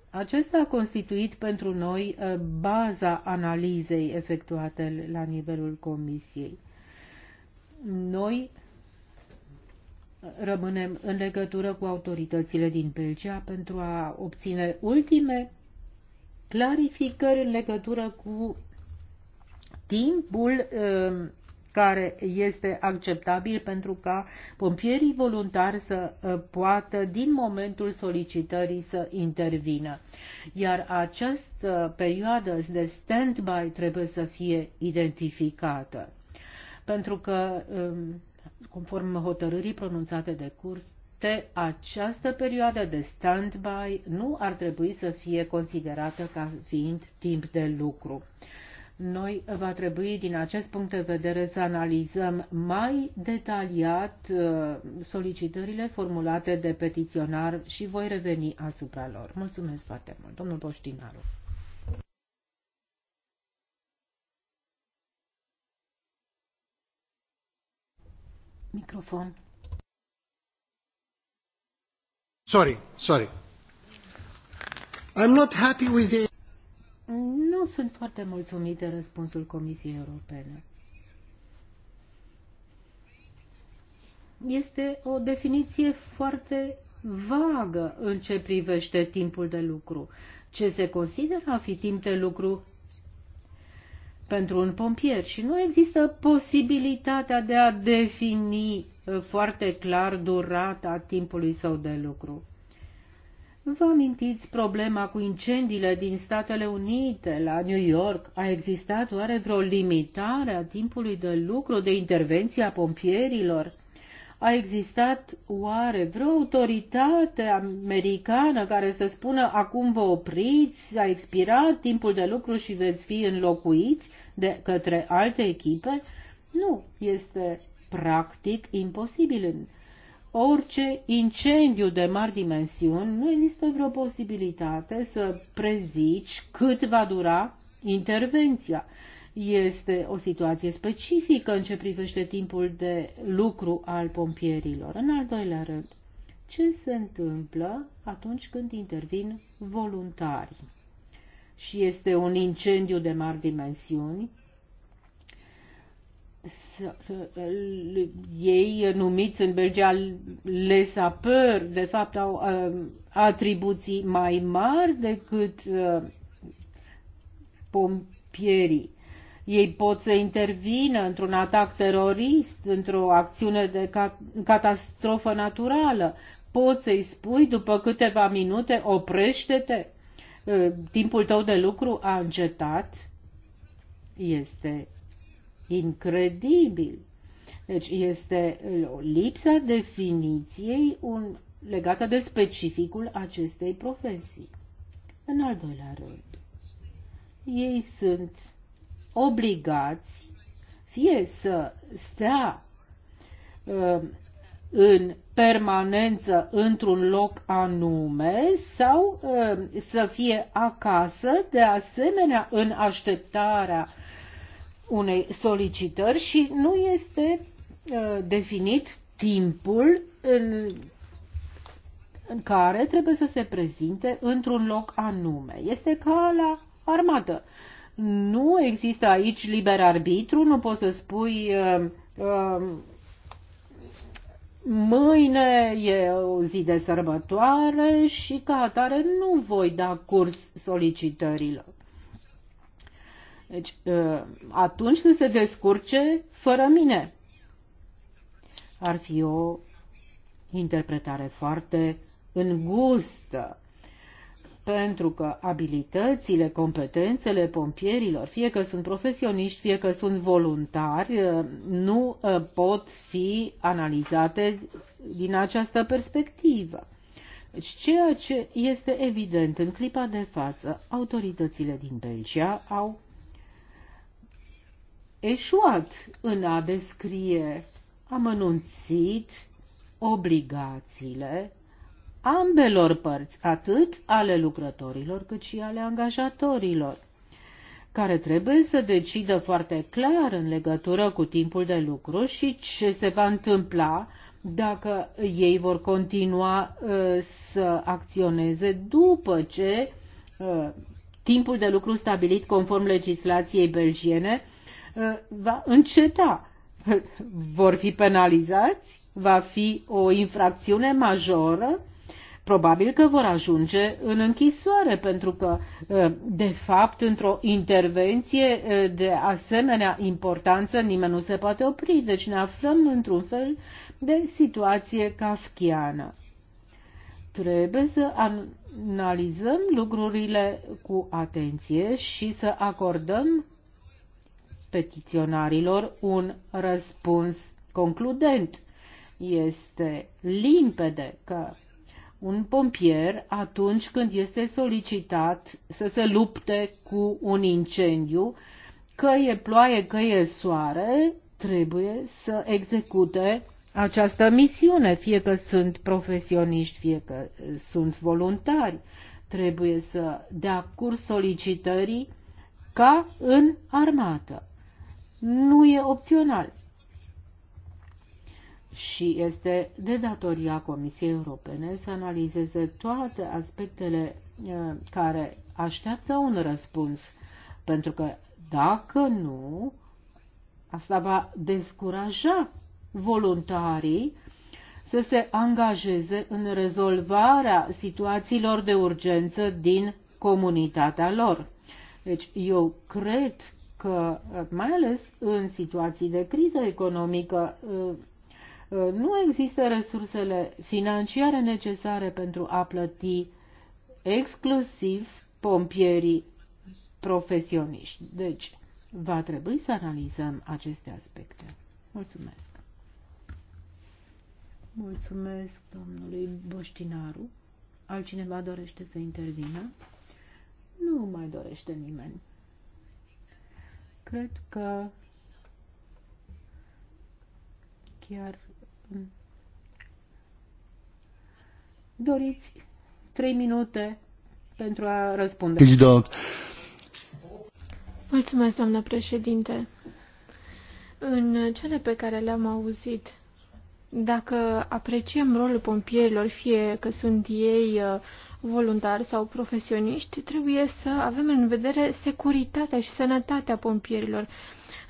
Acesta a constituit pentru noi baza analizei efectuate la nivelul Comisiei. Noi rămânem în legătură cu autoritățile din Belgia pentru a obține ultime clarificări în legătură cu timpul um, care este acceptabil pentru ca pompierii voluntari să uh, poată din momentul solicitării să intervină. Iar această perioadă de stand-by trebuie să fie identificată. Pentru că um, conform hotărârii pronunțate de curte, această perioadă de stand-by nu ar trebui să fie considerată ca fiind timp de lucru. Noi va trebui, din acest punct de vedere, să analizăm mai detaliat uh, solicitările formulate de petiționar și voi reveni asupra lor. Mulțumesc foarte mult, domnul Poștinaru. Microfon. Sorry, sorry. I'm not happy with the... Nu sunt foarte mulțumit de răspunsul Comisiei Europene. Este o definiție foarte vagă în ce privește timpul de lucru. Ce se consideră a fi timp de lucru pentru un pompier și nu există posibilitatea de a defini uh, foarte clar durata timpului său de lucru. Vă amintiți problema cu incendiile din Statele Unite, la New York? A existat oare vreo limitare a timpului de lucru de intervenție a pompierilor? A existat oare vreo autoritate americană care să spună acum vă opriți, a expirat timpul de lucru și veți fi înlocuiți de către alte echipe? Nu, este practic imposibil. În orice incendiu de mari dimensiuni nu există vreo posibilitate să prezici cât va dura intervenția. Este o situație specifică în ce privește timpul de lucru al pompierilor. În al doilea rând, ce se întâmplă atunci când intervin voluntari? Și este un incendiu de mari dimensiuni, ei numiți în Belgia les de fapt au um, atribuții mai mari decât uh, pompierii. Ei pot să intervină într-un atac terorist, într-o acțiune de ca- catastrofă naturală. Poți să-i spui după câteva minute, oprește-te, ă, timpul tău de lucru a încetat. Este incredibil. Deci este o lipsa definiției un, legată de specificul acestei profesii. În al doilea rând, ei sunt obligați fie să stea um, în permanență într-un loc anume sau um, să fie acasă, de asemenea în așteptarea unei solicitări și nu este uh, definit timpul în, în care trebuie să se prezinte într-un loc anume. Este ca la armată. Uh, nu există aici liber arbitru, nu poți să spui um, um, mâine e o zi de sărbătoare și ca atare nu voi da curs solicitărilor. Deci, uh, atunci să se descurce fără mine. Ar fi o interpretare foarte îngustă pentru că abilitățile, competențele pompierilor, fie că sunt profesioniști, fie că sunt voluntari, uh, nu uh, pot fi analizate din această perspectivă. Deci ceea ce este evident în clipa de față, autoritățile din Belgia au eșuat în a descrie amănunțit obligațiile ambelor părți, atât ale lucrătorilor cât și ale angajatorilor, care trebuie să decidă foarte clar în legătură cu timpul de lucru și ce se va întâmpla dacă ei vor continua uh, să acționeze după ce uh, timpul de lucru stabilit conform legislației belgiene uh, va înceta. Vor fi penalizați? Va fi o infracțiune majoră? probabil că vor ajunge în închisoare, pentru că, uh, de fapt, într-o intervenție uh, de asemenea importanță nimeni nu se poate opri, deci ne aflăm într-un fel de situație kafkiană. Trebuie să analizăm lucrurile cu atenție și să acordăm petiționarilor un răspuns concludent. Este limpede că un pompier atunci când este solicitat să se lupte cu un incendiu, că e ploaie, că e soare, trebuie să execute această misiune, fie că sunt profesioniști, fie că sunt voluntari. Trebuie să dea curs solicitării ca în armată. Nu e opțional și este de datoria Comisiei Europene să analizeze toate aspectele uh, care așteaptă un răspuns, pentru că dacă nu, asta va descuraja voluntarii să se angajeze în rezolvarea situațiilor de urgență din comunitatea lor. Deci eu cred că, uh, mai ales în situații de criză economică, uh, Uh, nu există resursele financiare necesare pentru a plăti exclusiv pompierii profesioniști. Deci, va trebui să analizăm aceste aspecte. Mulțumesc! Mulțumesc domnului Boștinaru. Altcineva dorește să intervină? Nu mai dorește nimeni. Cred că chiar Doriți trei minute pentru a răspunde. Mulțumesc, doamnă președinte. În cele pe care le-am auzit, dacă apreciem rolul pompierilor, fie că sunt ei uh, voluntari sau profesioniști, trebuie să avem în vedere securitatea și sănătatea pompierilor.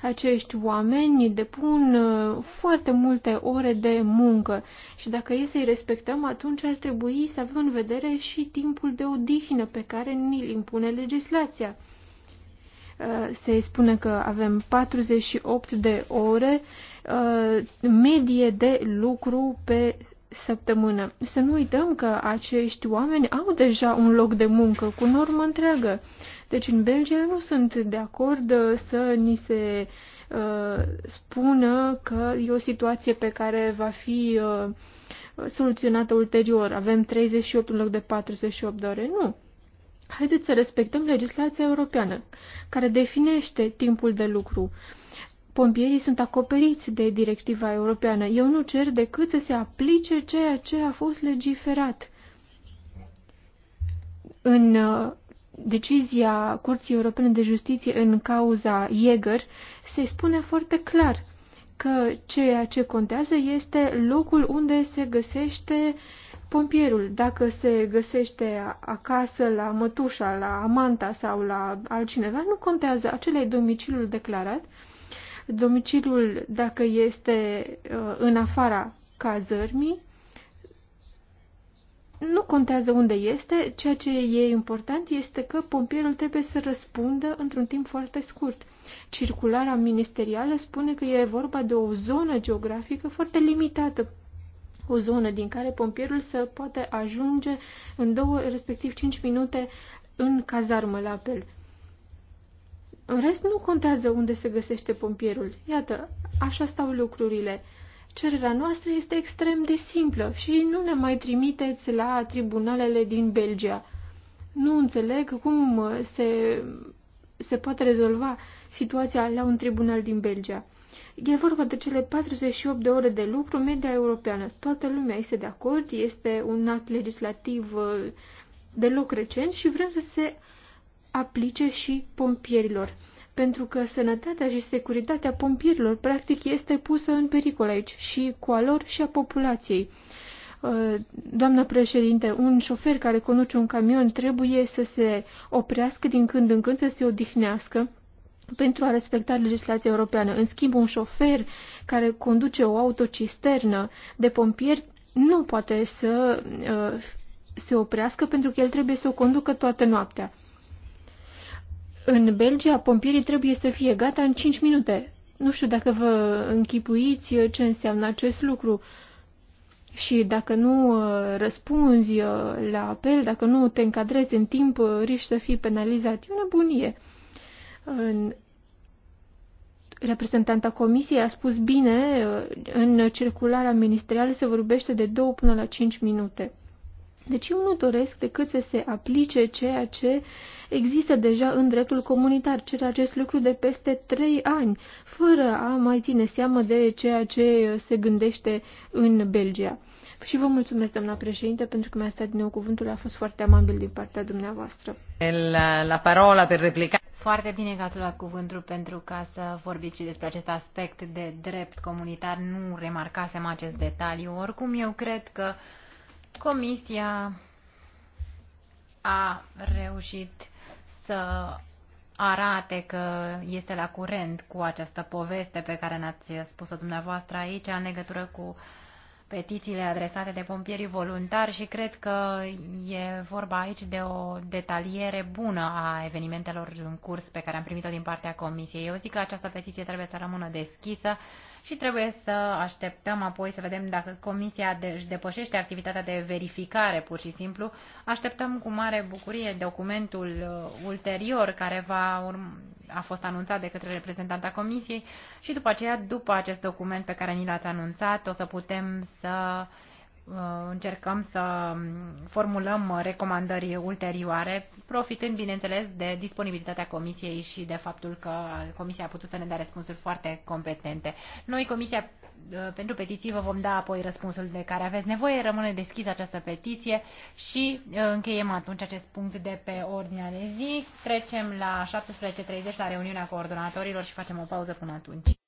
Acești oameni depun uh, foarte multe ore de muncă și dacă e să-i respectăm, atunci ar trebui să avem în vedere și timpul de odihnă pe care ni-l impune legislația. Uh, se spune că avem 48 de ore uh, medie de lucru pe săptămână. Să nu uităm că acești oameni au deja un loc de muncă cu normă întreagă. Deci în Belgia nu sunt de acord uh, să ni se uh, spună că e o situație pe care va fi uh, soluționată ulterior. Avem 38 în loc de 48 de ore. Nu. Haideți să respectăm legislația europeană, care definește timpul de lucru. Pompierii sunt acoperiți de directiva europeană. Eu nu cer decât să se aplice ceea ce a fost legiferat. În uh, decizia Curții Europene de Justiție în cauza Jäger, se spune foarte clar că ceea ce contează este locul unde se găsește pompierul. Dacă se găsește acasă, la mătușa, la amanta sau la altcineva, nu contează. Acela e domiciliul declarat. Domiciliul, dacă este uh, în afara cazărmii, nu contează unde este, ceea ce e important este că pompierul trebuie să răspundă într-un timp foarte scurt. Circulara ministerială spune că e vorba de o zonă geografică foarte limitată, o zonă din care pompierul să poate ajunge în două, respectiv cinci minute în cazarmă la apel. În rest, nu contează unde se găsește pompierul. Iată, așa stau lucrurile. Cererea noastră este extrem de simplă și nu ne mai trimiteți la tribunalele din Belgia. Nu înțeleg cum se, se poate rezolva situația la un tribunal din Belgia. E vorba de cele 48 de ore de lucru media europeană. Toată lumea este de acord, este un act legislativ uh, deloc recent și vrem să se aplice și pompierilor pentru că sănătatea și securitatea pompierilor practic este pusă în pericol aici și cu a lor și a populației. Uh, doamnă președinte, un șofer care conduce un camion trebuie să se oprească din când în când, să se odihnească pentru a respecta legislația europeană. În schimb, un șofer care conduce o autocisternă de pompieri nu poate să uh, se oprească pentru că el trebuie să o conducă toată noaptea. În Belgia, pompierii trebuie să fie gata în 5 minute. Nu știu dacă vă închipuiți ce înseamnă acest lucru. Și dacă nu uh, răspunzi uh, la apel, dacă nu te încadrezi în timp, uh, riști să fii penalizat. E o nebunie. Reprezentanta comisiei a spus bine, în circularea ministerială se vorbește de 2 până la 5 minute. Deci eu nu doresc decât să se aplice ceea ce există deja în dreptul comunitar, cer acest lucru de peste trei ani, fără a mai ține seamă de ceea ce se gândește în Belgia. Și vă mulțumesc, doamna președinte, pentru că mi-a stat din nou cuvântul, a fost foarte amabil din partea dumneavoastră. La, la parola pe replica. Foarte bine că ați luat cuvântul pentru ca să vorbiți și despre acest aspect de drept comunitar. Nu remarcasem acest detaliu. Oricum, eu cred că Comisia a reușit să arate că este la curent cu această poveste pe care ne-ați spus-o dumneavoastră aici în legătură cu petițiile adresate de pompierii voluntari și cred că e vorba aici de o detaliere bună a evenimentelor în curs pe care am primit-o din partea Comisiei. Eu zic că această petiție trebuie să rămână deschisă și trebuie să așteptăm apoi să vedem dacă Comisia își depășește activitatea de verificare pur și simplu. Așteptăm cu mare bucurie documentul uh, ulterior care va a fost anunțat de către reprezentanta Comisiei și după aceea, după acest document pe care ni l-ați anunțat, o să putem să uh, Uh, încercăm să formulăm recomandări ulterioare, profitând, bineînțeles, de disponibilitatea Comisiei și de faptul că Comisia a putut să ne dea răspunsuri foarte competente. Noi, Comisia uh, pentru petiții, vă vom da apoi răspunsul de care aveți nevoie. Rămâne deschisă această petiție și uh, încheiem atunci acest punct de pe ordinea de zi. Trecem la 17.30 la reuniunea coordonatorilor și facem o pauză până atunci.